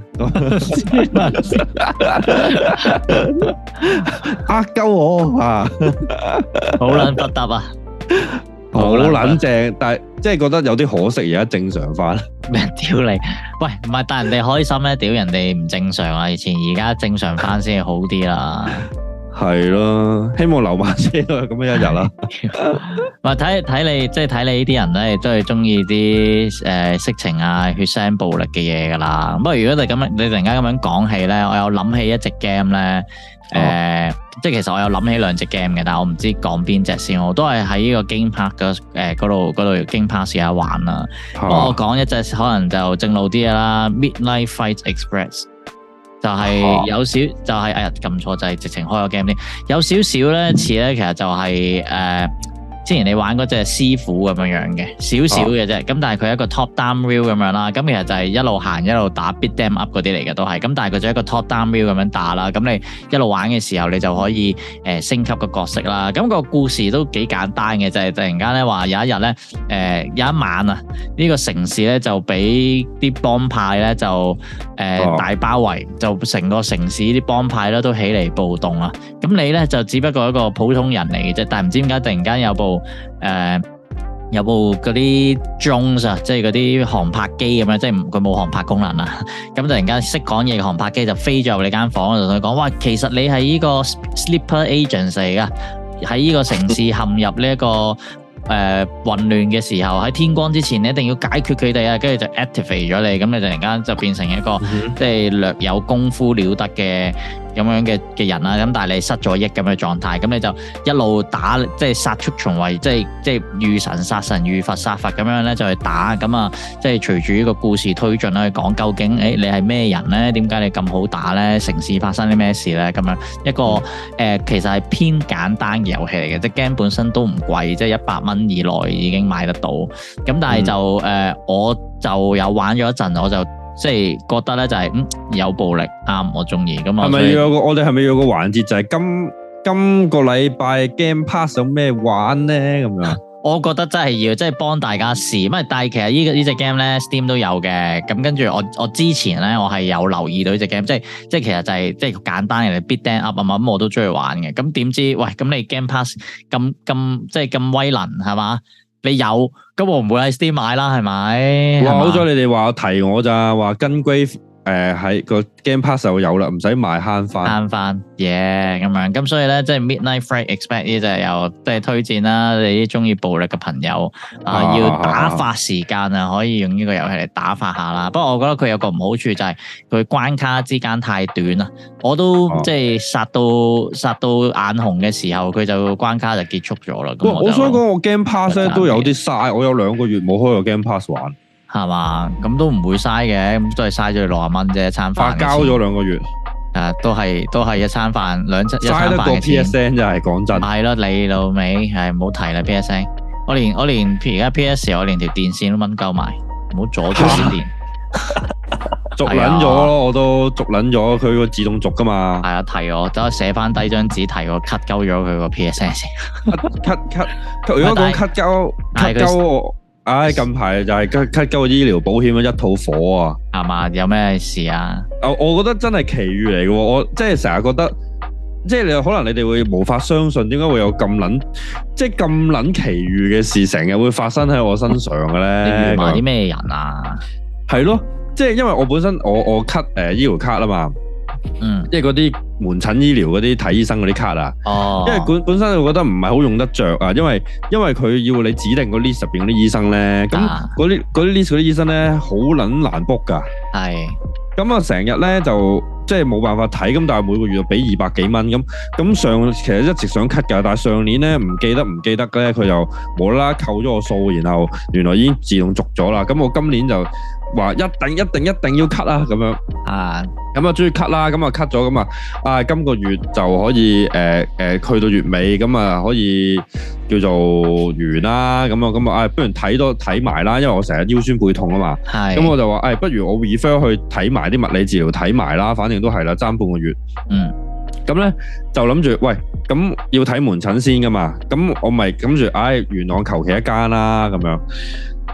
呃鳩我啊，好捻不得啊，好捻正，但係即係覺得有啲可惜，而家正常翻。屌你，喂，唔係但人哋開心咩？屌人哋唔正常啊，以前而家正常翻先好啲啦。 (laughs) 係咯，希望留麻車都有咁一日啦。咪睇睇你，即係睇你呢啲人咧，都係中意啲誒色情啊、血腥暴力嘅嘢噶啦。不過如，如果你咁樣，你突然間咁樣講起咧，我有諗起一隻 game 咧，誒、oh. 呃，即係其實我有諗起兩隻 game 嘅，但係我唔知講邊隻先。我都係喺呢個 game park 誒嗰度嗰度 game park 試下玩啦。Oh. 不過我講一隻可能就正路啲啦，Midnight Fight Express。就係有少，就係一日撳錯，就係、是、直情開個 game 添。有少少咧，似咧，其實就係、是呃之前你玩嗰隻師傅咁樣樣嘅，少少嘅啫，咁、哦、但係佢一個 top down view 咁樣啦，咁其實就係一路行一路打 beat them up 嗰啲嚟嘅都係，咁但係佢做一個 top down view 咁樣打啦，咁你一路玩嘅時候，你就可以誒、呃、升級個角色啦，咁、那個故事都幾簡單嘅，就係、是、突然間咧話有一日咧誒有一晚啊，呢、這個城市咧就俾啲幫派咧就誒、呃哦、大包圍，就成個城市啲幫派咧都起嚟暴動啦，咁你咧就只不過一個普通人嚟嘅啫，但係唔知點解突然間有部。誒、呃，有部嗰啲 drones 啊，即係嗰啲航拍機咁樣，即係佢冇航拍功能啊。咁 (laughs) 突然間識講嘢嘅航拍機就飛咗入你間房間就同佢講，哇，其實你係呢個 sleeper agent 噶，喺呢個城市陷入呢、呢、一個誒、呃、混亂嘅時候，喺天光之前，你一定要解決佢哋啊。跟住就 activate 咗你，咁你突然間就變成一個即係略有功夫了得嘅。咁樣嘅嘅人啦，咁但係你失咗憶咁嘅狀態，咁你就一路打，即係殺出重圍，即係即係遇神殺神，遇佛殺佛咁樣咧，就去打咁啊！即係隨住呢個故事推進咧，去講究竟誒你係咩人咧？點解你咁好打咧？城市發生啲咩事咧？咁樣一個誒、嗯呃，其實係偏簡單嘅遊戲嚟嘅，即係 game 本身都唔貴，即係一百蚊以內已經買得到。咁但係就誒、嗯呃，我就有玩咗一陣，我就。即係覺得咧就係、是、嗯有暴力啱我中意，咁啊係咪要有個 (noise) 我哋係咪要有個環節就係、是、今今個禮拜 Game Pass 有咩玩咧咁樣？我覺得真係要即係幫大家試，因為但係其實、這個這個、呢個呢隻 game 咧 Steam 都有嘅。咁跟住我我之前咧我係有留意到呢隻 game，即係即係其實就係、是、即係簡單嘅你 beat em up 啊嘛。咁我都中意玩嘅。咁點知喂咁你 Game Pass 咁咁即係咁威能係嘛？你有，咁我唔會喺 Steam 買啦，係咪？攪咗你哋話提我咋，話跟 grave。誒，喺個、嗯、Game Pass 就有啦，唔使買慳翻慳翻耶，yeah 咁樣。咁所以咧，即係 Midnight Free Expect 呢隻有即係推薦啦，你啲中意暴力嘅朋友、呃、啊，要打發時間啊，啊可以用呢個遊戲嚟打發下啦。不過我覺得佢有個唔好處就係佢關卡之間太短啦，我都、啊、即係殺到殺到眼紅嘅時候，佢就關卡就結束咗啦。唔、啊，我想講我，我 Game Pass 咧都有啲嘥，我有兩個月冇開過 Game Pass 玩。係嘛，咁都唔會嘥嘅，咁都係嘥咗六十蚊啫一餐飯。交咗兩個月，誒、啊，都係都係一餐飯，兩餐嘥得過 P.S.N 就係講真。係咯、啊，你老味係唔好提啦 P.S.N，我連我連而家 P.S. 我連條電線都掹夠埋，唔好阻住斷電。續捻咗， (laughs) 我都續捻咗，佢個自動續噶嘛。係啊，提我，等我寫翻低張紙，提我 cut 夠咗佢個 P.S.N 先。cut cut，如果講 cut 夠，cut 唉、哎，近排就係 cut cut 嗰個醫療保險啊，一套火啊，係嘛？有咩事啊？我我覺得真係奇遇嚟嘅，我即係成日覺得，即、就、係、是、可能你哋會無法相信，點解會有咁捻，即係咁捻奇遇嘅事，成日會發生喺我身上嘅呢？你遇埋啲咩人啊？係咯，即、就、係、是、因為我本身我我 cut 醫療卡啊嘛。嗯，即係嗰啲門診醫療嗰啲睇醫生嗰啲卡啊，哦因，因為本本身我覺得唔係好用得着啊，因為因為佢要你指定嗰 list 入邊啲醫生咧，咁嗰啲嗰啲 list 啲醫生咧好撚難 book 噶係是，咁啊成日咧就即係冇辦法睇，咁但係每個月又俾二百幾蚊，咁咁上其實一直想 cut 噶但係上年咧唔記，記得唔記得咧，佢就冇啦啦扣咗我數，然後原來已經自動續咗啦，咁我今年就。話一定一定一定要 cut 啦，咁樣啊，咁啊終於 cut 啦，咁啊 cut 咗，咁啊啊今個月就可以誒誒、呃呃、去到月尾，咁啊可以叫做完啦、啊，咁啊咁啊，不如睇多睇埋啦，因為我成日腰酸背痛啊嘛，係是，咁我就話誒、哎，不如我 refer 去睇埋啲物理治療，睇埋啦，反正都係啦，爭半個月，嗯，咁咧就諗住，喂，咁要睇門診先噶嘛，咁我咪諗住，唉、哎，元朗求其一間啦，咁樣。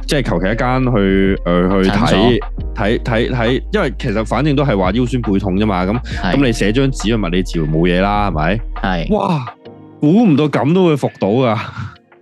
即係求其一間去誒去睇睇睇睇，因為其實反正都係話腰痠背痛啫嘛，咁咁你寫張紙㗎嘛，你自然冇嘢啦，係咪？係。哇！估唔到咁都會復到噶。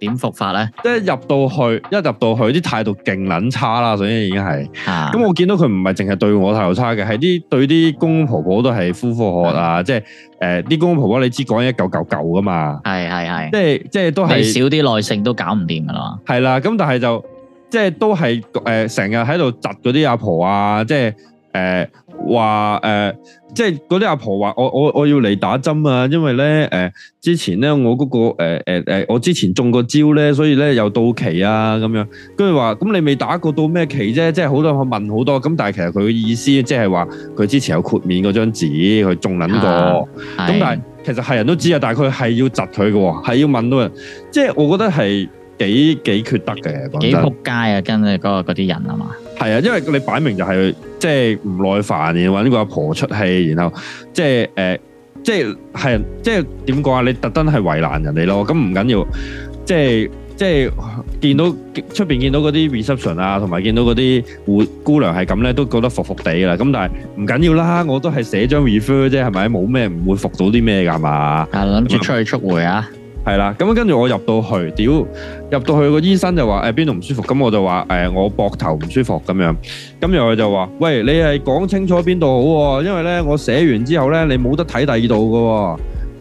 點復法咧？即係入到去，一入到去啲態度勁撚差啦，首先已經係。嚇。咁我見到佢唔係淨係對我態度差嘅，係啲對啲公公婆婆都係敷科學啊，即係誒啲公公婆婆你知講一舊舊舊噶嘛。係係係。即係即係都係少啲耐性都搞唔掂噶啦。係啦，咁但係就。即係都係誒，成日喺度窒嗰啲阿婆啊，即係誒話誒，即係嗰啲阿婆話我我我要嚟打針啊，因為咧誒、呃、之前咧我嗰、那個誒誒誒我之前中過招咧，所以咧又到期啊咁樣，跟住話咁你未打過到咩期啫？即係好多問好多，咁但係其實佢嘅意思即係話佢之前有豁免嗰張紙，佢中捻過，咁、啊、但係的其實係人都知啊，但係佢係要窒佢嘅，係要問到人，即係我覺得係。幾幾缺德嘅，幾仆街啊！跟住嗰個嗰啲人啊嘛，係啊，因為你擺明就係即係唔耐煩，然後揾個阿婆出氣，然後即係誒，即係係即係點講啊？你特登係為難人哋咯，咁唔緊要，即係即係見到出邊見到嗰啲 reception 啊，同埋見到嗰啲護姑娘係咁咧，都覺得服服地啦。咁但係唔緊要啦，我都係寫張 refer 啫，係咪冇咩唔會服到啲咩噶嘛？啊，諗住出去速回啊！係啦，咁跟住我入到去，屌入到去個醫生就話誒，邊度唔舒服，咁我就話誒、呃、我膊頭唔舒服咁樣，跟住佢就話喂，你係講清楚邊度好，啊，因為咧我寫完之後咧你冇得睇第二度噶，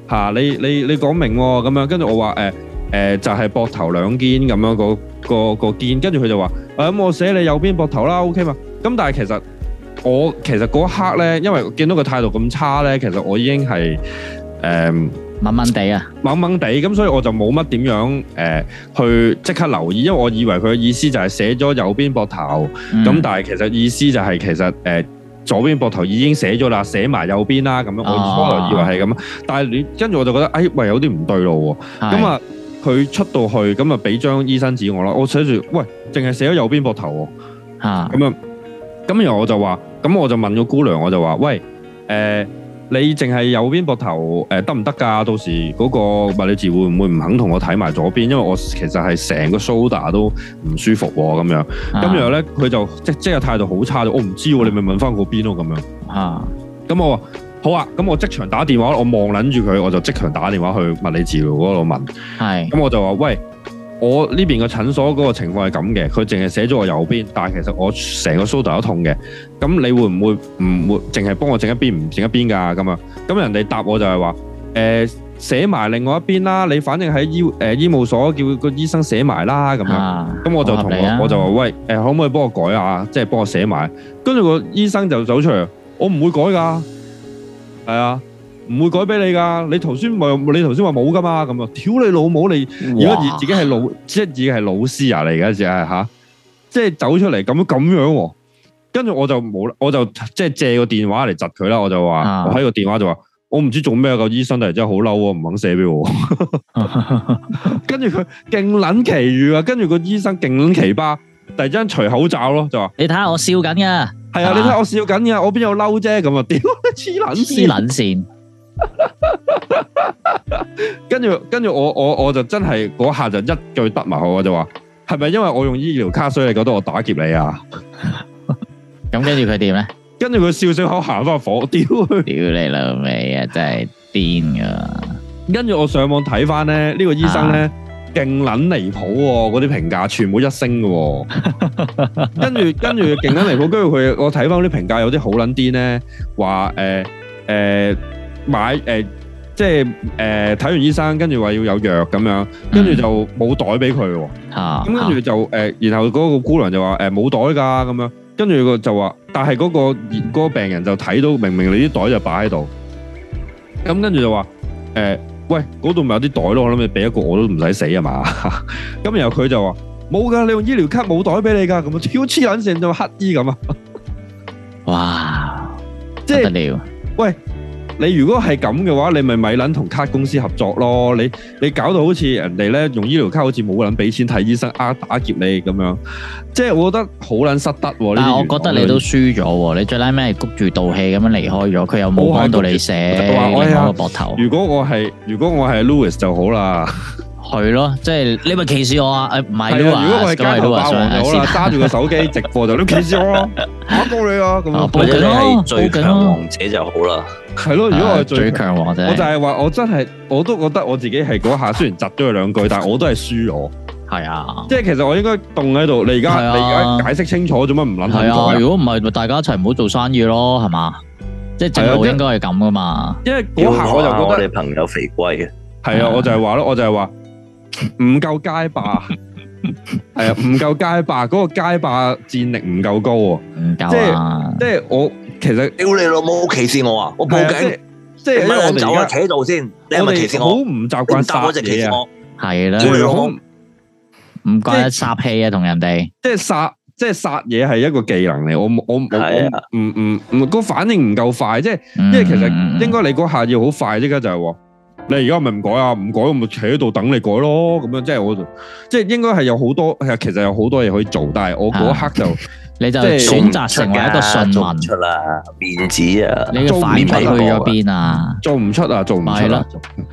吓、啊、你你你講明咁、啊、樣，跟住我話誒誒就係膊頭兩肩咁樣個個個肩，跟住佢就話咁、哎嗯、我寫你右邊膊頭啦，OK 嘛，咁但係其實我其實嗰一刻咧，因為見到個態度咁差咧，其實我已經係誒。嗯懵懵地啊，猛猛地咁，所以我就冇乜點樣誒、呃、去即刻留意，因為我以為佢嘅意思就係寫咗右邊膊頭，咁、嗯、但係其實意思就係其實誒、呃、左邊膊頭已經寫咗啦，寫埋右邊啦咁樣，我本來以為係咁，哦、但係跟住我就覺得，哎喂有啲唔對路喎，咁是啊佢出到去咁啊俾張醫生紙我啦，我寫住喂淨係寫咗右邊膊頭，咁啊咁然後我就話，咁我就問個姑娘，我就話喂誒。呃呃你淨係右邊膊頭誒得唔得㗎？到時嗰個物理治療會唔會唔肯同我睇埋左邊？因為我其實係成個蘇打都唔舒服喎、啊，咁樣。咁、啊、然後咧，佢就即即係態度好差，我唔、哦、知喎、啊，你咪問翻嗰邊咯、啊，咁樣。啊！咁我話好啊，咁我即場打電話，我望撚住佢，我就即場打電話去物理治療嗰度問。係是。咁我就話喂。我呢邊個診所嗰個情況係咁嘅，佢淨係寫咗我右邊，但係其實我成個 shoulder 都痛嘅。咁你會唔會唔會淨係幫我整一邊唔整一邊噶？咁啊？咁人哋答我就係話，誒寫埋另外一邊啦。你反正喺醫誒、呃、醫務所叫個醫生寫埋啦。咁啊？咁我就同我、啊、我就話喂，誒、呃、可唔可以幫我改啊？即係幫我寫埋。跟住個醫生就走出嚟，我唔會改噶。係啊。唔會改俾你噶，你頭先咪你頭先話冇噶嘛？咁啊，屌你老母！你如果自己係老哇即係自己係老師啊嚟嘅，時係吓，即係走出嚟咁咁樣。跟住我就冇我就即係借個電話嚟窒佢啦。我就話、啊、我喺個電話就話我唔知做咩個醫生，突然生，第日真係好嬲喎，唔肯寫俾我。跟住佢勁撚奇遇啊！跟住個醫生勁撚奇葩，突然之間除口罩咯，就話你睇下我笑緊噶，係啊，你睇下我笑緊噶，我邊有嬲啫？咁啊，屌你黐撚線！ (laughs) (laughs) (laughs) (laughs) 跟住，跟住我，我我就真係嗰下就一句得埋我，我就話係咪因為我用醫療卡，所以你覺得我打劫你啊？咁 (laughs) 跟住佢點咧？跟住佢笑笑口行翻火，屌屌你老味啊！真係癲噶跟住我上網睇翻咧，呢、呢個醫生咧勁捻離譜，啊，嗰啲評價全部一星噶、啊。 (laughs) (laughs) 跟住，跟住勁捻離譜，跟住佢，我睇翻啲評價有啲好捻癲咧，話誒誒。呃呃呃呃買誒、呃，即係誒，睇、呃、完醫生跟住話要有藥咁樣，跟住就冇袋俾佢喎。咁跟住就誒、呃，然後嗰個姑娘就話誒冇袋噶咁樣，跟住個就話，但係嗰、嗰個、嗰個病人就睇到明明你啲袋就擺喺度，咁跟住就話誒、欸，喂，嗰度咪有啲袋咯，我諗你俾一個我都唔使死啊嘛。咁 (laughs) 然後佢就話冇噶，你用醫療卡冇袋俾你噶，咁啊超黐撚線到乞衣咁啊！哇，即係得喂。你如果係咁嘅話，你咪咪撚同卡公司合作咯。你你搞到好似人哋咧用醫療卡，好似冇撚俾錢睇醫生啊，打劫你咁樣。即係我覺得好撚失德。但係我覺得你都輸咗。你最 last 咩係谷住道氣咁樣離開咗，佢又冇揾到你寫喺個膊頭。如果我係如果我係 Louis 就好啦。係咯，即係你咪歧視我啊？唔係咯，如果我喺街頭霸王度啦，揸住個手機直播就都歧視我咯。我告你啊，咁你、啊、你最強王者就好啦。係咯、啊，如果我係最強王者，我就係、是、話我、就是、我真係，我都覺得我自己係嗰下雖然窒咗佢兩句，但係我都係輸我。係啊的，即係其實我應該凍喺度。你而家的你而家解釋清楚做乜唔諗清楚？如果唔係大家一齊唔好做生意咯？係嘛，即係就應該係咁噶嘛。因為嗰下我就覺得你朋友肥貴嘅，係啊，我就係話咯，我就係話。唔夠街霸，係啊，唔夠街霸，嗰個街霸戰力唔夠高，唔夠，即係即係我其實，屌你老母，好歧視我啊！我冇計，即係我走啦，企度先。你係咪歧視我？好唔習慣殺只企，係啦，好唔慣殺氣啊，同人哋。即係殺，即係殺嘢係一個技能嚟，我冇，我冇，唔唔唔，個反應唔夠快，即係即係，其實應該你嗰下要好快，即刻就係。你而家咪唔改啊？唔改我咪企喺度等你改咯。咁樣即係我，即係應該係有好多，其實有好多嘢可以做，但係我嗰刻就，你就選擇成為一個順民出啦，面子啊，你嘅反骨去咗邊啊？做唔出啊，做唔出。係咯，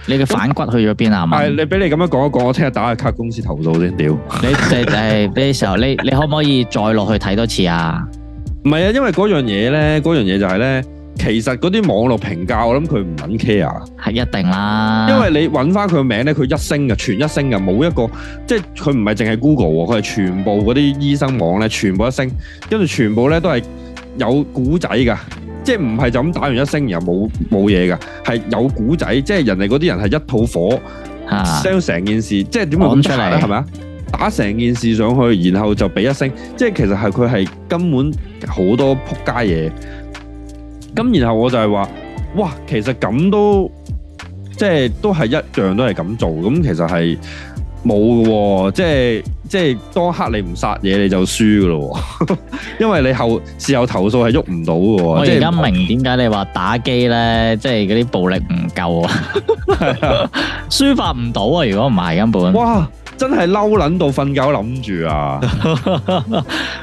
你嘅反骨去咗邊啊？係你俾你咁樣講一講，我聽日打下卡公司投訴先屌。你誒，俾你時候你你可唔可以再落去睇多次啊？唔係啊，因為嗰樣嘢咧，嗰樣嘢就係咧。其實嗰啲網絡評價，我諗佢唔肯 care，係一定啦。因為你揾翻佢個名咧，佢一升嘅，全一升嘅，冇一個即係佢唔係淨係 Google 喎，佢係全部嗰啲醫生網咧，全部一升，跟住全部咧都係有古仔噶，即係唔係就咁打完一升然後冇冇嘢噶，係有古仔，即係人哋嗰啲人係一肚火，sell 成件事即係點講出嚟咧？係咪啊？打成件事上去，然後就俾一升，即係其實係佢係根本好多撲街嘢。咁然後我就係話，哇！其實咁都即係都係一樣，都係咁做。咁其實係冇嘅，即係即係當刻你唔殺嘢你就輸㗎咯。因為你後事後投訴係喐唔到㗎。我而家明點解你話打機咧，即係嗰啲暴力唔夠啊，抒發唔到啊！如果唔係根本，哇！真係嬲撚到瞓覺，諗住啊，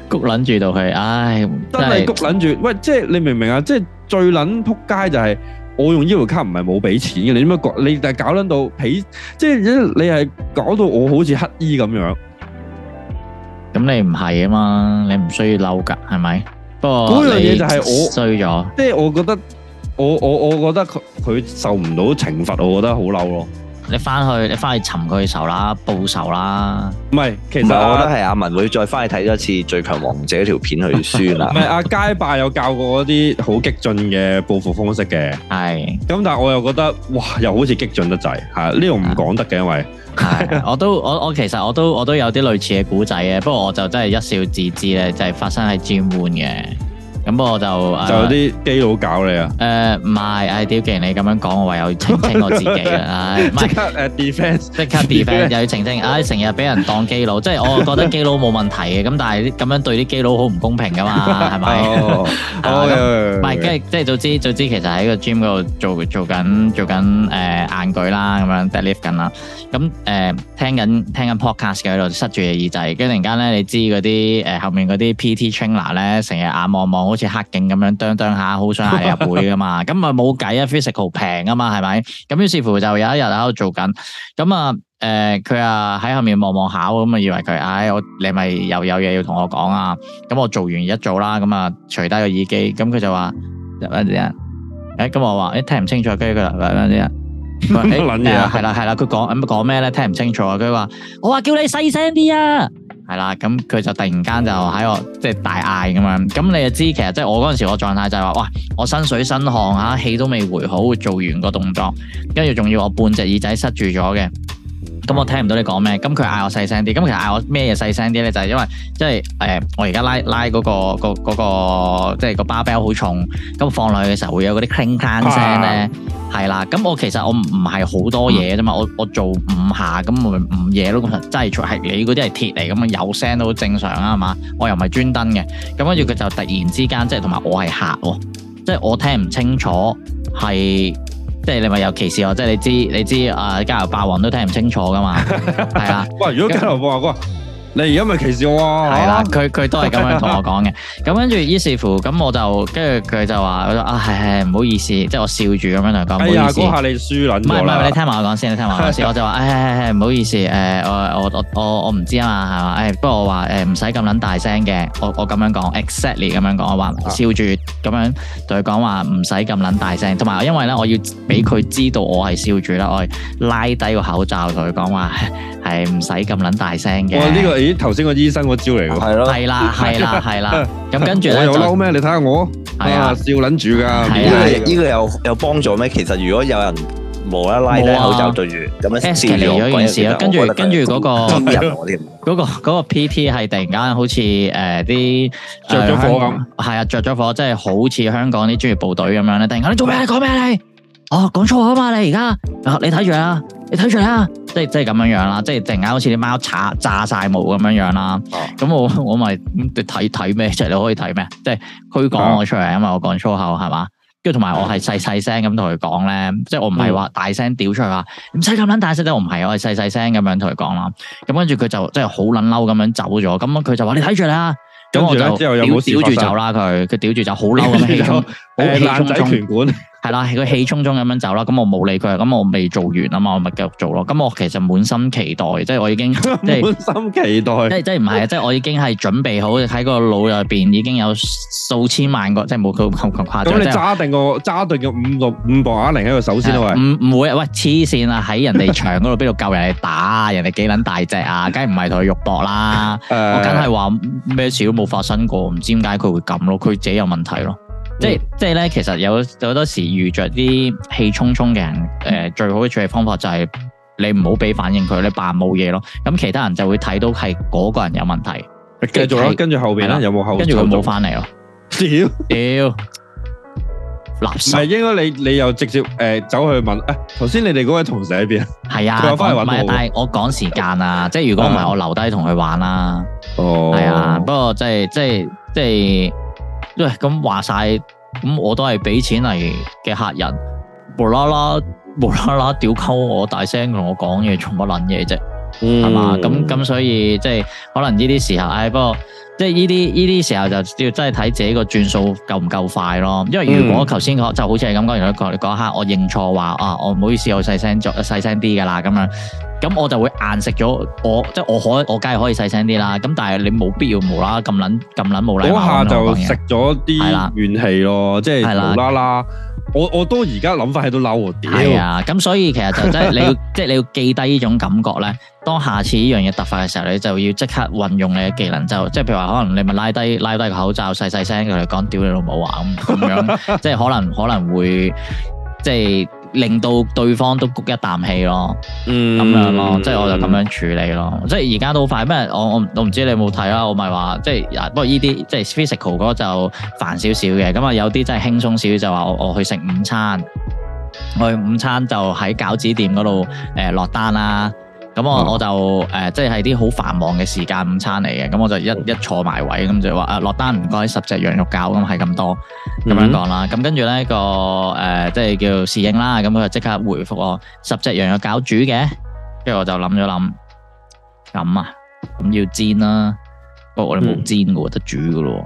谷撚住到去，唉，真係谷撚住。喂，即係你明唔明啊？即係。最撚撲街就係我用醫療卡唔係冇俾錢嘅，你點解講你，但係搞撚到皮即係你係搞到我好似乞衣咁樣？咁你唔係啊嘛，你唔需要嬲㗎係咪？不過嗰樣嘢就係我衰咗，即係我覺得我我我覺得佢佢受唔到懲罰，我覺得好嬲咯。你翻去，你翻去尋佢仇啦，報仇啦。唔係，其實我覺得係阿文會再翻去睇多次《最強王者》條片去算啦。唔係 (laughs) 阿街霸有教過一啲好激進嘅報復方式嘅。係是。咁，但係我又覺得，哇，又好似激進得滯，吓呢個唔講得嘅，因為，係是為，我都，我，我其實我都，我都有啲類似嘅古仔嘅，不過我就真係一笑置之，咧，就係發生喺《轉換》嘅。咁我就就有啲基佬搞你啊！誒唔係，誒屌既然你咁樣講，我唯有澄清我自己啦，即、 (laughs) uh, (laughs) 刻誒 defense 即 (laughs) 刻 defence 又 (laughs) 要澄清，唉成日俾人當基佬，即係我覺得基佬冇問題嘅，咁但係咁樣對啲基佬好唔公平噶嘛，係咪？唔係，即係即係早知早知其實喺個 gym 度做做緊做緊誒、呃、硬舉啦，咁樣即係 dead lift 緊啦，咁誒、呃、聽緊聽緊 podcast 嘅喺度塞住嘅耳仔，跟住突然間咧，你知嗰啲誒後面嗰啲 PT trainer 咧成日眼望望好似～似黑勁咁樣，當當下好想入入會噶嘛，咁啊冇計啊，physical 平啊嘛，係咪？咁於是乎就有一日喺度做緊，咁啊，誒，佢啊喺後面望望下，咁啊以為佢，唉，我你咪又有嘢要同我講啊？咁我做完一做啦，咁啊，除低個耳機，咁佢就話入啊啲人，誒，咁我話，誒，聽唔清楚，跟住佢啦，入啊啲人，誒，係啦係啦，佢講咁講咩咧？聽唔清楚，佢話我話叫你細聲啲啊！係啦，咁佢就突然間就喺我即係、就是、大嗌咁樣，咁你就知其實即係我嗰陣時我狀態就係、是、話，哇，我身水身汗啊，氣都未回好，做完個動作，跟住仲要我半隻耳仔塞住咗嘅。咁我聽唔到你講咩，咁佢嗌我細聲啲，咁其實嗌我咩嘢細聲啲咧，就係因為即係誒，我而家拉拉嗰個個嗰個即係個 barbell 好重，咁放落去嘅時候會有嗰啲 cling cling 聲咧，係啦 Yeah.，咁我其實我唔係好多嘢啫嘛，我我做五下咁咪五嘢都其實真係出係你嗰啲係鐵嚟，咁有聲都正常啊嘛，我又唔係專登嘅，咁跟住佢就突然之間即係同埋我係客喎，即係我聽唔清楚係。即係你咪有歧視我，即係你知你知啊！《街頭霸王》都聽唔清楚噶嘛，係啊 (laughs) 的。喂， (laughs) 如果街頭霸王。你而家咪歧視我喎、啊？係啦，佢佢都係咁樣同我講嘅。咁跟住於是乎咁我就跟住佢就話，我就啊係係唔好意思，即係、哎、我，我笑住咁樣同佢講。哎呀，嗰下你輸撚唔係唔係，你聽埋我講先，你聽埋我講先。我就話，唉唉唉，唔好意思，誒、呃、我我我我我唔知啊嘛，係嘛？誒、哎、不過我話誒唔使咁撚大聲嘅，我我咁樣講，exactly 咁樣講，我話、exactly、笑住咁樣同佢講話唔使咁撚大聲。同埋因為咧，我要俾佢知道我係笑住啦， (laughs) 我係拉低個口罩同佢講話係唔使咁撚大聲嘅。我呢、呢個。咦，頭先個醫生個招嚟喎，係咯，係 (noise) 啦樂，係啦，係啦。咁跟住咧，我有嬲咩？你睇下我，係的啊，笑捻住㗎。係啊，呢個又又幫助咩？其實如果有人無啦啦戴口罩對住、呃、咁、啊、樣笑咗鬼事咯。跟住跟住嗰、那個，嗰的、那個嗰、那個 P T 係突然間好似誒啲着咗火咁。係啊、呃，着咗火，即係好似香港啲專業部隊咁樣咧。突然間，你做咩？你講咩？你哦，講錯啊嘛！你而家，你睇住啊，你睇住啊。即係即係，咁樣樣啦，即係突然間好似啲貓刷炸晒毛咁樣樣啦。咁、啊、我我咪睇睇咩？即係你可以睇咩？即係佢講，我，我，小小、啊、我出嚟啊嘛！我講粗口係嘛？跟住同埋我係細細聲咁同佢講咧，即係我唔係話大聲屌出嚟話唔使咁撚大聲，我唔係，我係細細聲咁樣同佢講啦。咁跟住佢就即係好撚嬲咁樣走咗。咁佢、嗯、就話你睇住啦。咁我之後又冇屌住走啦。佢佢屌住就好嬲咁氣中。爛、 (laughs) (laughs) 欸、仔拳館。 (laughs) 係啦，佢氣沖沖咁樣走啦，咁我冇理佢，咁我未做完啊嘛，我咪繼續做咯。咁我其實滿心期待，即係我已經滿心期待，即係即係唔係啊，即係 (laughs) 我已經係準備好喺個腦入邊已經有數千萬個，即係冇佢咁咁誇張。咁你揸定個揸定個五六五磅啞鈴喺度手先啊？喂，唔唔會喂，黐線啊！喺人哋場嗰度邊度夠人哋打 (laughs) 人哋幾撚大隻啊？梗係唔係同佢肉搏啦，嗯、我梗係話咩事都冇發生過，唔知點解佢會咁咯？佢自己有問題咯。即係即係咧，其實有好多時遇着啲氣沖沖嘅人，誒、呃，最好嘅處理方法就係你唔好俾反應佢，你扮冇嘢咯。咁其他人就會睇到係嗰個人有問題。繼續啦，跟住後邊咧，了有冇後跟住佢冇翻嚟咯？屌屌，垃圾！唔係應該你你又直接誒、呃、走去問誒？頭、呃、先你哋嗰位同事喺邊啊？係、呃、啊，佢又翻嚟搵我。唔係，但係我趕時間啊！即係如果唔係，我留低同佢玩啦。哦，係啊。不過即係即係即係。即即即即即喂，咁、嗯、話晒，咁我都係畀錢嚟嘅客人，無啦啦，無啦啦，屌溝我，大聲同我講嘢做乜撚嘢啫，係嘛嘞嘞？咁咁、嗯、所以即係可能呢啲時候，唉，不過即係呢啲呢啲時候就要真係睇自己個轉數夠唔夠快咯。因為如果頭先我就好似係咁講，如果講一刻我認錯話啊，我唔好意思，我細聲做細聲啲㗎啦，咁樣。咁我就會硬食咗我，即係我可我梗係可以細聲啲啦。咁但係你冇必要無啦咁撚咁撚無啦。無無下就我食咗啲怨氣咯，的即係無啦啦的。我都都我都而家諗翻起都嬲啊！係啊，咁所以其實就真、是、係 (laughs) 你要即係、就是、你要記低呢種感覺咧。當下次呢樣嘢突發嘅時候，你就要即刻運用你嘅技能，就即係譬如話可能你咪拉低拉低個口罩，細細聲佢哋講：屌你老母啊！咁咁樣， (laughs) 樣，即係可能可能會即係。令到對方都谷一啖氣咯，咁樣咯，嗯、即係我就咁樣處理咯。即係而家都快，因為我我我唔知你有冇睇啦。我咪話，即係不過呢啲即係 physical 嗰就煩少少嘅。咁啊有啲真係輕鬆少少就話我我去食午餐，我去午餐就喺餃子店嗰度誒落單啦。咁我，、哦、我就誒，即係啲好繁忙嘅時間午餐嚟嘅，咁我就一、嗯、一坐埋位，咁就話誒落單唔該十隻羊肉餃，咁係咁多咁樣講啦。咁、嗯、跟住咧個誒、呃，即係叫侍應啦，咁佢就即刻回覆我十隻羊肉餃煮嘅，跟住我就諗咗諗，咁啊咁要煎啦，不、哦、過我哋冇煎嘅喎，嗯、得煮嘅咯。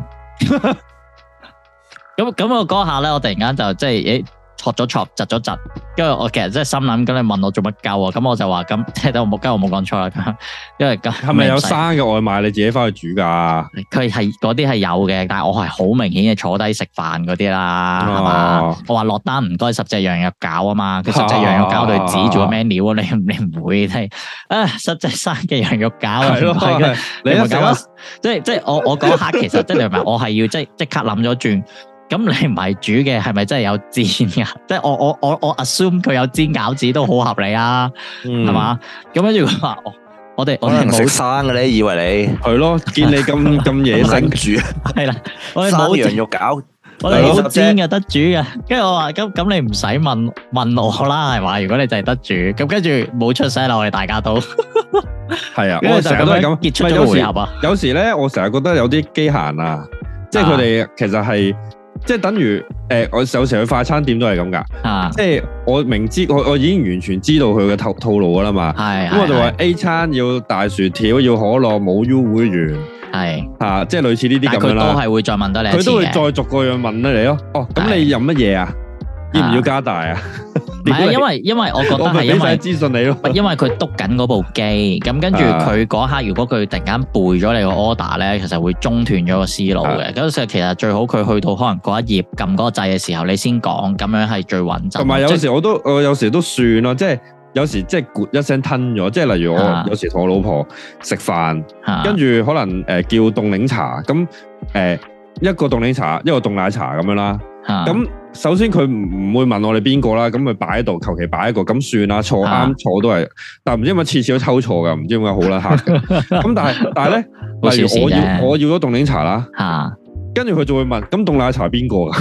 咁 (laughs) 咁個嗰下咧，我突然間就即係誒。欸戳咗戳，窒咗窒，跟住我其實真係心諗咁，你問我做乜鳩啊？咁我就話咁，即係我冇，即係我冇講錯啦。因為咁係咪有生嘅外賣你自己翻去煮噶？佢係嗰啲係有嘅，但係我係好明顯嘅坐低食飯嗰啲啦。我話落單唔該十隻羊肉餃啊嘛，佢十隻羊肉餃對紙做咩料啊？你你唔會真係啊十隻生嘅羊肉餃啊？係咯係你都食啊？即係即係我我嗰刻其實即係你話我係要即即刻諗咗轉。咁你唔係煮嘅，係咪真係有煎噶？即係我我我我 assume 佢有煎餃子都好合理啊，係嘛？咁跟住佢話，我我哋我哋冇生嘅咧，以為你係咯，見你咁咁野生煮係啦，我哋冇羊肉餃，我哋冇煎嘅，得煮嘅。跟住我話咁咁你唔使問問我啦，係嘛？如果你就係得煮，咁跟住冇出聲啦，我哋大家都係啊。我成日都係咁，結出咗回合。有時咧，我成日覺得有啲機閒啊，即係佢哋其實係。即係等於誒、呃，我有時候去快餐店都係咁噶，啊、即係我明知我我已經完全知道佢嘅套套路啦嘛，咁是我就話 A 餐要大薯條，要可樂，冇 U 會員，係吓是，即係類似呢啲咁啦。但係佢都係會再問多你一，佢都會再逐個樣問得你咯。哦，咁你飲乜嘢啊？要唔、啊、要加大 (laughs) 啊？唔係，因為因為我覺得係因為資訊你咯，因為佢督緊嗰部機，咁跟住佢嗰刻如果佢突然間背咗你個 order 咧， (laughs) 其實會中斷咗個思路嘅。咁 (laughs) 所以其實最好佢去到可能嗰一頁撳嗰個掣嘅時候，你先講，咁樣係最穩陣。同埋有時我都我有時都算咯，即係有時即係一聲吞咗，即係例如我有時同我老婆食飯，跟住 (laughs) 可能誒、呃、叫凍檸茶，咁誒、呃、一個凍檸茶，一個凍奶茶咁樣啦，咁。 (laughs) 首先佢唔唔會問我哋邊個啦，咁佢擺喺度，求其擺一個咁算啦。坐啱坐都係，但唔知因為次次都抽錯噶，唔知點解好啦吓。咁但係但係咧，例如我要我要咗凍檸茶啦，吓，跟住佢就會問，咁凍奶茶邊個噶？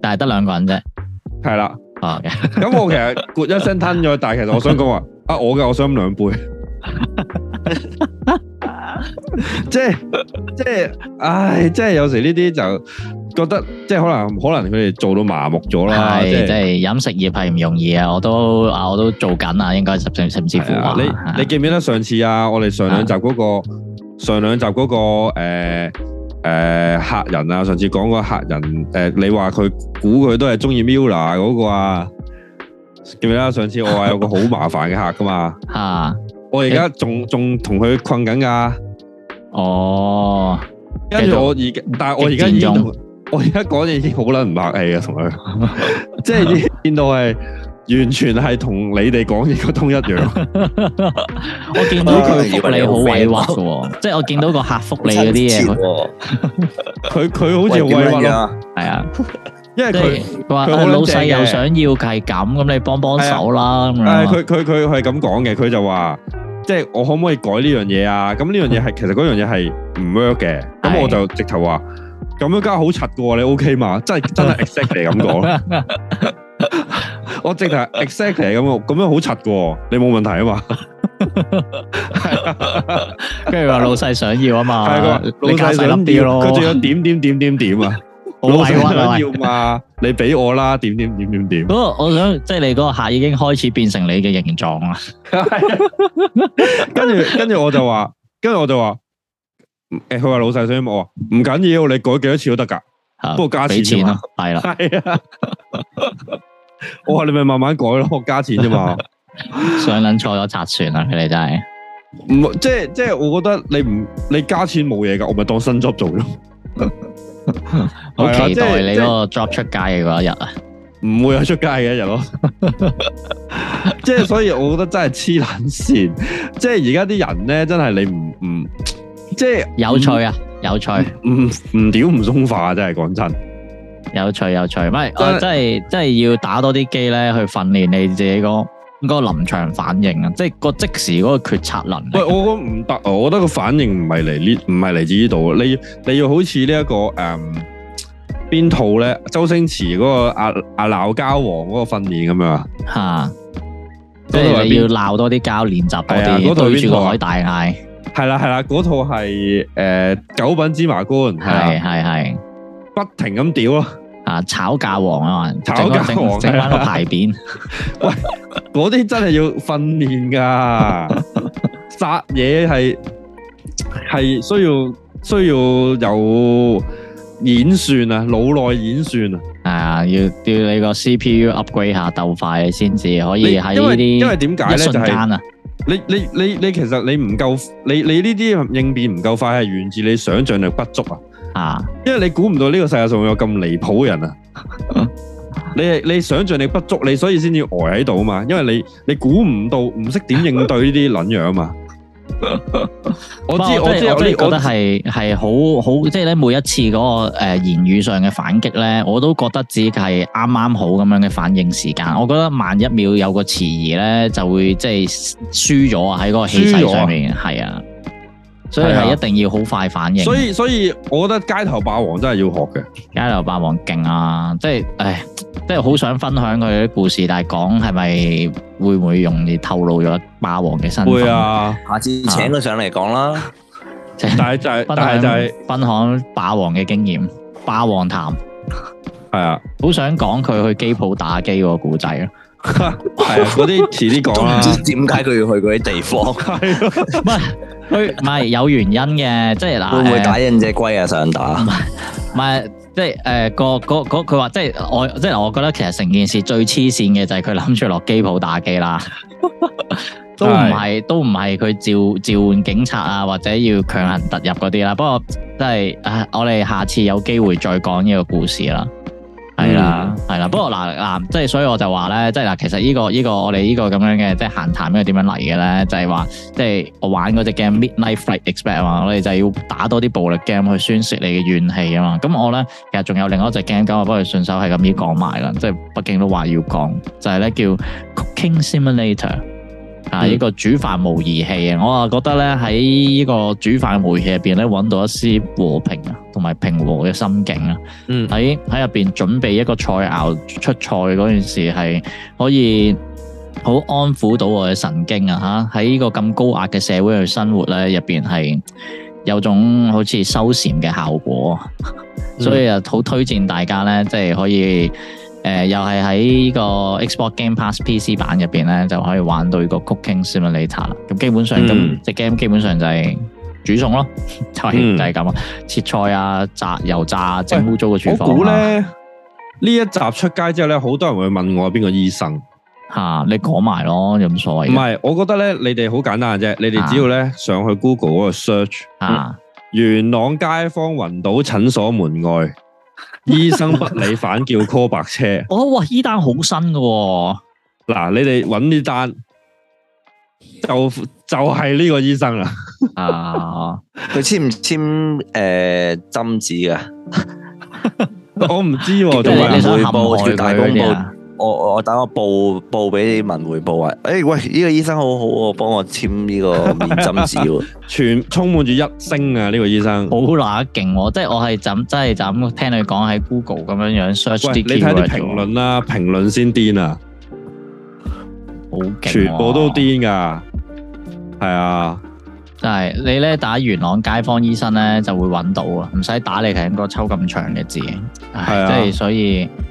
但係得兩個人啫，係啦。啊，咁我其實 good 一聲吞咗，但係其實我想講話，啊我嘅我想飲兩杯，即係即係，唉，即係有時呢啲就。覺得即係可能，可能佢哋做到麻木咗啦。係即係飲食業係唔容易啊！我都啊，我都做緊啊，應該甚甚甚至乎你你記唔記得上次啊？我哋上兩集嗰個上兩集嗰個誒誒客人啊，上次講個客人誒，你話佢估佢都係中意 Mila 嗰個啊？記唔記得上次我話有個好麻煩嘅客噶嘛？吓！我而家仲仲同佢困緊噶。哦，跟住我而但係我而家已經。我而家講嘢已經好撚唔客氣嘅，同佢即係見到係完全係同你哋講嘢都一樣。 (laughs) 我見到佢你好委屈喎， (laughs) 即係我見到個客服你嗰啲嘢，佢佢 (laughs) 好似好委屈咯，係啊，因為佢佢話我老細又想要係咁，咁你幫幫手啦咁樣。佢佢佢係咁講嘅，佢 (laughs) 就話即係我可唔可以改呢樣嘢啊？咁呢樣嘢係其實嗰樣嘢係唔 work 嘅，咁我就直頭話。咁樣加好柒噶你 O K (laughs) (laughs) (laughs) 嘛？真係真係 exactly 咁講，我直係 exactly 咁講，咁樣好柒噶你冇問題啊嘛？跟住話老細想要啊嘛，老細諗點咯？佢仲有點點點點點啊？老細想要嘛？ (laughs) 你俾我啦，點點點點點。不 (laughs) 過我想，即係你嗰個客已經開始變成你嘅形狀啦 (laughs) (laughs) 跟住跟住我就話，跟住我就話。誒，佢話、欸、老細想啊？唔緊要緊，你改幾多次都得噶，啊、不過加錢，錢啊，係啦，係啊，我話你咪慢慢改咯，加錢啫嘛，上捻錯咗賊船啦，佢哋真係，唔即係即係，我覺得你唔你加錢冇嘢噶，我咪當新 job 做咯，好 (laughs) (laughs) 期待 (laughs) 即你嗰個 job 出街嘅嗰一日啊，唔 (laughs) 會有出街嘅一日咯， (laughs) 即係所以我覺得真係黐捻線， (laughs) 即係而家啲人咧真係你唔唔。即係、嗯、有趣啊，有趣，唔唔屌唔鬆化啊！真係講真，有趣有趣，唔係我真係真係要打多啲機咧，去訓練你自己、個個臨場反應啊！即係個即時嗰個決策能力。喂，我唔得，我覺得個反應唔係嚟呢，唔係嚟自呢度，你你要好似、呢個嗯、呢一個誒邊套咧，周星馳嗰個阿阿鬧交王嗰個訓練咁樣啊，即係你要鬧多啲交練習多啲、啊，我哋對住個海大嗌。啊啊係啦係啦，嗰套係誒、呃、九品芝麻官，係係係，不停咁屌咯，啊炒價王啊，炒價王啊，整翻個牌匾。喂，嗰啲 (laughs) 真係要訓練噶，殺嘢係係需要需要，需要有演算啊，腦內演算啊。係啊，要調你個 C P U upgrade 下，鬥快啊，先至可以喺呢啲，因為點解咧就啊、就。是你你你你其實你唔夠你你呢啲應變唔夠快係源自你想象力不足啊！啊，因為你估唔到呢個世界上有咁離譜嘅人啊！啊你你想象力不足你，你所以先要呆喺度啊嘛，因為你你估唔到，唔識點應對呢啲卵樣嘛。 (laughs) (laughs) 我知，我真係覺得係係好好，即係咧每一次嗰個誒言語上嘅反擊咧，我都覺得只己係啱啱好咁樣嘅反應時間。我覺得慢一秒有個遲疑咧，就會即係輸咗啊！喺嗰個氣勢上面係啊，所以係一定要好快反應。所以所以，我覺得街頭霸王真係要學嘅，街頭霸王勁啊！即係，唉。即係好想分享佢啲故事，但係講，係咪會唔會容易透露咗霸王嘅身份？會啊，下次請佢上嚟講啦。嗯、但係就係、是，但係就係分享是、就是、分霸王嘅經驗，霸王談係啊，好想講佢去機鋪打機個故仔咯。係啊，嗰啲遲啲講唔知點解佢要去嗰啲地方？係 (laughs) 咯， (laughs) (laughs) 唔係佢唔係有原因嘅，即係嗱，會唔會打印隻龜啊？想打唔係。即係誒、呃、個個個佢話，即係我即係我覺得其實成件事最黐線嘅就係佢諗住落機鋪打機啦 (laughs) ， (laughs) 都唔係都唔係佢召召喚警察啊，或者要強行突入嗰啲啦。不過即係呃，我哋下次有機會再講呢個故事啦。係啦，係啦，不過嗱嗱，即係所以我就話咧，即係嗱，其實呢個呢個我哋呢個咁樣嘅即係閒談，因為點樣嚟嘅咧，就係話即係我玩嗰隻 game Midnight Flight Expert 啊，我哋就要打多啲暴力 game 去宣泄你嘅怨氣啊嘛。咁我咧其實仲有另外一隻 game，咁我不如順手係咁要講埋啦。即係畢竟都話要講，就係咧叫 Cooking Simulator。啊！呢個煮飯模擬器啊，我啊覺得咧喺呢個煮飯模擬器入邊咧，揾到一絲和平啊，同埋平和嘅心境啊。嗯，喺喺入邊準備一個菜肴、出菜嗰陣時，係可以好安撫到我嘅神經啊！嚇，喺呢個咁高壓嘅社會去生活咧，入邊係有種好似修禪嘅效果，嗯、 (laughs) 所以啊，好推薦大家咧，即、就、係、是、可以。誒、呃，又係喺呢個 Xbox Game Pass PC 版入邊咧，就可以玩到呢個 Cooking Simulator 啦。咁基本上，咁隻 game 基本上就係煮餸咯，嗯、 (laughs) 就係就係咁啊，切菜啊、炸油炸整污糟嘅廚房，我估咧、欸、呢 (laughs) 一集出街之後咧，好多人會問我邊個醫生嚇、啊，你講埋咯，又冇所謂。唔係，我覺得咧，你哋好簡單嘅啫，你哋只要咧上去 Google 嗰個 search 啊，元朗街坊雲島診所門外。 (laughs) 醫生不理反叫 call 白車，哦，哇，呢單好新㗎、哦，嗱，你哋揾呢單就就係、是、呢個醫生啦、 (laughs) 啊，啊，佢、啊啊啊啊、 (laughs) 簽唔簽誒、呃、針紙㗎？ (laughs) (laughs) 我唔知道，有你想陷害大公布？他我我等我報報俾文匯報話，誒、哎、喂，呢、這個醫生好好，我幫我簽呢個免針紙喎， (laughs) 全充滿住一星啊！呢、這個醫生好乸勁，即係我係就咁，即係就咁聽你講喺 Google 咁樣樣 search 啲 key 你睇啲評論啦，會評論先癲啊，好、啊、全部都癲噶，係啊，但係 (laughs) 你咧打元朗街坊醫生咧就會揾到啊，唔使打你，係應該抽咁長嘅字，係啊，即係的所，所以。 (laughs) (laughs)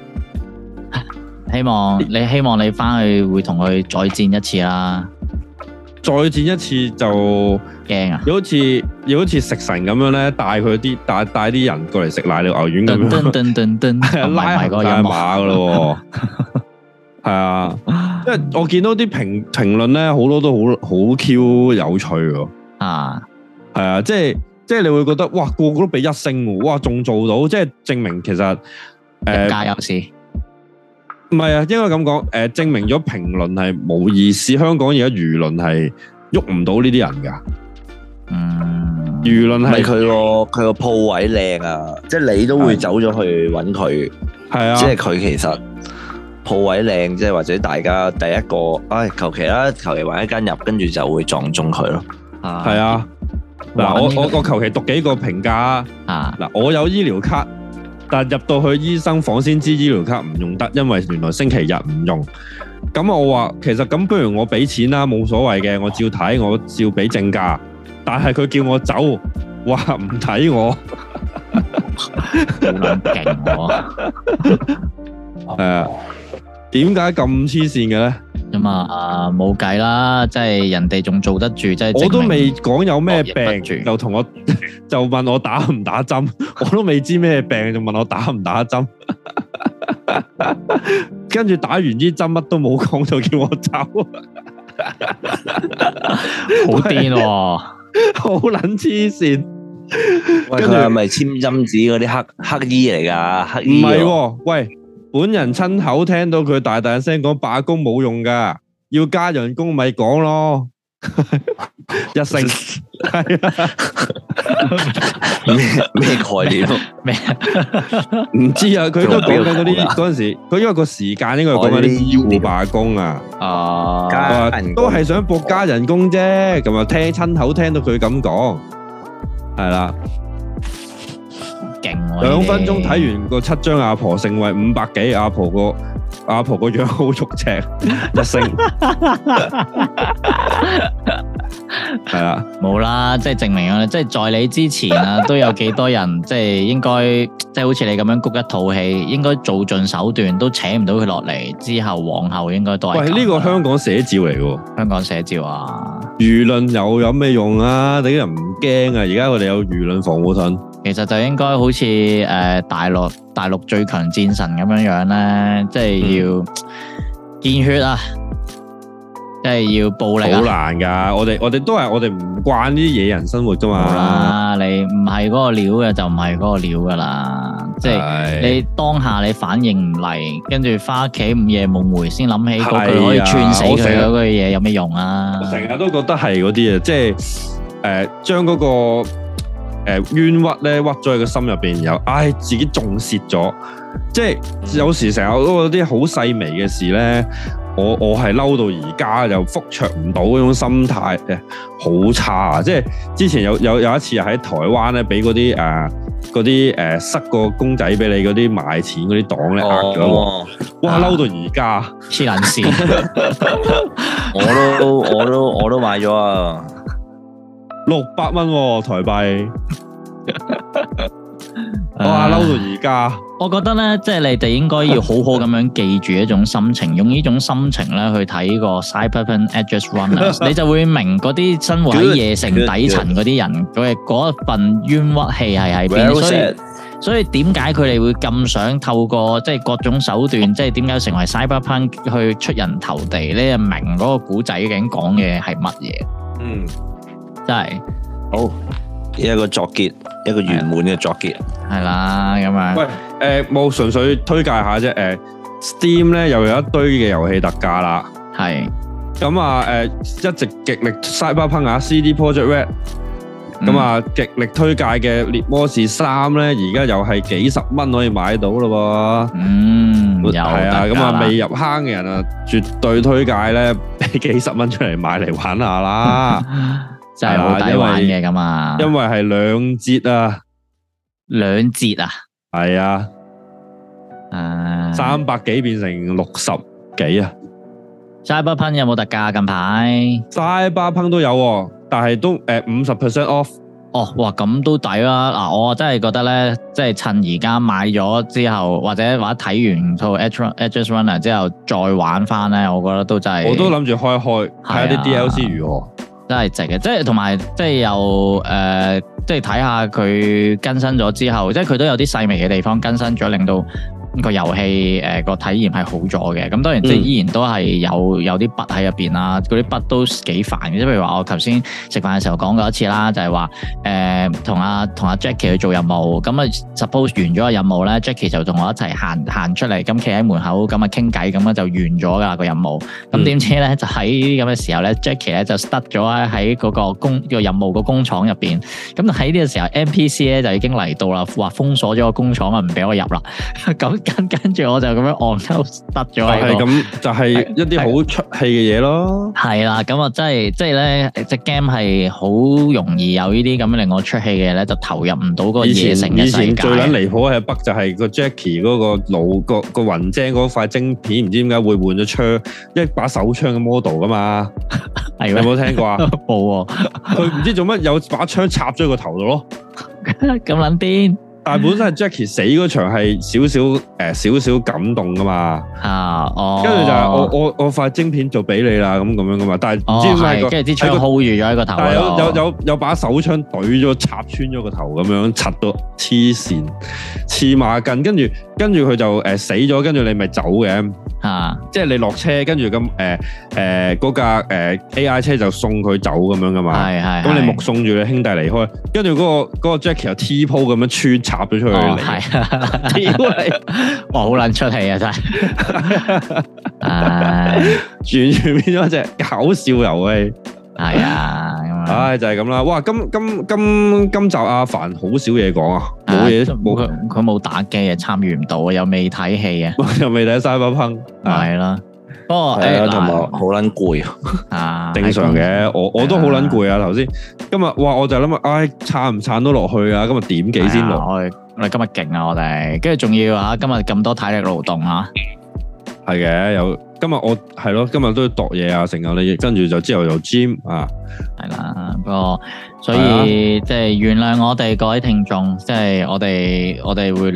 希望你希望你翻去會同佢再戰一次啦，再戰一次就驚啊又！又好似又好似食神咁樣咧，帶佢啲帶帶啲人過嚟食奶牛牛丸咁樣，拉埋個馬噶咯，係啊！即係我見到啲評評論咧，好多都好好 Q 有趣啊！係啊，即係即係你會覺得哇，個個都俾一星，哇仲做到，即係證明其實誒，加油先！唔係啊，應該咁講，誒，證明咗評論係冇意思，香港而家輿論係喐唔到呢啲人噶。嗯，輿論係佢個佢個鋪位靚啊，即係你都會走咗去揾佢，係啊，即係佢其實鋪位靚，即係或者大家第一個，哎，求其啦，求其揾一間入，跟住就會撞中佢咯。係啊，嗱，我我我求其讀幾個評價啊，嗱，我有醫療卡。但入到去醫生房先知醫療卡唔用得，因為原來星期日唔用。咁我話其實咁不如我俾錢啦，冇所謂嘅，我照睇，我照俾正價。但係佢叫我走，話唔睇我，好撚勁喎。係啊，點解咁黐線嘅呢？咁啊，冇計、嗯、啦，即係人哋仲做得住，即係我都未講有咩病，又同噩我 (laughs) 就問我打唔打針，我都未知咩病，就問我打唔打針，跟 (laughs) 住打完啲針乜都冇講，就叫我走， (laughs) (laughs) 好癲、啊， (laughs) (laughs) (laughs) 好捻黐線，喂佢係咪簽針紙嗰啲黑黑醫嚟㗎？黑醫唔係，喂。本人親口聽到佢大大聲講罷工冇用噶，要加人工咪講咯，一聲係咩咩概念？咩唔知啊？佢都講緊嗰啲嗰陣時，佢因為個時間應該係講緊啲醫護罷工啊，啊，加人，都係想博加人工啫，咁啊，聽親口聽到佢咁講，係啦。兩、啊、你們 分鐘睇完個你是 七張阿婆，成為五百幾阿婆個阿婆個樣好肉赤，一聲係啦，冇啦，即係證明啦，即係在你之前啊，都有幾多人 (laughs) 即係應該即係好似你咁樣谷一套戲，應該做盡手段都請唔到佢落嚟。之後皇后應該都係、啊。喂，呢、這個香港寫照嚟嘅，香港寫照啊！輿論又有咩用啊？你啲人唔驚啊！而家我哋有輿論防護盾。其實就應該好似誒、呃、大陸大陸最強戰神咁樣樣咧，即係要見血啊，即係要暴力、啊。好難噶，我哋我哋都係我哋唔慣呢啲野人生活噶嘛。你唔係嗰個料嘅就唔係嗰個料噶啦。是即係你當下你反應唔嚟，跟住翻屋企午夜夢回先諗起嗰句可以串死佢嗰、啊、句嘢，有咩用啊？我成日都覺得係嗰啲啊，即係誒、呃、將嗰、那個。誒、呃、冤屈咧，屈咗喺個心入邊，然後唉，自己仲蝕咗。即係有時成日都有啲好細微嘅事咧，我我係嬲到而家又復灼唔到嗰種心態嘅，好差啊！即係之前有有有一次喺台灣咧，俾嗰啲誒嗰啲誒塞個公仔俾你嗰啲賣錢嗰啲檔咧，呃咗喎，哦哦、哇、啊、嬲到而家黐撚線，我都我都我都，我都買咗啊！六百蚊台幣， (laughs) 哇嬲、um, 到而家！我覺得咧，即、就、係、是、你哋應該要好好咁樣記住一種心情， (laughs) 用呢種心情咧去睇個《Cyberpunk Edgerunners》，你就會明嗰啲生活喺夜城底層嗰啲人，佢嗰 (laughs) 一份冤屈氣係喺邊。is 所以，所以點解佢哋會咁想透過即係、就是、各種手段，即係點解成為《Cyberpunk》去出人頭地咧？你就明嗰個古仔究竟講嘅係乜嘢？嗯。Um. 真係好一個作結，一個圓滿嘅作結，係啦咁樣。喂，誒、呃，冇純粹推介下啫，誒、呃，Steam 咧又有一堆嘅遊戲特價啦，係的。咁啊，誒，一直極力塞爆噴下 CD Projekt Red，咁啊，極力推介嘅《獵魔士三》咧，而家又係幾十蚊可以買到咯喎。嗯，有係啊，咁啊，未、嗯嗯、入坑嘅人啊，絕對推介咧，俾幾十蚊出嚟買嚟玩下啦。 (laughs) 就係好抵玩嘅咁啊！因為係兩折啊，兩折啊，係啊，誒，三百幾變成六十幾啊！Cyberpunk 有冇特價？近排 Cyberpunk 都有、啊，但係都誒五十 percent off。哦，哇，咁都抵啦！嗱，我真係覺得咧，即係趁而家買咗之後，或者或者睇完套《Edge Runner》之後再玩翻咧，我覺得都真係我都諗住開一開，睇下啲 DLC 如何。都係值嘅，同埋即係又誒，即係睇下佢更新咗之後，即係佢都有啲細微嘅地方更新咗，令到個遊戲誒，個體驗係好咗嘅，咁當然即係依然都係有有啲 bug 喺入邊啦，嗰啲 bug 都幾煩嘅。即係譬如話我頭先食飯嘅時候講過一次啦，就係、是、話誒同、呃、阿同阿 Jackie 去做任務，咁啊 suppose 完咗個任務咧，Jackie 就同我一齊行行出嚟，咁企喺門口，咁啊傾偈，咁樣就完咗噶、個任務。咁點知咧就喺咁嘅時候咧，Jackie 咧就 stuck 咗喺嗰個工、個任務個工廠入邊。咁喺呢個時候，NPC 咧就已經嚟到啦，話封鎖咗個工廠啊，唔俾我入啦。咁 (laughs) 跟住我就咁樣按收得咗一個。就係咁，就係、是、一啲好出戲嘅嘢咯。係啦， (laughs) 咁啊、就是，即係即係咧，隻 game 係好容易有呢啲咁令我出戲嘅咧，就投入唔到個夜城嘅世界。以，以前最捻離譜嘅北就係 Jack 個 Jackie 嗰個腦個個魂精嗰塊晶片，唔知點解會換咗槍一把手槍嘅 model 噶嘛？係 (laughs) 的有冇聽過啊？冇 (laughs) 沒有，佢 (laughs) 唔知做乜有把槍插咗個頭度咯，咁捻癲。但本身 Jackie 死嗰場係少少誒少少感動㗎嘛，啊哦，跟住就係、是、我我我發晶片就俾你啦，咁咁樣㗎嘛，但係唔知點解、哦、個後餘有一個頭，但係有有有有把手槍懟咗插穿咗個頭咁樣，插到黐線黐孖筋，跟住跟住佢就誒、呃、死咗，跟住你咪走嘅。啊！即係你落車，跟住咁，誒、呃、誒，呃、架誒、呃、A.I. 車就送佢走咁樣噶嘛。係係。咁你目送住你兄弟離開，跟住嗰個、嗰個 Jackie 又 TPO 咁樣穿插咗出去。哦，係。 (laughs) 哇，好撚出戲啊，真係。完全變咗一隻搞笑遊戲。係啊、哎。唉，就係咁啦。哇，今今今今集阿凡好少嘢講啊，冇嘢，冇佢，佢冇打機啊，參與唔到啊，又未睇戲啊，又未睇《沙巴烹》。係啦，哦，同埋好撚攰啊，正常嘅，我我都好撚攰啊。頭先今日哇，我就諗啊，唉，撐唔撐得落去啊？今日點幾先落去？我哋今日勁啊！我哋跟住仲要啊，今日咁多體力勞動嚇，係嘅有。今日我係咯，今日都要度嘢啊，成日你，跟住就之後又 gym 啊，係啦，不過所以即係的原諒我哋嗰啲聽眾，即係我哋我哋會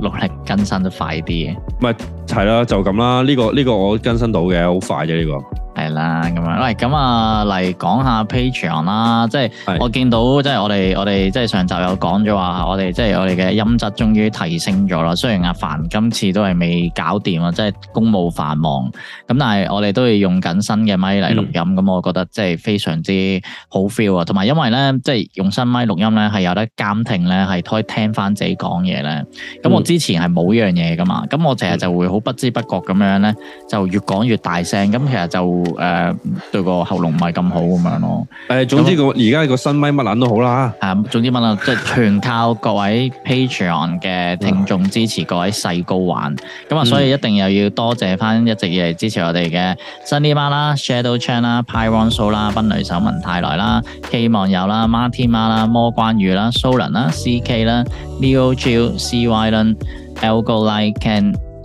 努力更新得快啲嘅。唔係係啦，就咁啦，呢個呢個我更新到嘅，好快嘅呢個。係啦，咁樣，喂的，咁啊嚟講下 Patreon 啦，即係我見到我，即係我哋我哋即係上集有講咗話，我哋即係我哋嘅音質終於提升咗啦。雖然阿凡今次都係未搞掂啊，即係公務繁忙，咁但係我哋都要用緊新嘅咪嚟錄音，咁、嗯、我覺得即係非常之好 feel 啊。同埋因為咧，即係用新咪錄音咧，係有得監聽咧，係可以聽翻自己講嘢咧。咁、嗯、我之前係冇呢樣嘢噶嘛，咁我成日就會好不知不覺咁樣咧，就越講越大聲，咁其實就。誒、uh，對個喉嚨唔係咁好咁樣咯。誒、總之個而家個新咪乜撚那都好啦。啊，總之問啦，即係全靠各位 Patreon 嘅聽眾支持，各位細高玩咁啊，所以一定又要多謝翻一直以嚟支持我哋嘅 Sunny 媽啦、Shadow Chan 啦 Py、so，嗯、Pyronso 啦、奔雷手文泰來啦、K 望友啦、Martin 媽啦、魔關羽啦、Solan 啦、CK 啦、Neo Chill、c y l e n Elgo Like N。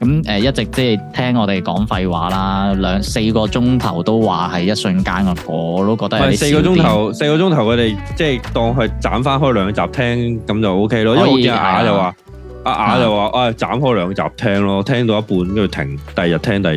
咁誒一直即係聽我哋講廢話啦，兩四個鐘頭都話係一瞬間嘅，我都覺得係四個鐘頭，四個鐘頭佢哋即係當係斬翻開兩集聽，咁就 O K 咯。因為我見阿雅就話，阿雅就話，哇，對啊、斬開兩集聽咯，聽到一半跟住停，第二日聽第二，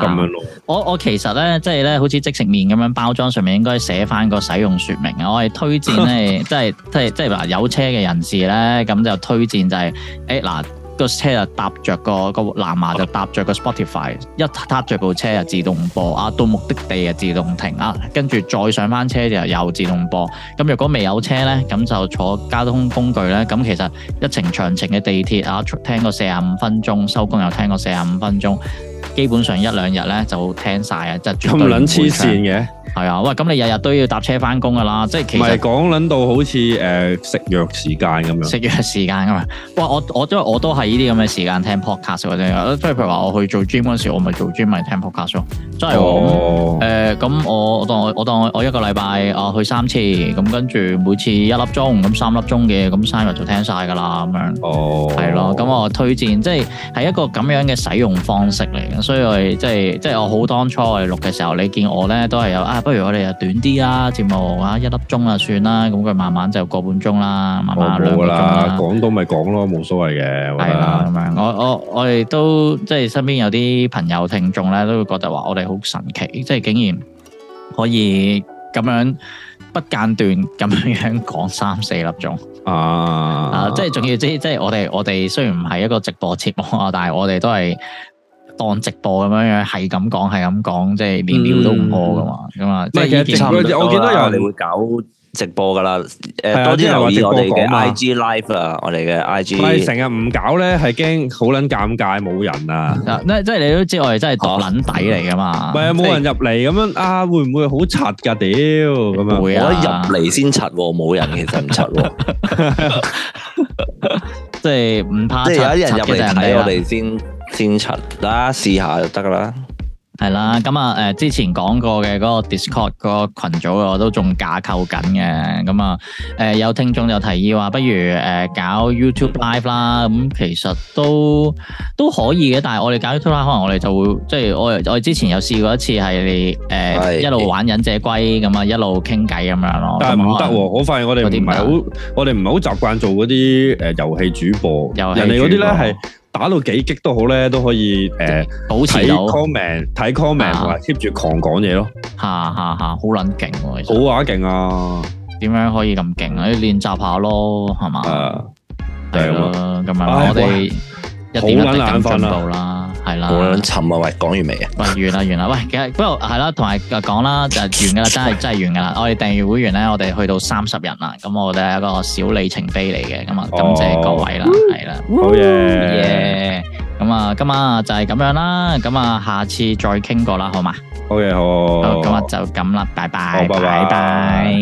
咁樣咯。我我其實咧，即係咧，好似即食麵咁樣包裝上面應該寫翻個使用説明啊。我係推薦咧， (laughs) 即係即係即係嗱，有車嘅人士咧，咁就推薦就係、是，誒嗱。哎個車啊，搭着個個藍牙就搭着個 Spotify，一搭着部車啊，自動播啊，到目的地啊，自動停啊，跟住再上翻車就又自動播。咁、啊、如果未有車呢，咁就坐交通工具呢。咁其實一程長程嘅地鐵啊，聽個四十五分鐘，收工又聽個四十五分鐘，基本上一兩日呢就聽晒啊，即係咁卵黐線嘅。係啊，喂，咁你日日都要搭車翻工噶啦，即係其實講捻到好似誒、呃、食藥時間咁樣，食藥時間噶嘛？哇，我我因為我都係呢啲咁嘅時間聽 podcast 嘅啫，即係譬如話我去做 gym 嗰時，我咪做 gym 咪、就是、聽 podcast 咯、哦。真係、呃、我誒，咁我我當我，我當我一個禮拜我去三次，咁跟住每次一粒鐘，咁三粒鐘嘅，咁三日就聽晒噶啦，咁樣。哦，係咯，咁我推薦，即係係一個咁樣嘅使用方式嚟，所以即即即我即係即係我好當初我哋錄嘅時候，你見我咧都係有啊。哎呃哎呃不如我哋啊短啲啦，節目啊一粒鐘啦，算啦，咁佢慢慢就個半鐘啦，慢慢兩個鐘啦，啊哦。講都咪講咯，冇所謂嘅。係啊的，咁樣，嗯，我我我哋都即係身邊有啲朋友聽眾咧，都會覺得話我哋好神奇，即係竟然可以咁樣不間斷咁樣樣講三四粒鐘啊，啊即係仲要即係即係我哋我哋雖然唔係一個直播節目啊，但係我哋都係。當直播咁樣樣係咁講係咁講，即係連料都唔播噶嘛，咁啊，即係我見到有人會搞直播噶啦，誒，多啲人話直播講啊，IG live 啊，我哋嘅 IG，我哋成日唔搞咧，係驚好撚尷尬冇人啊，即即係你都知我哋真係毒撚底嚟噶嘛，唔係啊，冇人入嚟咁樣啊，會唔會好柒噶屌咁啊？我一入嚟先柒喎，冇人其實唔柒喎，即係唔怕，即係有一人入嚟睇我哋先。先大家試下就得噶啦。係啦，咁啊，誒，之前講過嘅嗰個 Discord 個群組，我都仲架構緊嘅。咁啊，誒，有聽眾就提議話，不如誒搞 YouTube Live 啦。咁其實都都可以嘅，但係我哋搞 YouTube Live，可能我哋就會即係我我之前有試過一次係誒一路玩忍者龜咁啊，一路傾偈咁樣咯。但係唔得，我發現我哋唔係好，我哋唔係好習慣做嗰啲誒遊戲主播，人哋嗰啲咧係。打到幾激都好咧，都可以誒、呃、保持看 comment 睇 comment 同埋、啊、keep 住狂講嘢咯。嚇嚇嚇，好撚勁喎！好畫勁啊，點、啊啊啊啊啊、樣可以咁勁啊？要、欸、練習下咯，係嘛、啊？係咯吧，咁咪、嗯、我哋、啊、一點一點緊進度啦。係啦，冇諗沉啊喂，講完未啊？喂，完，喂完啦完啦喂，其實不過係咯，同埋講啦，啦就係完噶啦，真係真係完噶啦。 (laughs) 我哋訂閱會員咧，我哋去到三十人啦，咁我哋係一個小里程碑嚟嘅，咁啊感謝各位啦，係、oh. 啦，好嘢、oh yeah. yeah，好嘢。咁啊今晚就係咁樣啦，咁啊下次再傾過啦，好嘛？好嘢，好，咁啊就咁啦，拜拜拜拜。